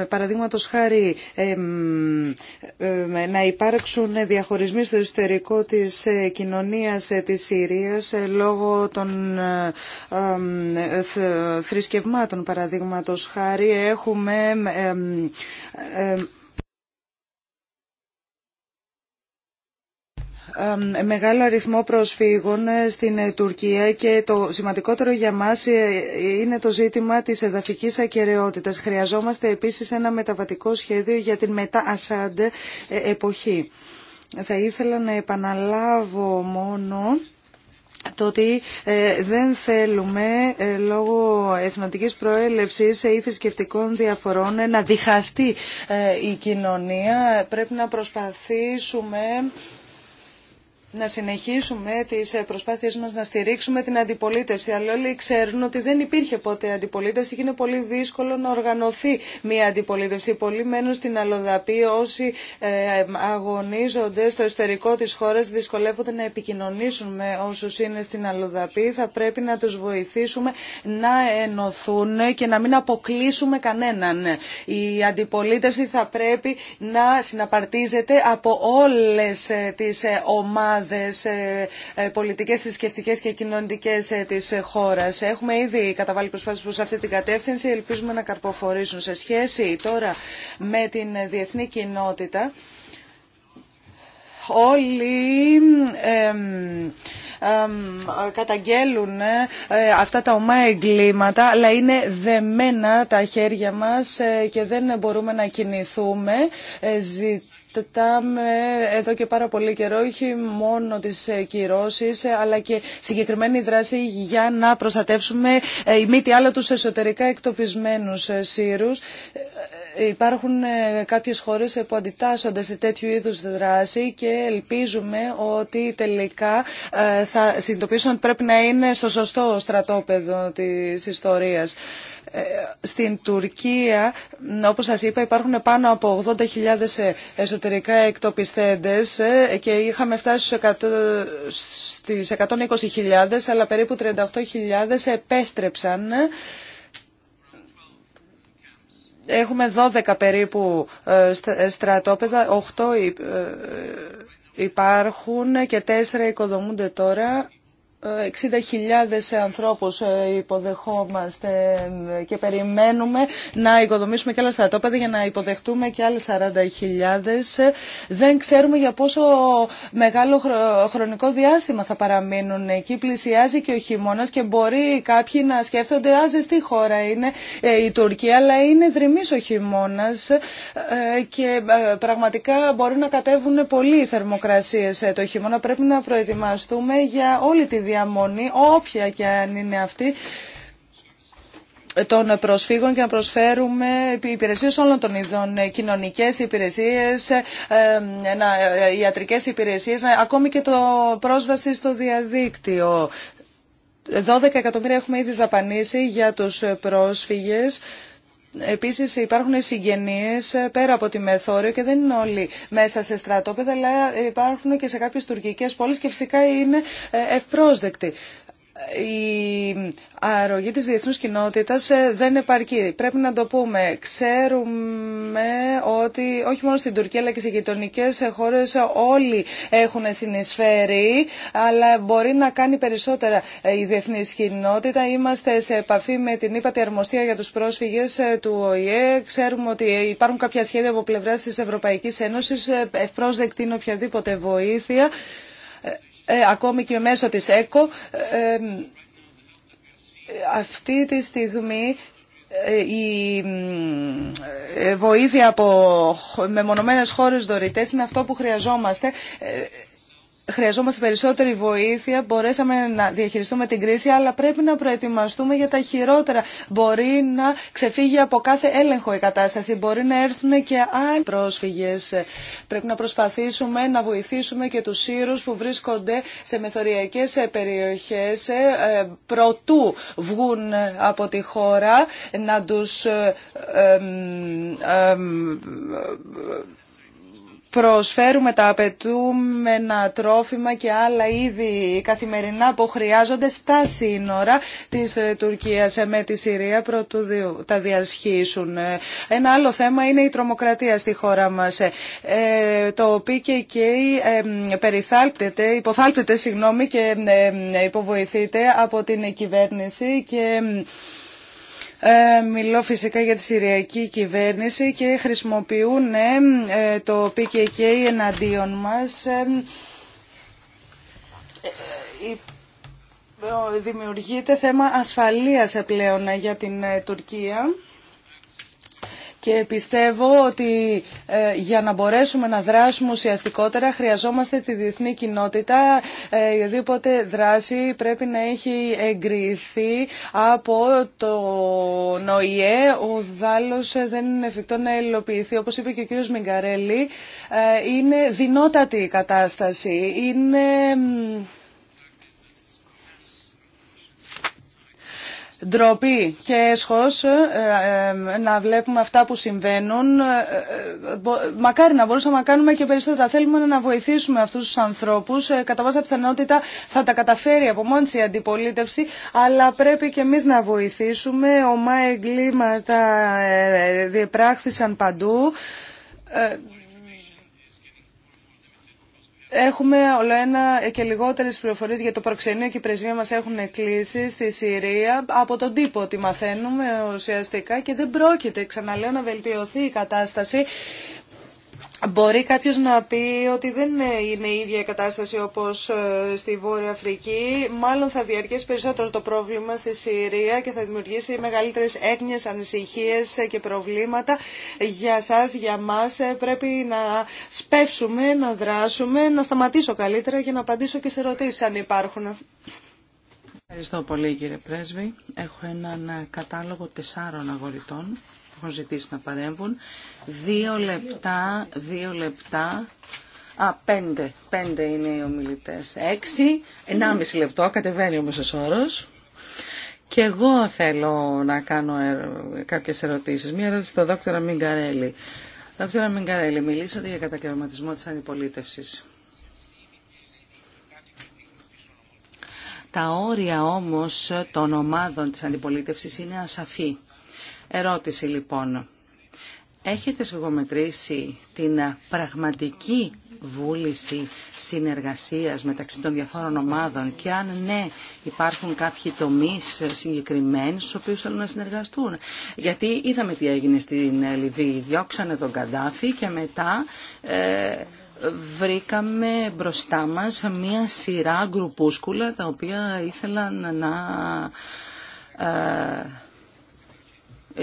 παραδείγματος χάρη να υπάρξουν διαχωρισμοί στο εσωτερικό της ε, κοινωνίας ε, της Συρίας λόγω των θρησκευμάτων παραδείγματος χάρη έχουμε μεγάλο αριθμό προσφύγων ε, στην ε, Τουρκία και το σημαντικότερο για μας ε, είναι το ζήτημα της εδαφικής ακαιρεότητας. Χρειαζόμαστε επίσης ένα μεταβατικό σχέδιο για την μετά Ασάντ εποχή. Θα ήθελα να επαναλάβω μόνο το ότι δεν θέλουμε λόγω εθνοτικής προέλευσης ή θρησκευτικών διαφορών να διχαστεί η κοινωνία. Πρέπει να προσπαθήσουμε να συνεχίσουμε τις προσπάθειές μας να στηρίξουμε την αντιπολίτευση. Αλλά όλοι ξέρουν ότι δεν υπήρχε ποτέ αντιπολίτευση και είναι πολύ δύσκολο να οργανωθεί μια αντιπολίτευση. Πολλοί μένουν στην αλλοδαπή. Όσοι ε, αγωνίζονται στο εσωτερικό της χώρας δυσκολεύονται να επικοινωνήσουν με όσους είναι στην αλλοδαπή. Θα πρέπει να τους βοηθήσουμε να ενωθούν και να μην αποκλείσουμε κανέναν. Η αντιπολίτευση θα πρέπει να συναπαρτίζεται από όλες τις ε, ομάδες ομάδες, ε, ε, πολιτικές, θρησκευτικέ και κοινωνικές ε, της χώρας. Έχουμε ήδη καταβάλει προσπάθειες προς αυτή την κατεύθυνση, ελπίζουμε να καρποφορήσουν σε σχέση τώρα με την διεθνή κοινότητα. Όλοι ε, καταγγέλουν αυτά τα ομά εγκλήματα, αλλά είναι δεμένα τα χέρια μας και δεν μπορούμε να κινηθούμε. Ε, Τά εδώ και πάρα πολύ καιρό όχι μόνο τις ε, κυρώσεις ε, αλλά και συγκεκριμένη δράση για να προστατεύσουμε ε, η μη τι άλλο τους εσωτερικά εκτοπισμένους Σύρους. Υπάρχουν κάποιες χώρες που αντιτάσσονται σε τέτοιου είδους δράση και ελπίζουμε ότι τελικά θα συνειδητοποιήσουν ότι πρέπει να είναι στο σωστό στρατόπεδο της ιστορίας. Ε, στην Τουρκία, όπως σας είπα, υπάρχουν πάνω από 80.000 ε, εσωτερικά εκτοπιστέντες ε, και είχαμε φτάσει στις 120.000, αλλά περίπου 38.000 επέστρεψαν. Έχουμε 12 περίπου στρατόπεδα, 8 υπάρχουν και 4 οικοδομούνται τώρα. 60.000 ανθρώπους ε, υποδεχόμαστε και περιμένουμε να οικοδομήσουμε και άλλα στρατόπεδα για να υποδεχτούμε και άλλες 40.000. Δεν ξέρουμε για πόσο μεγάλο χρονικό διάστημα θα παραμείνουν εκεί. Πλησιάζει και ο χειμώνα και μπορεί κάποιοι να σκέφτονται «Α, τι χώρα είναι ε, η Τουρκία, αλλά είναι δρυμής ο χειμώνα ε, και πραγματικά μπορούν να κατέβουν πολύ οι θερμοκρασίες το χειμώνα. Πρέπει να προετοιμαστούμε για όλη τη διαμονή, όποια και αν είναι αυτή, των προσφύγων και να προσφέρουμε υπηρεσίες όλων των ειδών, ε, κοινωνικές υπηρεσίες, ε, ε, ιατρικές υπηρεσίες, ακόμη και το πρόσβαση στο διαδίκτυο. 12 εκατομμύρια έχουμε ήδη δαπανίσει για τους πρόσφυγες. Επίσης υπάρχουν συγγενείς ε, πέρα από τη Μεθόριο και δεν είναι όλοι μέσα σε στρατόπεδα, αλλά ε, υπάρχουν και σε κάποιες τουρκικέ πόλεις και φυσικά είναι ε, ευπρόσδεκτοι η αρρωγή της διεθνούς κοινότητας ε, δεν επαρκεί. Πρέπει να το πούμε. Ξέρουμε ότι όχι μόνο στην Τουρκία αλλά και σε γειτονικέ χώρες όλοι έχουν συνεισφέρει αλλά μπορεί να κάνει περισσότερα ε, η διεθνής κοινότητα. Είμαστε σε επαφή με την ύπατη αρμοστία για τους πρόσφυγες ε, του ΟΗΕ. Ξέρουμε ότι υπάρχουν κάποια σχέδια από πλευρά της Ευρωπαϊκής Ένωσης. Ευπρόσδεκτη είναι οποιαδήποτε βοήθεια ε, ακόμη και μέσω της ΕΚΟ. Ε, ε, αυτή τη στιγμή η βοήθεια από μεμονωμένες χώρες δωρητές είναι αυτό που χρειαζόμαστε χρειαζόμαστε περισσότερη βοήθεια, μπορέσαμε να διαχειριστούμε την κρίση, αλλά πρέπει να προετοιμαστούμε για τα χειρότερα. Μπορεί να ξεφύγει από κάθε έλεγχο η κατάσταση, μπορεί να έρθουν και άλλοι πρόσφυγες. Πρέπει να προσπαθήσουμε να βοηθήσουμε και τους σύρους που βρίσκονται σε μεθοριακές περιοχές ε, προτού βγουν από τη χώρα, να τους ε, ε, προσφέρουμε τα απαιτούμενα τρόφιμα και άλλα είδη καθημερινά που χρειάζονται στα σύνορα της ε, Τουρκίας ε, με τη Συρία προτού τα διασχίσουν. Ε, ένα άλλο θέμα είναι η τρομοκρατία στη χώρα μας, το οποίο και περιθάλπτεται, υποθάλπτεται συγγνώμη, και υποβοηθείται από την κυβέρνηση και ε, μιλώ φυσικά για τη Συριακή κυβέρνηση και χρησιμοποιούν ε, ε, το PKK εναντίον μας. Δημιουργείται θέμα ασφαλείας πλέον για την Τουρκία και πιστεύω ότι ε, για να μπορέσουμε να δράσουμε ουσιαστικότερα χρειαζόμαστε τη διεθνή κοινότητα. Ε, οδήποτε δράση πρέπει να έχει εγκριθεί από το ΝΟΙΕ. Ο δάλος ε, δεν είναι εφικτό να υλοποιηθεί. Όπως είπε και ο κύριος Μιγκαρέλη, ε, είναι δυνότατη η κατάσταση. Είναι... ντροπή και έσχος ε, ε, ε, να βλέπουμε αυτά που συμβαίνουν. Μακάρι να μπορούσαμε να κάνουμε και περισσότερα. Θέλουμε να βοηθήσουμε αυτούς τους ανθρώπους. Κατά βάση πιθανότητα θα τα καταφέρει από μόνη η αντιπολίτευση, αλλά πρέπει και εμείς να βοηθήσουμε. Ομά εγκλήματα διεπράχθησαν παντού. Έχουμε όλο ένα και λιγότερε πληροφορίε για το προξενείο και οι πρεσβεία μα έχουν κλείσει στη Συρία. Από τον τύπο ότι μαθαίνουμε ουσιαστικά και δεν πρόκειται, ξαναλέω, να βελτιωθεί η κατάσταση. Μπορεί κάποιο να πει ότι δεν είναι η ίδια η κατάσταση όπως ε, στη Βόρεια Αφρική. Μάλλον θα διαρκέσει περισσότερο το πρόβλημα στη Συρία και θα δημιουργήσει μεγαλύτερε έγνοιε, ανησυχίες και προβλήματα για σας, για μας. Ε, πρέπει να σπεύσουμε, να δράσουμε, να σταματήσω καλύτερα και να απαντήσω και σε ερωτήσει αν υπάρχουν. Ευχαριστώ πολύ κύριε Πρέσβη. Έχω έναν ε, κατάλογο τεσσάρων αγορητών που έχουν ζητήσει να παρέμβουν. Δύο λεπτά, δύο λεπτά. Α, πέντε. Πέντε είναι οι ομιλητές. Έξι, ενάμιση λεπτό, κατεβαίνει ο μέσος Και εγώ θέλω να κάνω κάποιες ερωτήσεις. Μία ερώτηση στον δόκτωρα Μιγκαρέλη. Δόκτωρα Μιγκαρέλη, μιλήσατε για κατακαιρματισμό της αντιπολίτευσης. Τα όρια όμως των ομάδων της αντιπολίτευσης είναι ασαφή. Ερώτηση λοιπόν έχετε σφυγομετρήσει την πραγματική βούληση συνεργασίας μεταξύ των διαφόρων ομάδων και αν ναι υπάρχουν κάποιοι τομείς ε, συγκεκριμένοι στους οποίους θέλουν να συνεργαστούν. Γιατί είδαμε τι έγινε στην ε, Λιβύη. Διώξανε τον Καντάφη και μετά... Ε, βρήκαμε μπροστά μας μία σειρά γκρουπούσκουλα τα οποία ήθελαν να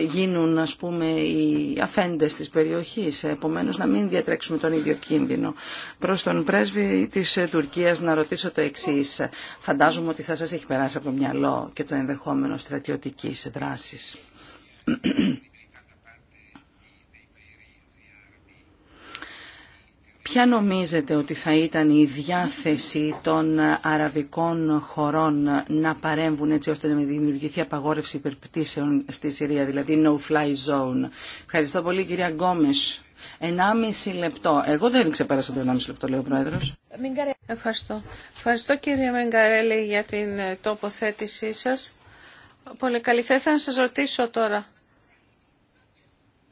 γίνουν ας πούμε οι αφέντες της περιοχής. Επομένως να μην διατρέξουμε τον ίδιο κίνδυνο. Προς τον πρέσβη της Τουρκίας να ρωτήσω το εξής. Φαντάζομαι ότι θα σας έχει περάσει από το μυαλό και το ενδεχόμενο στρατιωτικής δράσης. Ποια νομίζετε ότι θα ήταν η διάθεση των αραβικών χωρών να παρέμβουν έτσι ώστε να δημιουργηθεί απαγόρευση υπερπτήσεων στη Συρία, δηλαδή no-fly zone. Ευχαριστώ πολύ κυρία Γκόμες. 1,5 λεπτό. Εγώ δεν ξεπέρασα το 1,5 λεπτό, λέει ο Πρόεδρο. Ευχαριστώ. Ευχαριστώ κύριε Μεγκαρέλη για την ε, τοποθέτησή σα. Πολύ καλή. Θα ήθελα να σα ρωτήσω τώρα.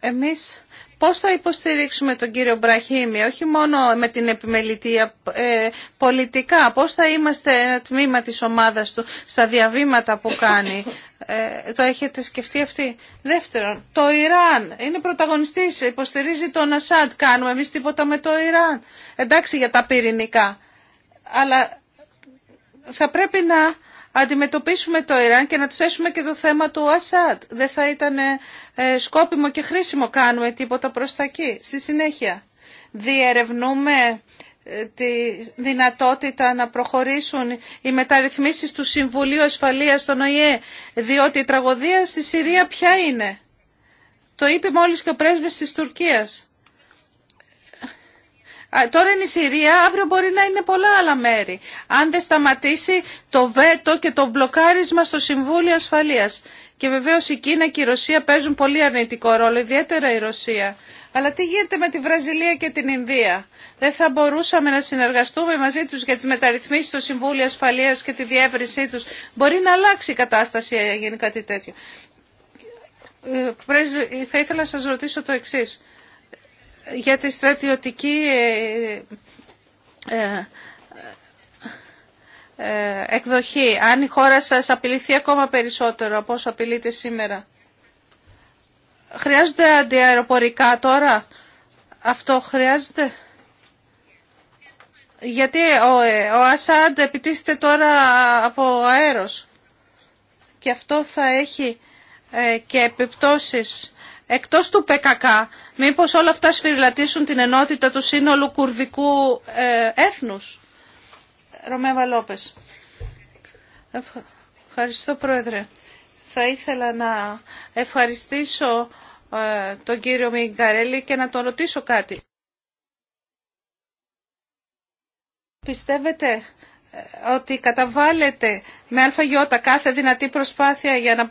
Εμείς Πώς θα υποστηρίξουμε τον κύριο Μπραχήμι, όχι μόνο με την επιμελητία ε, πολιτικά, πώς θα είμαστε ένα τμήμα της ομάδας του στα διαβήματα που κάνει. Ε, το έχετε σκεφτεί αυτή. Δεύτερον, το Ιράν είναι πρωταγωνιστής, υποστηρίζει τον Ασάντ, κάνουμε εμείς τίποτα με το Ιράν. Εντάξει για τα πυρηνικά, αλλά θα πρέπει να αντιμετωπίσουμε το Ιράν και να τους θέσουμε και το θέμα του Ασάτ. Δεν θα ήταν ε, ε, σκόπιμο και χρήσιμο κάνουμε τίποτα προς τα εκεί. Στη συνέχεια, διερευνούμε ε, τη δυνατότητα να προχωρήσουν οι μεταρρυθμίσεις του Συμβουλίου Ασφαλείας στον ΟΗΕ, διότι η τραγωδία στη Συρία ποια είναι. Το είπε μόλις και ο πρέσβης της Τουρκίας. Τώρα είναι η Συρία, αύριο μπορεί να είναι πολλά άλλα μέρη. Αν δεν σταματήσει το βέτο και το μπλοκάρισμα στο Συμβούλιο Ασφαλείας. Και βεβαίως η Κίνα και η Ρωσία παίζουν πολύ αρνητικό ρόλο, ιδιαίτερα η Ρωσία. Αλλά τι γίνεται με τη Βραζιλία και την Ινδία. Δεν θα μπορούσαμε να συνεργαστούμε μαζί τους για τις μεταρρυθμίσεις στο Συμβούλιο Ασφαλείας και τη διεύρυνσή τους. Μπορεί να αλλάξει η κατάσταση ε, γίνει κάτι τέτοιο. Ε, θα ήθελα να σα ρωτήσω το εξή για τη στρατιωτική ε, ε, ε, εκδοχή. Αν η χώρα σας απειληθεί ακόμα περισσότερο από όσο απειλείται σήμερα. Χρειάζονται αντιαεροπορικά τώρα. Αυτό χρειάζεται. Γιατί ο, ο Ασάντ επιτίθεται τώρα από αέρος. Και αυτό θα έχει και επιπτώσεις εκτός του ΠΚΚ, μήπως όλα αυτά σφυριλατήσουν την ενότητα του σύνολου κουρδικού ε, έθνους. Ρωμέβα Λόπες. Ευχαριστώ Πρόεδρε. Θα ήθελα να ευχαριστήσω ε, τον κύριο Μιγκαρέλη και να τον ρωτήσω κάτι. Πιστεύετε ε, ότι καταβάλλεται με αλφαγιώτα κάθε δυνατή προσπάθεια για να ε,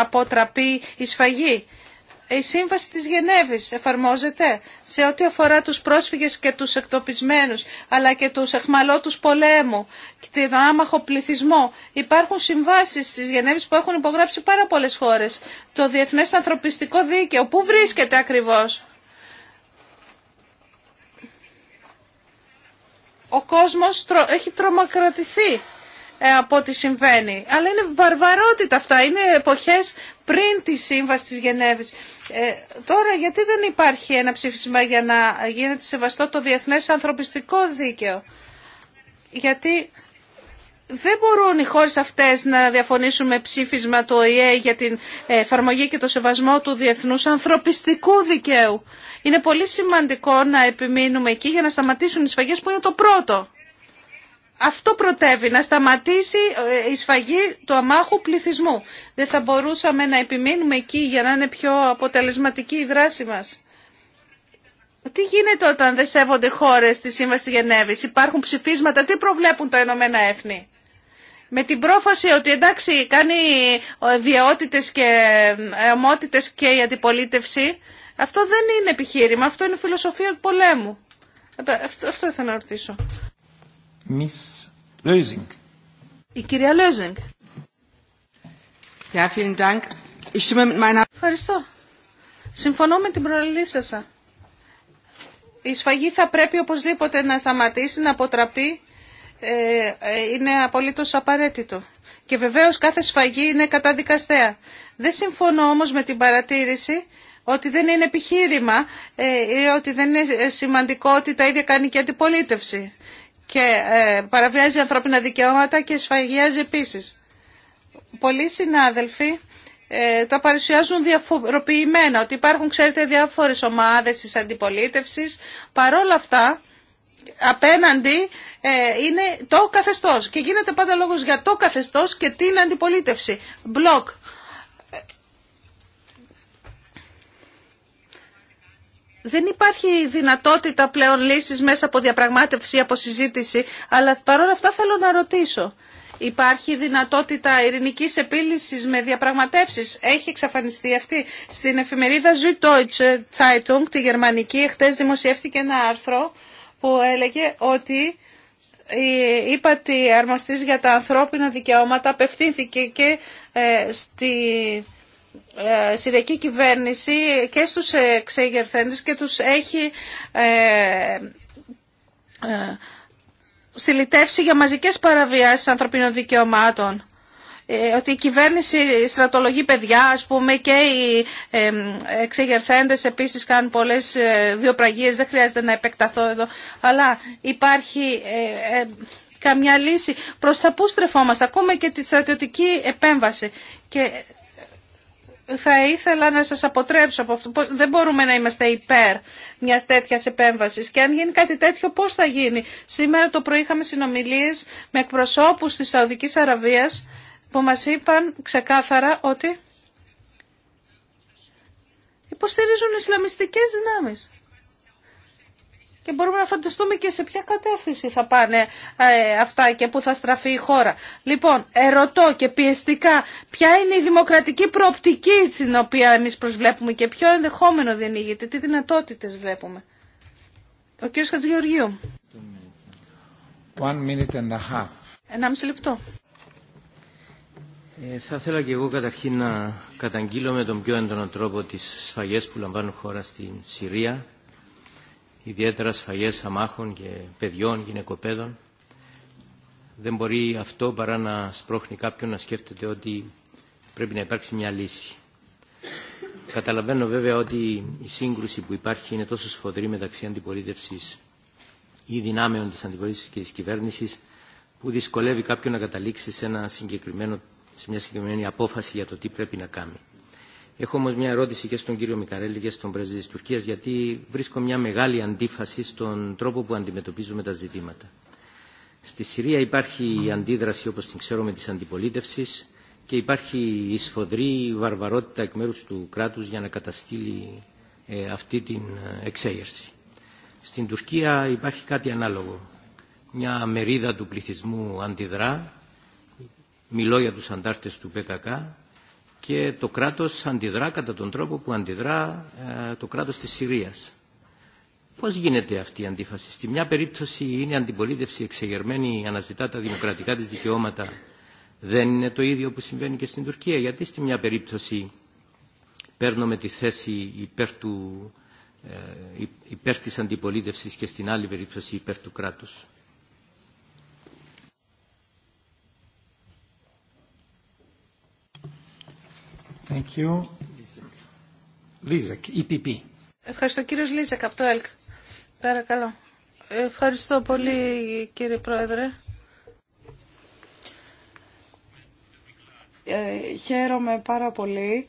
αποτραπεί η σφαγή η Σύμβαση της Γενέβης εφαρμόζεται σε ό,τι αφορά τους πρόσφυγες και τους εκτοπισμένους, αλλά και τους εχμαλώτους πολέμου και την άμαχο πληθυσμό. Υπάρχουν συμβάσεις της Γενέβης που έχουν υπογράψει πάρα πολλές χώρες. Το Διεθνές Ανθρωπιστικό Δίκαιο, πού βρίσκεται ακριβώς. Ο κόσμος έχει τρομακρατηθεί ε, από ό,τι συμβαίνει. Αλλά είναι βαρβαρότητα αυτά. Είναι εποχές πριν τη σύμβαση της Γενέβης. Ε, τώρα γιατί δεν υπάρχει ένα ψήφισμα για να γίνεται σεβαστό το διεθνές ανθρωπιστικό δίκαιο. Γιατί δεν μπορούν οι χώρες αυτές να διαφωνήσουν με ψήφισμα το ΟΗΕ για την εφαρμογή και το σεβασμό του διεθνούς ανθρωπιστικού δικαίου. Είναι πολύ σημαντικό να επιμείνουμε εκεί για να σταματήσουν οι σφαγές που είναι το πρώτο. Αυτό προτεύει, να σταματήσει ε, η σφαγή του αμάχου πληθυσμού. Δεν θα μπορούσαμε να επιμείνουμε εκεί για να είναι πιο αποτελεσματική η δράση μας. Τι γίνεται όταν δεν σέβονται χώρες στη Σύμβαση Γενέβης, υπάρχουν ψηφίσματα, τι προβλέπουν τα Ηνωμένα Έθνη. Με την πρόφαση ότι εντάξει κάνει ε, βιαιότητες και ε, ομότητε και η αντιπολίτευση, αυτό δεν είναι επιχείρημα, αυτό είναι φιλοσοφία του πολέμου. Αυτό ήθελα να ρωτήσω. Miss Lösing. Η κυρία Ja, vielen Dank. Ich stimme mit meiner... Ευχαριστώ. Συμφωνώ με την προλαλή Η σφαγή θα πρέπει οπωσδήποτε να σταματήσει, να αποτραπεί. Ε, ε, είναι απολύτως απαραίτητο. Και βεβαίως κάθε σφαγή είναι καταδικαστέα. Δεν συμφωνώ όμως με την παρατήρηση ότι δεν είναι επιχείρημα ε, ή ότι δεν είναι σημαντικό ότι τα ίδια κάνει και αντιπολίτευση και ε, παραβιάζει ανθρώπινα δικαιώματα και σφαγιάζει επίσης. Πολλοί συνάδελφοι ε, τα παρουσιάζουν διαφοροποιημένα, ότι υπάρχουν, ξέρετε, διάφορες ομάδες της αντιπολίτευσης. Παρόλα αυτά, απέναντι ε, είναι το καθεστώς και γίνεται πάντα λόγος για το καθεστώς και την αντιπολίτευση. Μπλοκ. δεν υπάρχει δυνατότητα πλέον λύσης μέσα από διαπραγμάτευση ή από συζήτηση, αλλά παρόλα αυτά θέλω να ρωτήσω. Υπάρχει δυνατότητα ειρηνικής επίλυσης με διαπραγματεύσεις. Έχει εξαφανιστεί αυτή. Στην εφημερίδα Süddeutsche Zeitung, τη γερμανική, χτε δημοσιεύτηκε ένα άρθρο που έλεγε ότι η ύπατη αρμοστής για τα ανθρώπινα δικαιώματα απευθύνθηκε και ε, στη ε, Συριακή κυβέρνηση και στους εξεγερθέντες και τους έχει ε, ε, συλλητεύσει για μαζικές παραβιάσεις ανθρωπίνων δικαιωμάτων ότι η κυβέρνηση στρατολογεί παιδιά, ας πούμε, και οι εξεγερθέντες επίσης κάνουν πολλές βιοπραγίες, δεν χρειάζεται να επεκταθώ εδώ, αλλά υπάρχει καμιά λύση. Προς τα πού στρεφόμαστε, ακόμα και τη στρατιωτική επέμβαση. Και θα ήθελα να σας αποτρέψω από αυτό. Δεν μπορούμε να είμαστε υπέρ μιας τέτοια επέμβαση. Και αν γίνει κάτι τέτοιο, πώς θα γίνει. Σήμερα το πρωί είχαμε συνομιλίες με εκπροσώπους της Σαουδική Αραβίας που μας είπαν ξεκάθαρα ότι υποστηρίζουν Ισλαμιστικέ δυνάμεις και μπορούμε να φανταστούμε και σε ποια κατεύθυνση θα πάνε ε, αυτά και πού θα στραφεί η χώρα. Λοιπόν, ερωτώ και πιεστικά ποια είναι η δημοκρατική προοπτική στην οποία εμείς προσβλέπουμε και ποιο ενδεχόμενο διενήγεται, τι δυνατότητες βλέπουμε. Ο κύριος Χατζηγεωργίου. One minute and a half. Ενάμιση λεπτό. Ε, θα ήθελα και εγώ καταρχήν να καταγγείλω με τον πιο έντονο τρόπο τις σφαγές που λαμβάνουν χώρα στην Συρία ιδιαίτερα σφαγές αμάχων και παιδιών, γυναικοπαίδων. Δεν μπορεί αυτό παρά να σπρώχνει κάποιον να σκέφτεται ότι πρέπει να υπάρξει μια λύση. Καταλαβαίνω βέβαια ότι η σύγκρουση που υπάρχει είναι τόσο σφοδρή μεταξύ αντιπολίτευσης ή δυνάμεων της αντιπολίτευσης και της κυβέρνησης που δυσκολεύει κάποιον να καταλήξει σε, ένα σε μια συγκεκριμένη απόφαση για το τι πρέπει να κάνει. Έχω όμω μια ερώτηση και στον κύριο Μικαρέλη και στον πρέσβη τη Τουρκία, γιατί βρίσκω μια μεγάλη αντίφαση στον τρόπο που αντιμετωπίζουμε τα ζητήματα. Στη Συρία υπάρχει η αντίδραση, όπω την ξέρουμε, τη αντιπολίτευση και υπάρχει η σφοδρή βαρβαρότητα εκ μέρου του κράτου για να καταστήλει ε, αυτή την ε, εξέγερση. Στην Τουρκία υπάρχει κάτι ανάλογο. Μια μερίδα του πληθυσμού αντιδρά, μιλώ για τους αντάρτες του ΠΚΚ και το κράτος αντιδρά κατά τον τρόπο που αντιδρά ε, το κράτος της Συρίας. Πώς γίνεται αυτή η αντίφαση. Στη μια περίπτωση είναι αντιπολίτευση εξεγερμένη, αναζητά τα δημοκρατικά της δικαιώματα. Δεν είναι το ίδιο που συμβαίνει και στην Τουρκία. Γιατί στη μια περίπτωση παίρνουμε τη θέση υπέρ, του, ε, υπέρ της αντιπολίτευσης και στην άλλη περίπτωση υπέρ του κράτους. E Ευχαριστώ κύριο Λίζεκ από το ΕΛΚ. Παρακαλώ. Ευχαριστώ πολύ κύριε Πρόεδρε. Ε, χαίρομαι πάρα πολύ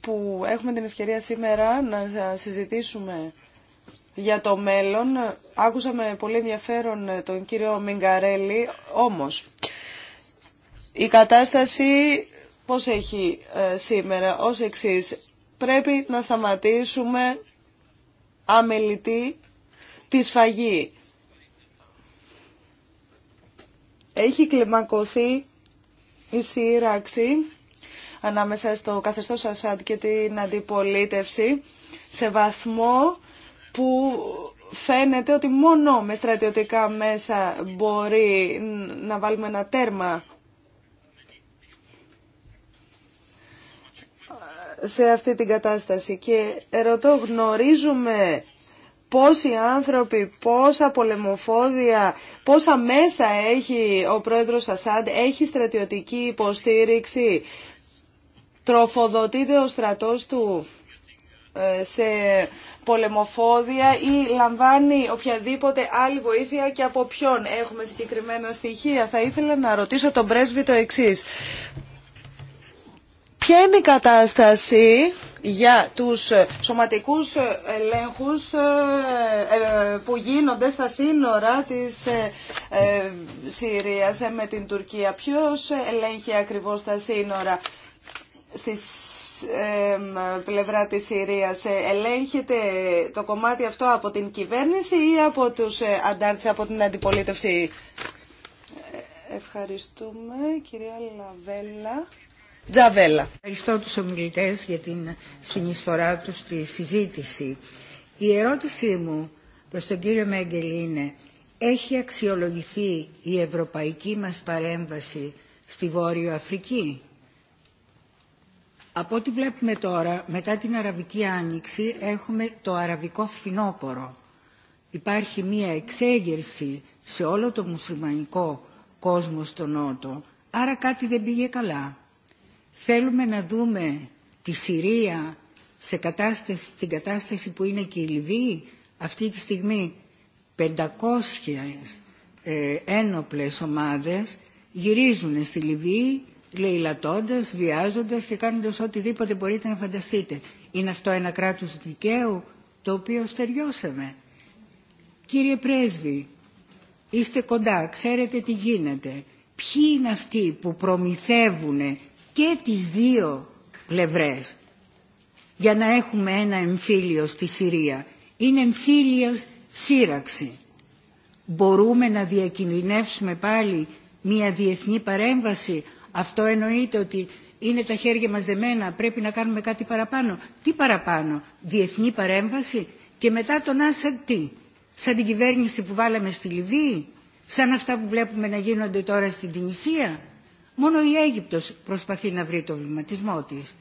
που έχουμε την ευκαιρία σήμερα να συζητήσουμε για το μέλλον. Άκουσα με πολύ ενδιαφέρον τον κύριο Μιγκαρέλη, όμως η κατάσταση πώς έχει ε, σήμερα ως εξής. Πρέπει να σταματήσουμε αμελητή τη σφαγή. Έχει κλιμακωθεί η σύραξη ανάμεσα στο καθεστώς Ασάντ και την αντιπολίτευση σε βαθμό που φαίνεται ότι μόνο με στρατιωτικά μέσα μπορεί να βάλουμε ένα τέρμα σε αυτή την κατάσταση και ρωτώ γνωρίζουμε πόσοι άνθρωποι, πόσα πολεμοφόδια, πόσα μέσα έχει ο πρόεδρος Ασάντ, έχει στρατιωτική υποστήριξη, τροφοδοτείται ο στρατός του ε, σε πολεμοφόδια ή λαμβάνει οποιαδήποτε άλλη βοήθεια και από ποιον έχουμε συγκεκριμένα στοιχεία. Θα ήθελα να ρωτήσω τον πρέσβη το εξής. Ποια είναι η κατάσταση για τους ε, σωματικούς ε, ελέγχους ε, που γίνονται στα σύνορα της Συρίας με την Τουρκία. Ποιος ελέγχει ακριβώς τα σύνορα στη πλευρά της Συρίας. Ελέγχεται το κομμάτι αυτό από την κυβέρνηση ή από τους αντάρτες, από την αντιπολίτευση. Ευχαριστούμε κυρία Λαβέλα. Τζαβέλα. Ευχαριστώ τους ομιλητές για την συνεισφορά τους στη συζήτηση. Η ερώτησή μου προς τον κύριο Μέγκελ είναι έχει αξιολογηθεί η ευρωπαϊκή μας παρέμβαση στη Βόρειο Αφρική. Από ό,τι βλέπουμε τώρα, μετά την Αραβική Άνοιξη έχουμε το Αραβικό Φθινόπορο. Υπάρχει μία εξέγερση σε όλο το μουσουλμανικό κόσμο στο Νότο, άρα κάτι δεν πήγε καλά. Θέλουμε να δούμε τη Συρία σε κατάσταση, στην κατάσταση που είναι και η Λιβύη αυτή τη στιγμή 500 ε, ένοπλες ομάδες γυρίζουν στη Λιβύη λαιλατώντας, βιάζοντας και κάνοντας οτιδήποτε μπορείτε να φανταστείτε. Είναι αυτό ένα κράτος δικαίου το οποίο στεριώσαμε. Κύριε Πρέσβη, είστε κοντά, ξέρετε τι γίνεται. Ποιοι είναι αυτοί που προμηθεύουν και τις δύο πλευρές για να έχουμε ένα εμφύλιο στη Συρία. Είναι εμφύλια σύραξη. Μπορούμε να διακινδυνεύσουμε πάλι μια διεθνή παρέμβαση. Αυτό εννοείται ότι είναι τα χέρια μας δεμένα, πρέπει να κάνουμε κάτι παραπάνω. Τι παραπάνω, διεθνή παρέμβαση και μετά τον Άσαντ τι, σαν την κυβέρνηση που βάλαμε στη Λιβύη, σαν αυτά που βλέπουμε να γίνονται τώρα στην Τινησία. Μόνο η Αίγυπτος προσπαθεί να βρει το βηματισμό της.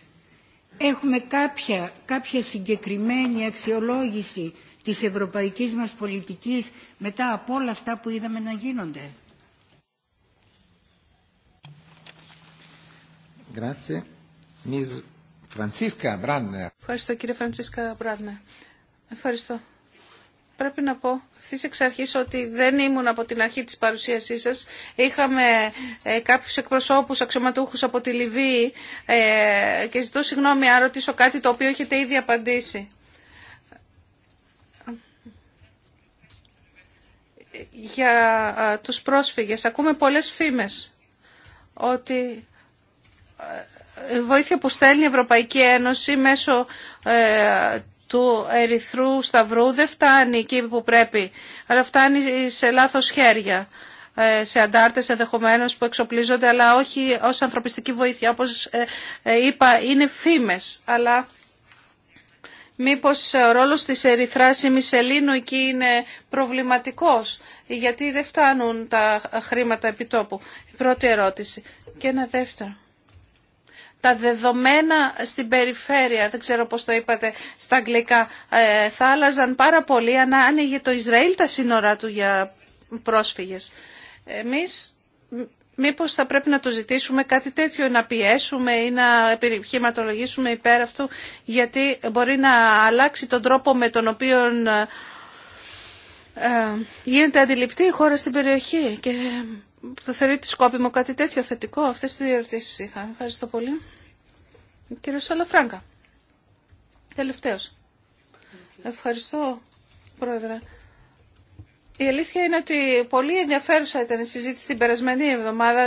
Έχουμε κάποια, κάποια συγκεκριμένη αξιολόγηση της ευρωπαϊκής μας πολιτικής μετά από όλα αυτά που είδαμε να γίνονται. Ευχαριστώ κύριε Φραντσίσκα Μπράντνερ. Ευχαριστώ πρέπει να πω ευθύ εξ αρχή ότι δεν ήμουν από την αρχή τη παρουσίασή σα. Είχαμε ε, κάποιου εκπροσώπου, αξιωματούχου από τη Λιβύη ε, και ζητώ συγγνώμη αν ρωτήσω κάτι το οποίο έχετε ήδη απαντήσει. Για ε, τους πρόσφυγες. Ακούμε πολλές φήμες ότι η ε, βοήθεια που στέλνει η Ευρωπαϊκή Ένωση μέσω του Ερυθρού Σταυρού δεν φτάνει εκεί που πρέπει, αλλά φτάνει σε λάθος χέρια, ε, σε αντάρτες ενδεχομένω που εξοπλίζονται, αλλά όχι ως ανθρωπιστική βοήθεια. Όπως ε, ε, είπα, είναι φήμες, αλλά μήπως ο ρόλος της Ερυθράς Μισελίνου εκεί είναι προβληματικός, γιατί δεν φτάνουν τα χρήματα επιτόπου. Η πρώτη ερώτηση. Και ένα δεύτερο τα δεδομένα στην περιφέρεια, δεν ξέρω πώς το είπατε στα αγγλικά, ε, θα άλλαζαν πάρα πολύ αν άνοιγε το Ισραήλ τα σύνορά του για πρόσφυγες. Εμείς μήπως θα πρέπει να το ζητήσουμε κάτι τέτοιο, να πιέσουμε ή να επιχειρηματολογήσουμε υπέρ αυτού, γιατί μπορεί να αλλάξει τον τρόπο με τον οποίο ε, ε, γίνεται αντιληπτή η χώρα στην περιοχή και το θεωρείτε σκόπιμο κάτι τέτοιο θετικό. Αυτές τις δύο ερωτήσει είχα. Ευχαριστώ πολύ. Ο Σαλαφράγκα. Τελευταίος. Ευχαριστώ, Πρόεδρε. Η αλήθεια είναι ότι πολύ ενδιαφέρουσα ήταν η συζήτηση την περασμένη εβδομάδα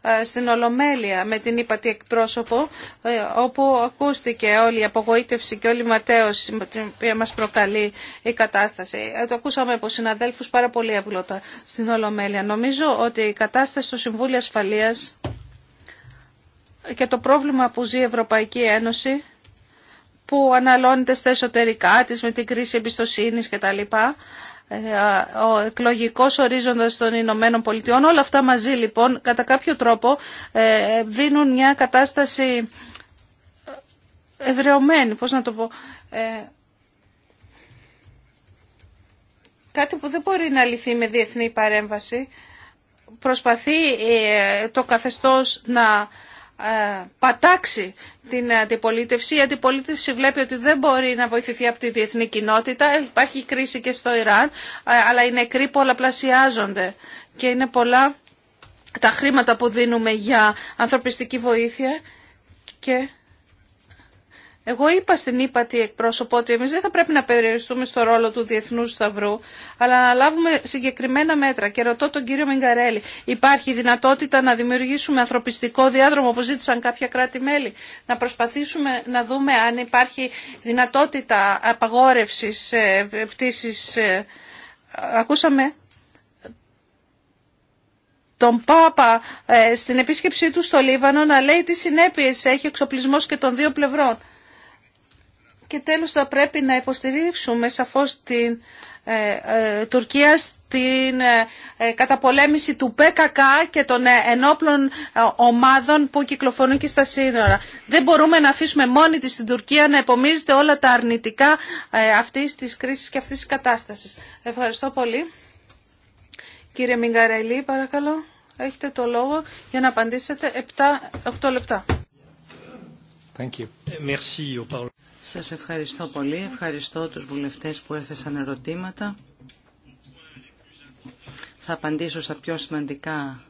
ε, στην Ολομέλεια με την ύπατη εκπρόσωπο, ε, όπου ακούστηκε όλη η απογοήτευση και όλη η ματέωση την οποία μας προκαλεί η κατάσταση. Ε, το ακούσαμε από συναδέλφους πάρα πολύ εύγλωτα στην Ολομέλεια. Νομίζω ότι η κατάσταση στο Συμβούλιο Ασφαλείας και το πρόβλημα που ζει η Ευρωπαϊκή Ένωση που αναλώνεται στα εσωτερικά της με την κρίση εμπιστοσύνης κτλ ο εκλογικός ορίζοντας των Ηνωμένων Πολιτειών. Όλα αυτά μαζί λοιπόν κατά κάποιο τρόπο ε, δίνουν μια κατάσταση ευρεωμένη, πώς να το πω, ε, κάτι που δεν μπορεί να λυθεί με διεθνή παρέμβαση. Προσπαθεί ε, το καθεστώς να ε, πατάξει την αντιπολίτευση. Η αντιπολίτευση βλέπει ότι δεν μπορεί να βοηθηθεί από τη διεθνή κοινότητα. Υπάρχει κρίση και στο Ιράν, ε, αλλά οι νεκροί πολλαπλασιάζονται και είναι πολλά τα χρήματα που δίνουμε για ανθρωπιστική βοήθεια και εγώ είπα στην ύπατη εκπρόσωπο ότι εμεί δεν θα πρέπει να περιοριστούμε στο ρόλο του Διεθνούς Σταυρού, αλλά να λάβουμε συγκεκριμένα μέτρα. Και ρωτώ τον κύριο Μιγκαρέλη, υπάρχει δυνατότητα να δημιουργήσουμε ανθρωπιστικό διάδρομο, όπως ζήτησαν κάποια κράτη-μέλη, να προσπαθήσουμε να δούμε αν υπάρχει δυνατότητα απαγόρευσης ε, πτήσης. Ε, ακούσαμε τον Πάπα ε, στην επίσκεψή του στο Λίβανο να λέει τι συνέπειες έχει εξοπλισμός και των δύο πλευρών. Και τέλος θα πρέπει να υποστηρίξουμε σαφώς την ε, ε Τουρκία στην ε, ε, καταπολέμηση του ΠΚΚ και των ενόπλων ομάδων που κυκλοφορούν και στα σύνορα. Δεν μπορούμε να αφήσουμε μόνη της την Τουρκία να επομίζεται όλα τα αρνητικά αυτής της κρίσης και αυτής της κατάστασης. Ευχαριστώ πολύ. Κύριε Μιγκαρελή, παρακαλώ, έχετε το λόγο για να απαντήσετε 7, 8 λεπτά. Thank Σας ευχαριστώ πολύ. Ευχαριστώ τους βουλευτές που έθεσαν ερωτήματα. Θα απαντήσω στα πιο σημαντικά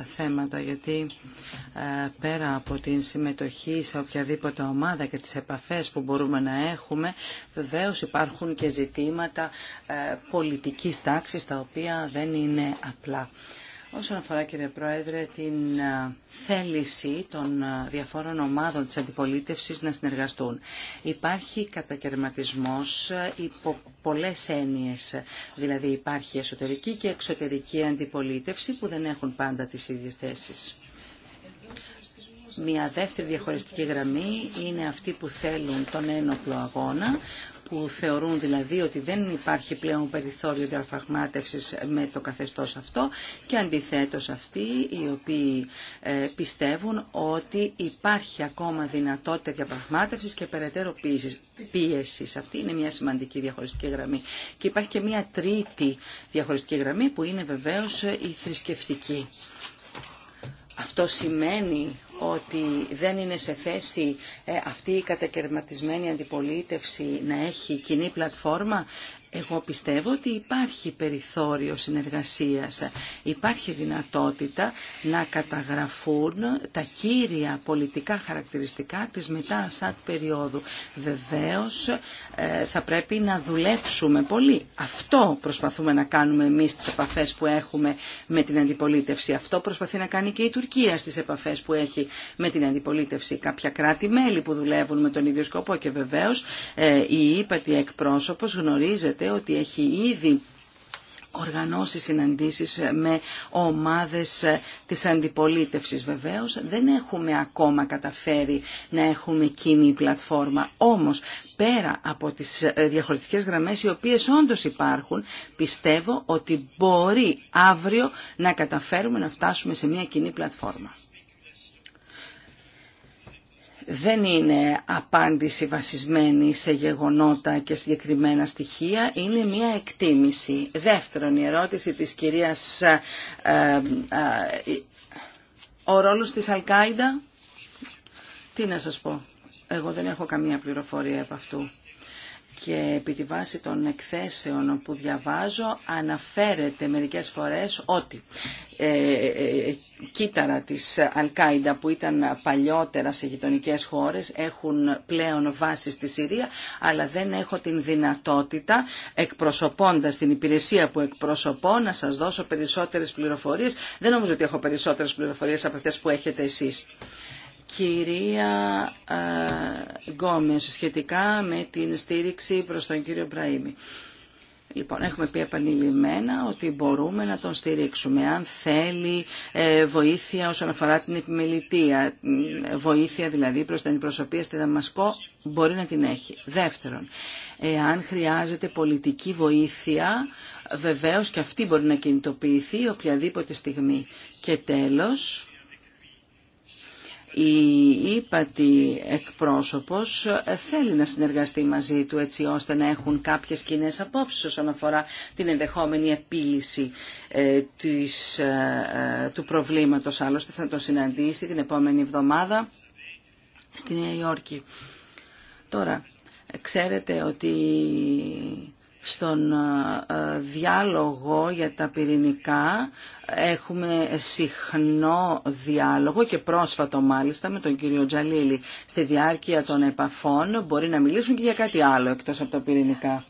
ε, θέματα γιατί ε, πέρα από την συμμετοχή σε οποιαδήποτε ομάδα και τις επαφές που μπορούμε να έχουμε βεβαίως υπάρχουν και ζητήματα ε, πολιτικής τάξης τα οποία δεν είναι απλά. Όσον αφορά κύριε Πρόεδρε την ε, θέληση των ε, διαφόρων ομάδων της αντιπολίτευσης να συνεργαστούν. Υπάρχει κατακαιρματισμός ε, υπό πολλές έννοιες. Δηλαδή υπάρχει εσωτερική και εξωτερική αντιπολίτευση που δεν έχουν πάντα τις ίδιες θέσεις. Μια δεύτερη διαχωριστική γραμμή είναι αυτοί που θέλουν τον ένοπλο αγώνα, που θεωρούν δηλαδή ότι δεν υπάρχει πλέον περιθώριο διαφραγμάτευσης με το καθεστώς αυτό και αντιθέτως αυτοί οι οποίοι ε, πιστεύουν ότι υπάρχει ακόμα δυνατότητα διαπραγμάτευσης και περαιτέρω πίεσης. Αυτή είναι μια σημαντική διαχωριστική γραμμή. Και υπάρχει και μια τρίτη διαχωριστική γραμμή που είναι βεβαίως ε, η θρησκευτική. Αυτό σημαίνει ότι δεν είναι σε θέση ε, αυτή η κατακαιρματισμένη αντιπολίτευση να έχει κοινή πλατφόρμα. Εγώ πιστεύω ότι υπάρχει περιθώριο συνεργασίας, υπάρχει δυνατότητα να καταγραφούν τα κύρια πολιτικά χαρακτηριστικά της μετά Ασάτ περίοδου. Βεβαίως ε, θα πρέπει να δουλέψουμε πολύ. Αυτό προσπαθούμε να κάνουμε εμείς στις επαφές που έχουμε με την αντιπολίτευση. Αυτό προσπαθεί να κάνει και η Τουρκία στις επαφές που έχει με την αντιπολίτευση. Κάποια κράτη-μέλη που δουλεύουν με τον ίδιο σκοπό και βεβαίως ε, η ύπατη εκπρόσωπος γνωρίζεται ότι έχει ήδη οργανώσει συναντήσεις με ομάδες της αντιπολίτευσης βεβαίως. Δεν έχουμε ακόμα καταφέρει να έχουμε κοινή πλατφόρμα. Όμως πέρα από τις διαχωριστικές γραμμές οι οποίες όντως υπάρχουν πιστεύω ότι μπορεί αύριο να καταφέρουμε να φτάσουμε σε μια κοινή πλατφόρμα δεν είναι απάντηση βασισμένη σε γεγονότα και συγκεκριμένα στοιχεία, είναι μια εκτίμηση. Δεύτερον, η ερώτηση της κυρίας ε, ε, ε ο ρόλος της Αλκάιντα, τι να σας πω, εγώ δεν έχω καμία πληροφορία από αυτού και επί τη βάση των εκθέσεων που διαβάζω αναφέρεται μερικές φορές ότι ε, ε, ε, κύτταρα της Αλκάιντα που ήταν παλιότερα σε γειτονικέ χώρες έχουν πλέον βάση στη Συρία αλλά δεν έχω την δυνατότητα εκπροσωπώντας την υπηρεσία που εκπροσωπώ να σας δώσω περισσότερες πληροφορίες. Δεν νομίζω ότι έχω περισσότερες πληροφορίες από αυτές που έχετε εσείς κυρία ε, Γκόμες σχετικά με την στήριξη προς τον κύριο Μπραήμι. Λοιπόν, έχουμε πει επανειλημμένα ότι μπορούμε να τον στηρίξουμε. Αν θέλει ε, βοήθεια όσον αφορά την επιμελητία, βοήθεια δηλαδή προς την προσωπία στη Δαμασκό, μπορεί να την έχει. Δεύτερον, εάν χρειάζεται πολιτική βοήθεια, βεβαίως και αυτή μπορεί να κινητοποιηθεί οποιαδήποτε στιγμή. Και τέλος, η ύπατη εκπρόσωπος θέλει να συνεργαστεί μαζί του έτσι ώστε να έχουν κάποιες κοινέ απόψεις όσον αφορά την ενδεχόμενη επίλυση ε, της, ε, ε, του προβλήματος. Άλλωστε θα το συναντήσει την επόμενη εβδομάδα στη Νέα Υόρκη. Τώρα, ξέρετε ότι στον ε, ε, διάλογο για τα πυρηνικά έχουμε συχνό διάλογο και πρόσφατο μάλιστα με τον κύριο Τζαλίλη. Στη διάρκεια των επαφών μπορεί να μιλήσουν και για κάτι άλλο εκτός από τα πυρηνικά.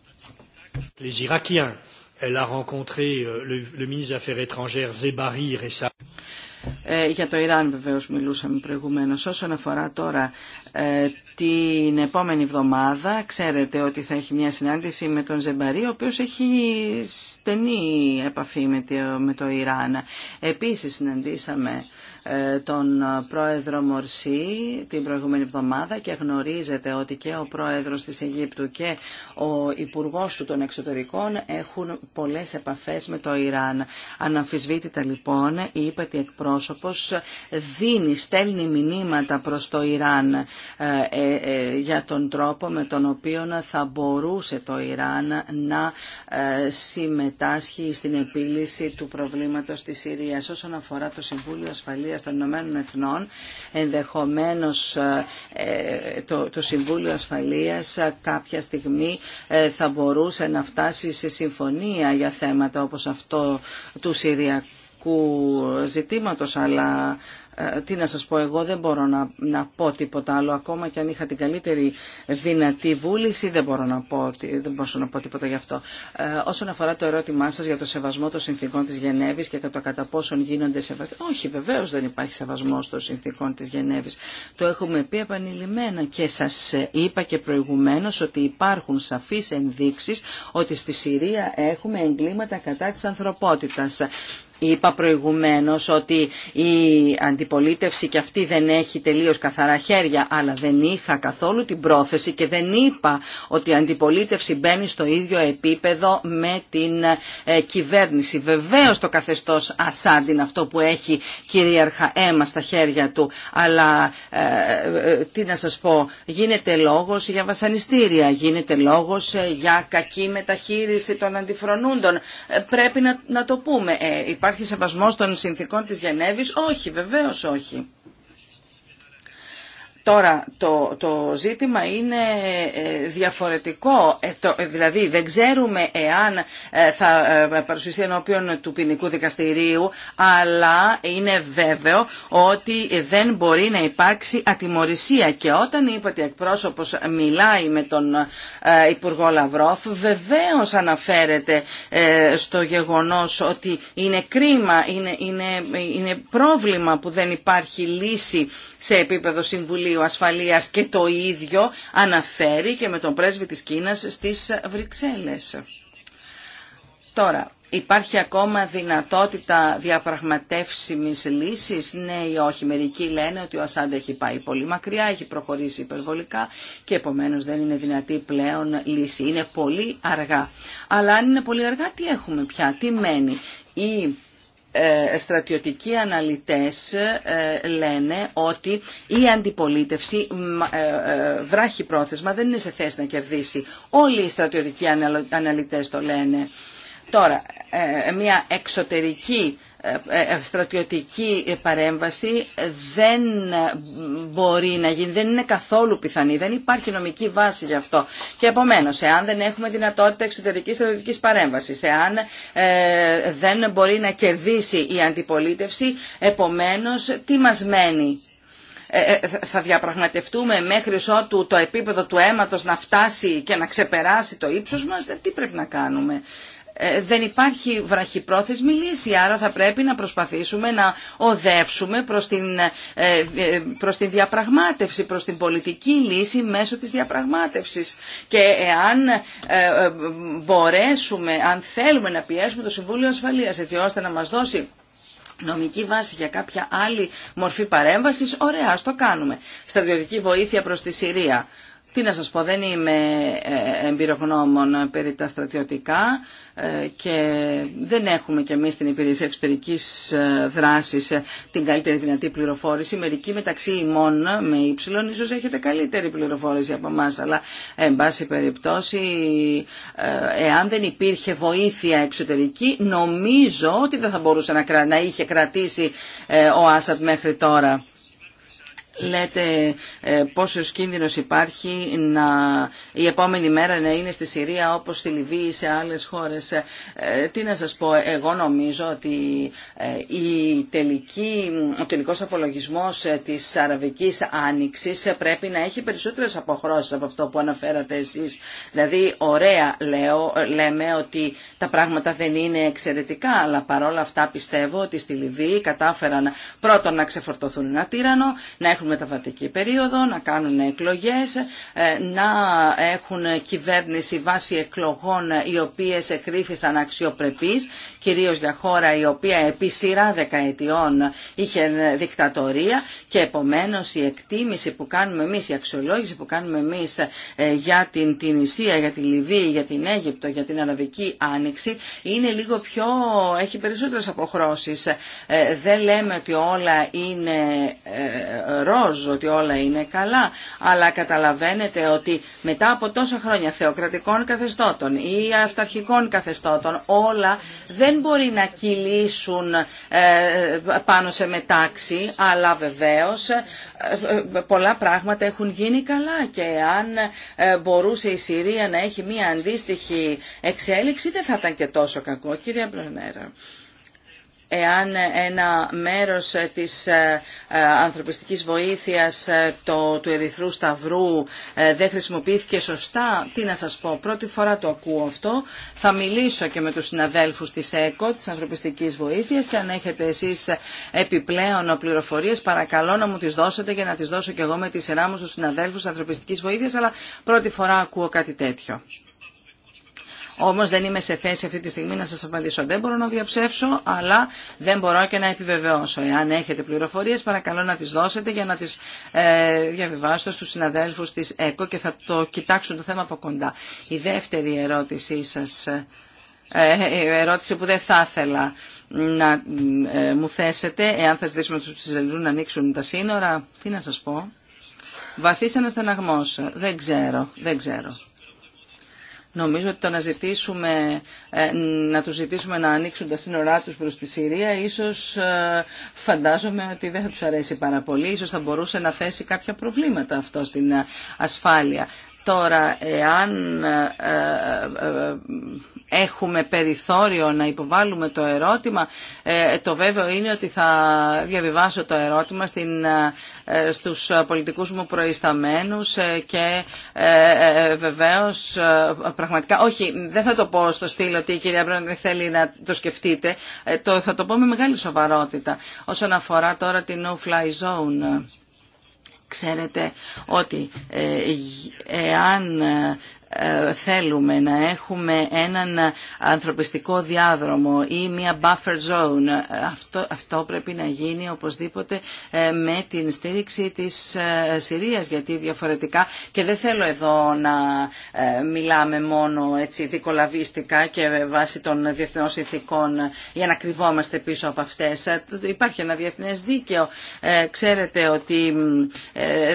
για το Ιράν βεβαίως μιλούσαμε προηγουμένως. Όσον αφορά τώρα ε, την επόμενη εβδομάδα ξέρετε ότι θα έχει μια συνάντηση με τον Ζεμπαρή, ο οποίος έχει στενή επαφή με το, με το Ιράν. Επίσης συναντήσαμε ε, τον πρόεδρο Μορσή την προηγούμενη εβδομάδα και γνωρίζετε ότι και ο πρόεδρος της Αιγύπτου και ο υπουργός του των εξωτερικών έχουν πολλές επαφές με το Ιράν. Αναμφισβήτητα λοιπόν η ύπατη εκπρόσωπος δίνει, στέλνει μηνύματα προς το Ιράν ε, ε, για τον τρόπο με τον οποίο θα μπορούσε το Ιράν να συμμετάσχει στην επίλυση του προβλήματος της Συρίας όσον αφορά το Συμβούλιο Ασφαλείας Ασφαλείας των Ηνωμένων Εθνών, ενδεχομένως ε, ε, το, το Συμβούλιο Ασφαλείας ε, κάποια στιγμή θα μπορούσε να φτάσει σε συμφωνία για θέματα όπως αυτό του Συριακού ζητήματος, αλλά ε, τι να σας πω, εγώ δεν μπορώ να, να πω τίποτα άλλο, ακόμα και αν είχα την καλύτερη δυνατή βούληση δεν μπορώ να πω, δεν μπορώ να πω τίποτα γι' αυτό. Ε, όσον αφορά το ερώτημά σας για το σεβασμό των συνθήκων της Γενέβης και το κατά πόσον γίνονται σεβαστοί, όχι βεβαίως δεν υπάρχει σεβασμός των συνθήκων της Γενέβης. Το έχουμε πει επανειλημμένα και σας είπα και προηγουμένως ότι υπάρχουν σαφείς ενδείξεις ότι στη Συρία έχουμε εγκλήματα κατά της ανθρωπότητας Είπα προηγουμένως ότι η αντιπολίτευση και αυτή δεν έχει τελείως καθαρά χέρια, αλλά δεν είχα καθόλου την πρόθεση και δεν είπα ότι η αντιπολίτευση μπαίνει στο ίδιο επίπεδο με την ε, κυβέρνηση. Βεβαίως το καθεστώς Ασάντ είναι αυτό που έχει κυρίαρχα αίμα στα χέρια του, αλλά ε, ε, τι να σας πω, γίνεται λόγος για βασανιστήρια, γίνεται λόγος για κακή μεταχείριση των αντιφρονούντων. Πρέπει να, το πούμε υπάρχει σεβασμός των συνθήκων της Γενέβης. Όχι, βεβαίως όχι. Τώρα το, ζήτημα είναι ε, διαφορετικό, ε, ε, δηλαδή δεν ξέρουμε εάν θα παρουσιαστεί ενώπιον του ποινικού δικαστηρίου, αλλά είναι βέβαιο ότι δεν μπορεί να υπάρξει ατιμορρησία. Και όταν είπα ότι εκπρόσωπος μιλάει με τον Υπουργό Λαυρόφ, βεβαίως αναφέρεται στο γεγονός ότι είναι κρίμα, είναι, είναι πρόβλημα που δεν υπάρχει λύση σε επίπεδο Συμβουλίου Υπουργείου Ασφαλείας και το ίδιο αναφέρει και με τον πρέσβη της Κίνας στις Βρυξέλλες. Τώρα, Υπάρχει ακόμα δυνατότητα διαπραγματεύσιμης λύσης, ναι ή όχι. Μερικοί λένε ότι ο Ασάντα έχει πάει πολύ μακριά, έχει προχωρήσει υπερβολικά και επομένως δεν είναι δυνατή πλέον λύση. Είναι πολύ αργά. Αλλά αν είναι πολύ αργά τι έχουμε πια, τι μένει. Η ε, στρατιωτικοί αναλυτές ε, λένε ότι η αντιπολίτευση ε, βράχει πρόθεσμα, δεν είναι σε θέση να κερδίσει. Όλοι οι στρατιωτικοί αναλυτές το λένε. Τώρα, μια εξωτερική ε, ε, στρατιωτική παρέμβαση δεν μπορεί να γίνει, δεν είναι καθόλου πιθανή, δεν υπάρχει νομική βάση γι' αυτό. Και επομένω, εάν δεν έχουμε δυνατότητα εξωτερική στρατιωτική παρέμβαση, εάν ε, δεν μπορεί να κερδίσει η αντιπολίτευση, επομένω τι μα μένει θα διαπραγματευτούμε μέχρι ότου το επίπεδο του αίματος να φτάσει και να ξεπεράσει το ύψος μας, τι πρέπει να κάνουμε. Ε, δεν υπάρχει βραχυπρόθεσμη λύση, άρα θα πρέπει να προσπαθήσουμε να οδεύσουμε προς την, ε, ε, προς την διαπραγμάτευση, προς την πολιτική λύση μέσω της διαπραγμάτευσης. Και εάν μπορέσουμε, αν θέλουμε να πιέσουμε το Συμβούλιο Ασφαλείας έτσι ώστε να μας δώσει νομική βάση για κάποια άλλη μορφή παρέμβασης, ωραία, ας το κάνουμε. Στρατιωτική βοήθεια προς τη Συρία. Τι να σας πω, δεν είμαι ε, εμπειρογνώμων περί τα στρατιωτικά ε, και δεν έχουμε κι εμείς στην υπηρεσία εξωτερικής ε, δράσης την καλύτερη δυνατή πληροφόρηση. Μερικοί μεταξύ ημών με ύψιλον ίσως έχετε καλύτερη πληροφόρηση από εμά, αλλά εν πάση περιπτώσει εάν δεν υπήρχε βοήθεια εξωτερική νομίζω ότι δεν θα μπορούσε να είχε κρατήσει ο Άσαντ μέχρι τώρα λέτε ε, πόσο κίνδυνος υπάρχει να, η επόμενη μέρα να είναι στη Συρία όπως στη Λιβύη ή σε άλλες χώρες. Ε, τι να σας πω, εγώ νομίζω ότι ε, η τελική, ο τελικός απολογισμός της Αραβικής Άνοιξης πρέπει να έχει περισσότερες αποχρώσεις από αυτό που αναφέρατε εσείς. Δηλαδή, ωραία λέω, λέμε ότι τα πράγματα δεν είναι εξαιρετικά, αλλά παρόλα αυτά πιστεύω ότι στη Λιβύη κατάφεραν πρώτον να ξεφορτωθούν ένα τύρανο, να έχουν μεταβατική περίοδο, να κάνουν εκλογές, ε, να έχουν κυβέρνηση βάσει εκλογών οι οποίες εκρίθησαν αξιοπρεπείς, κυρίως για χώρα η οποία επί σειρά δεκαετιών είχε δικτατορία και επομένως η εκτίμηση που κάνουμε εμείς, η αξιολόγηση που κάνουμε εμείς ε, για την Τινησία, για τη Λιβύη, για την Αίγυπτο, για την Αραβική Άνοιξη είναι λίγο πιο, έχει περισσότερες αποχρώσεις. Ε, δεν λέμε ότι όλα είναι ρόλο ότι όλα είναι καλά, αλλά καταλαβαίνετε ότι μετά από τόσα χρόνια θεοκρατικών καθεστώτων ή αυταρχικών καθεστώτων όλα δεν μπορεί να κυλήσουν ε, πάνω σε μετάξι, αλλά βεβαίως ε, ε, πολλά πράγματα έχουν γίνει καλά και αν μπορούσε η Συρία να έχει μία αντίστοιχη εξέλιξη δεν θα ήταν και τόσο κακό. Κυρία Μπλονέρα εάν ένα μέρος της ε, ε, ανθρωπιστικής βοήθειας ε, το, του Ερυθρού Σταυρού δεν χρησιμοποιήθηκε σωστά, τι να σας πω, πρώτη φορά το ακούω αυτό, θα μιλήσω και με τους συναδέλφους της ΕΚΟ, της ανθρωπιστικής βοήθειας και αν έχετε εσείς επιπλέον πληροφορίες παρακαλώ να μου τις δώσετε και να τις δώσω και εγώ με τη σειρά μου στους συναδέλφους ανθρωπιστικής βοήθειας, αλλά πρώτη φορά ακούω κάτι τέτοιο. Όμω δεν είμαι σε θέση αυτή τη στιγμή να σας απαντήσω. Δεν μπορώ να διαψεύσω, αλλά δεν μπορώ και να επιβεβαιώσω. Εάν έχετε πληροφορίες, παρακαλώ να τις δώσετε για να τις ε, διαβιβάσετε στους συναδέλφους της ΕΚΟ και θα το κοιτάξουν το θέμα από κοντά. Η δεύτερη ερώτησή σα, ε, ε, ε, ερώτηση που δεν θα ήθελα να ε, μου θέσετε, εάν θα ζητήσουμε τους Ισραηλούς να ανοίξουν τα σύνορα, τι να σας πω. Βαθύς αναστεναγμός. Δεν ξέρω, δεν ξέρω. Νομίζω ότι το να, ζητήσουμε, ε, να τους ζητήσουμε να ανοίξουν τα σύνορά τους προς τη Συρία ίσως ε, φαντάζομαι ότι δεν θα τους αρέσει πάρα πολύ. Ίσως θα μπορούσε να θέσει κάποια προβλήματα αυτό στην ε, ασφάλεια. Τώρα, εάν ε, ε, ε, έχουμε περιθώριο να υποβάλουμε το ερώτημα, το βέβαιο είναι ότι θα διαβιβάσω το ερώτημα στην, στους πολιτικούς μου προϊσταμένους και βεβαίως πραγματικά, όχι, δεν θα το πω στο στήλο ότι η κυρία Μπρόνα δεν θέλει να το σκεφτείτε, το, θα το πω με μεγάλη σοβαρότητα. Όσον αφορά τώρα την no-fly zone, Ξέρετε ότι ε, ε, εάν ε, ε, θέλουμε να έχουμε έναν ανθρωπιστικό διάδρομο ή μια buffer zone. Αυτό, αυτό πρέπει να γίνει οπωσδήποτε ε, με την στήριξη της ε, Συρίας γιατί διαφορετικά και δεν θέλω εδώ να μιλάμε μόνο έτσι δικολαβίστικα και βάσει των διεθνών συνθήκων για να κρυβόμαστε πίσω από αυτές. Υπάρχει ένα διεθνές δίκαιο. Ξέρετε ότι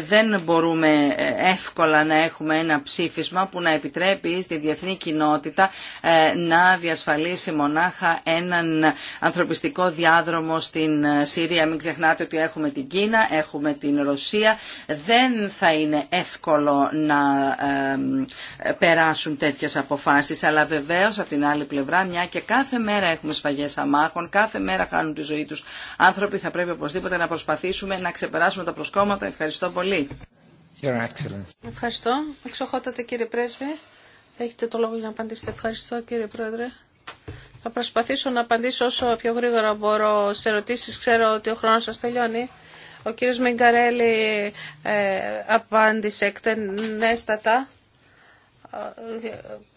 δεν μπορούμε εύκολα να έχουμε ένα ψήφισμα που να επιτρέπει στη διεθνή κοινότητα ε, να διασφαλίσει μονάχα έναν ανθρωπιστικό διάδρομο στην ε, Συρία. Μην ξεχνάτε ότι έχουμε την Κίνα, έχουμε την Ρωσία. Δεν θα είναι εύκολο να ε, περάσουν τέτοιες αποφάσεις, αλλά βεβαίως από την άλλη πλευρά, μια και κάθε μέρα έχουμε σφαγές αμάχων, κάθε μέρα χάνουν τη ζωή τους άνθρωποι, θα πρέπει οπωσδήποτε να προσπαθήσουμε να ξεπεράσουμε τα προσκόμματα. Ευχαριστώ πολύ. Your Excellency. Ευχαριστώ. Εξοχότατε κύριε Πρέσβη. Έχετε το λόγο για να απαντήσετε. Ευχαριστώ κύριε Πρόεδρε. Θα προσπαθήσω να απαντήσω όσο πιο γρήγορα μπορώ σε ερωτήσεις. Ξέρω ότι ο χρόνος σας τελειώνει. Ο κύριος Μιγκαρέλη ε, απάντησε εκτενέστατα.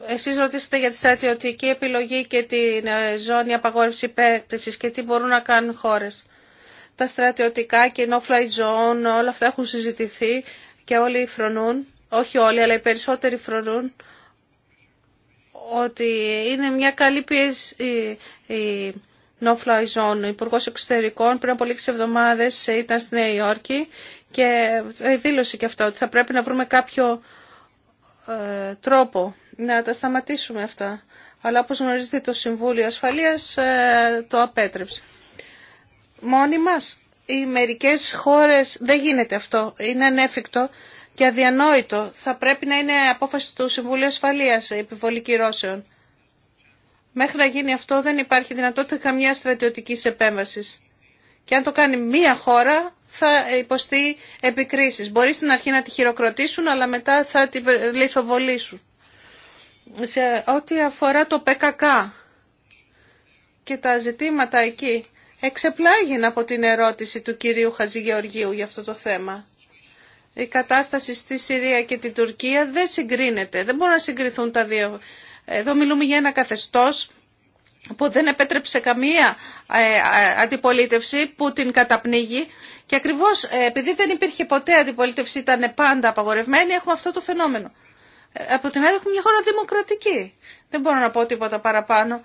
Ε, εσείς ρωτήσατε για τη στρατιωτική επιλογή και την ε, ζώνη απαγόρευση υπέκτηση και τι μπορούν να κάνουν χώρες. Τα στρατιωτικά και no-fly zone, όλα αυτά έχουν συζητηθεί και όλοι φρονούν, όχι όλοι, αλλά οι περισσότεροι φρονούν ότι είναι μια καλή πίεση η No-Fly Zone. Ο Υπουργός Εξωτερικών πριν από λίγες εβδομάδες ήταν στη Νέα Υόρκη και δήλωσε και αυτό ότι θα πρέπει να βρούμε κάποιο ε, τρόπο να τα σταματήσουμε αυτά. Αλλά όπως γνωρίζετε το Συμβούλιο Ασφαλείας ε, το απέτρεψε. Μόνοι μας οι μερικές χώρες δεν γίνεται αυτό, είναι ανέφικτο και αδιανόητο. Θα πρέπει να είναι απόφαση του Συμβουλίου Ασφαλείας η επιβολή κυρώσεων. Μέχρι να γίνει αυτό δεν υπάρχει δυνατότητα καμιά στρατιωτικής επέμβασης. Και αν το κάνει μία χώρα θα υποστεί επικρίσεις. Μπορεί στην αρχή να τη χειροκροτήσουν αλλά μετά θα τη λιθοβολήσουν. ό,τι αφορά το ΠΚΚ και τα ζητήματα εκεί, εξεπλάγει από την ερώτηση του κυρίου Χαζηγεωργίου για αυτό το θέμα. Η κατάσταση στη Συρία και την Τουρκία δεν συγκρίνεται. Δεν μπορούν να συγκριθούν τα δύο. Εδώ μιλούμε για ένα καθεστώς που δεν επέτρεψε καμία ε, ε, αντιπολίτευση που την καταπνίγει και ακριβώς ε, επειδή δεν υπήρχε ποτέ αντιπολίτευση, ήταν πάντα απαγορευμένη, έχουμε αυτό το φαινόμενο. Από την άλλη έχουμε μια χώρα δημοκρατική. Δεν μπορώ να πω τίποτα παραπάνω.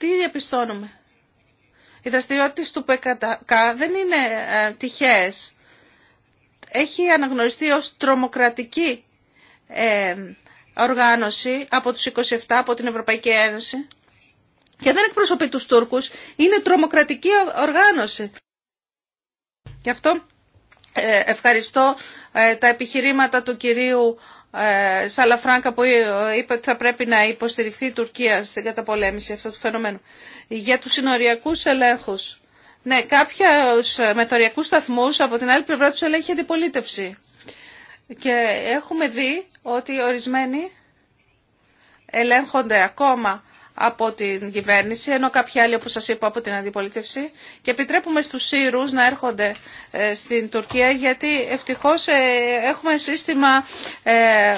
Τι διαπιστώνουμε. Οι δραστηριότητε του ΠΚΚ δεν είναι ε, τυχαίε. Έχει αναγνωριστεί ως τρομοκρατική ε, οργάνωση από τους 27 από την Ευρωπαϊκή Ένωση και δεν εκπροσωπεί τους Τούρκους. Είναι τρομοκρατική οργάνωση. Γι' αυτό ε, ευχαριστώ τα επιχειρήματα του κυρίου ε, Σαλαφράνκα που είπε ότι θα πρέπει να υποστηριχθεί η Τουρκία στην καταπολέμηση αυτού του φαινομένου. Για τους συνοριακούς ελέγχους. Ναι, κάποιους ε, μεθοριακούς σταθμούς από την άλλη πλευρά τους ελέγχει αντιπολίτευση. Και έχουμε δει ότι ορισμένοι ελέγχονται ακόμα από την κυβέρνηση, ενώ κάποιοι άλλοι, όπως σας είπα, από την αντιπολίτευση. Και επιτρέπουμε στους Σύρους να έρχονται ε, στην Τουρκία, γιατί ευτυχώς ε, έχουμε σύστημα ε,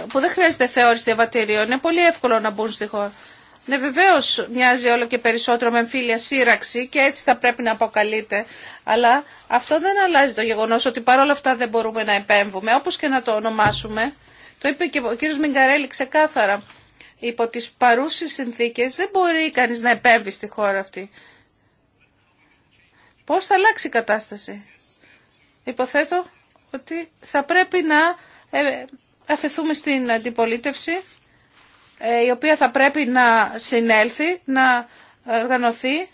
που δεν χρειάζεται θεώρηση διαβατηρίων. Είναι πολύ εύκολο να μπουν στη χώρα. Ναι, βεβαίω μοιάζει όλο και περισσότερο με εμφύλια σύραξη και έτσι θα πρέπει να αποκαλείται. Αλλά αυτό δεν αλλάζει το γεγονό ότι παρόλα αυτά δεν μπορούμε να επέμβουμε, όπω και να το ονομάσουμε. Το είπε και ο κύριο Μιγκαρέλη ξεκάθαρα υπό τις παρούσες συνθήκες δεν μπορεί κανείς να επέμβει στη χώρα αυτή. Πώς θα αλλάξει η κατάσταση. Υποθέτω ότι θα πρέπει να ε, αφαιθούμε στην αντιπολίτευση ε, η οποία θα πρέπει να συνέλθει, να οργανωθεί.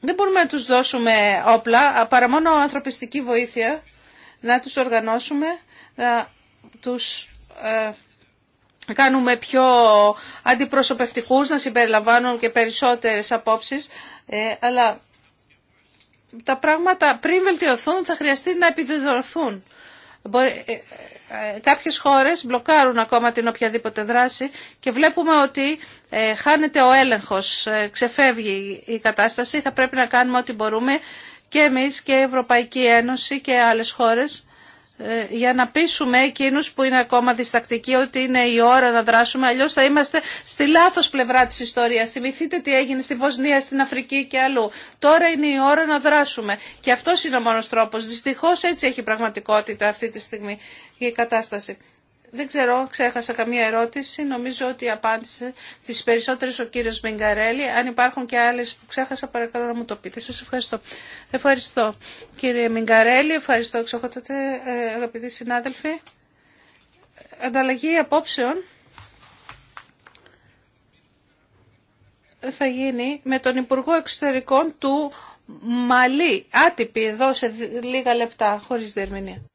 Δεν μπορούμε να τους δώσουμε όπλα, παρά μόνο ανθρωπιστική βοήθεια, να τους οργανώσουμε, να τους ε, κάνουμε πιο αντιπροσωπευτικούς, να συμπεριλαμβάνουν και περισσότερες απόψεις, ε, αλλά τα πράγματα πριν βελτιωθούν θα χρειαστεί να ε, ε, Κάποιες χώρες μπλοκάρουν ακόμα την οποιαδήποτε δράση και βλέπουμε ότι ε, χάνεται ο έλεγχος, ξεφεύγει η κατάσταση. Θα πρέπει να κάνουμε ό,τι μπορούμε και εμείς και η Ευρωπαϊκή Ένωση και άλλες χώρες ε, για να πείσουμε εκείνους που είναι ακόμα διστακτικοί ότι είναι η ώρα να δράσουμε, αλλιώς θα είμαστε στη λάθος πλευρά της ιστορίας. Θυμηθείτε τι έγινε στη Βοσνία, στην Αφρική και αλλού. Τώρα είναι η ώρα να δράσουμε και αυτός είναι ο μόνος τρόπος. Δυστυχώς έτσι έχει πραγματικότητα αυτή τη στιγμή η κατάσταση. Δεν ξέρω, ξέχασα καμία ερώτηση. Νομίζω ότι απάντησε τις περισσότερες ο κύριος Μιγκαρέλη. Αν υπάρχουν και άλλες που ξέχασα, παρακαλώ να μου το πείτε. Σας ευχαριστώ. Ευχαριστώ κύριε Μιγκαρέλη, ευχαριστώ εξοχότατε ε, αγαπητοί συνάδελφοι. Ανταλλαγή απόψεων θα γίνει με τον Υπουργό Εξωτερικών του Μαλή, άτυπη εδώ σε λίγα λεπτά, χωρίς δερμηνία.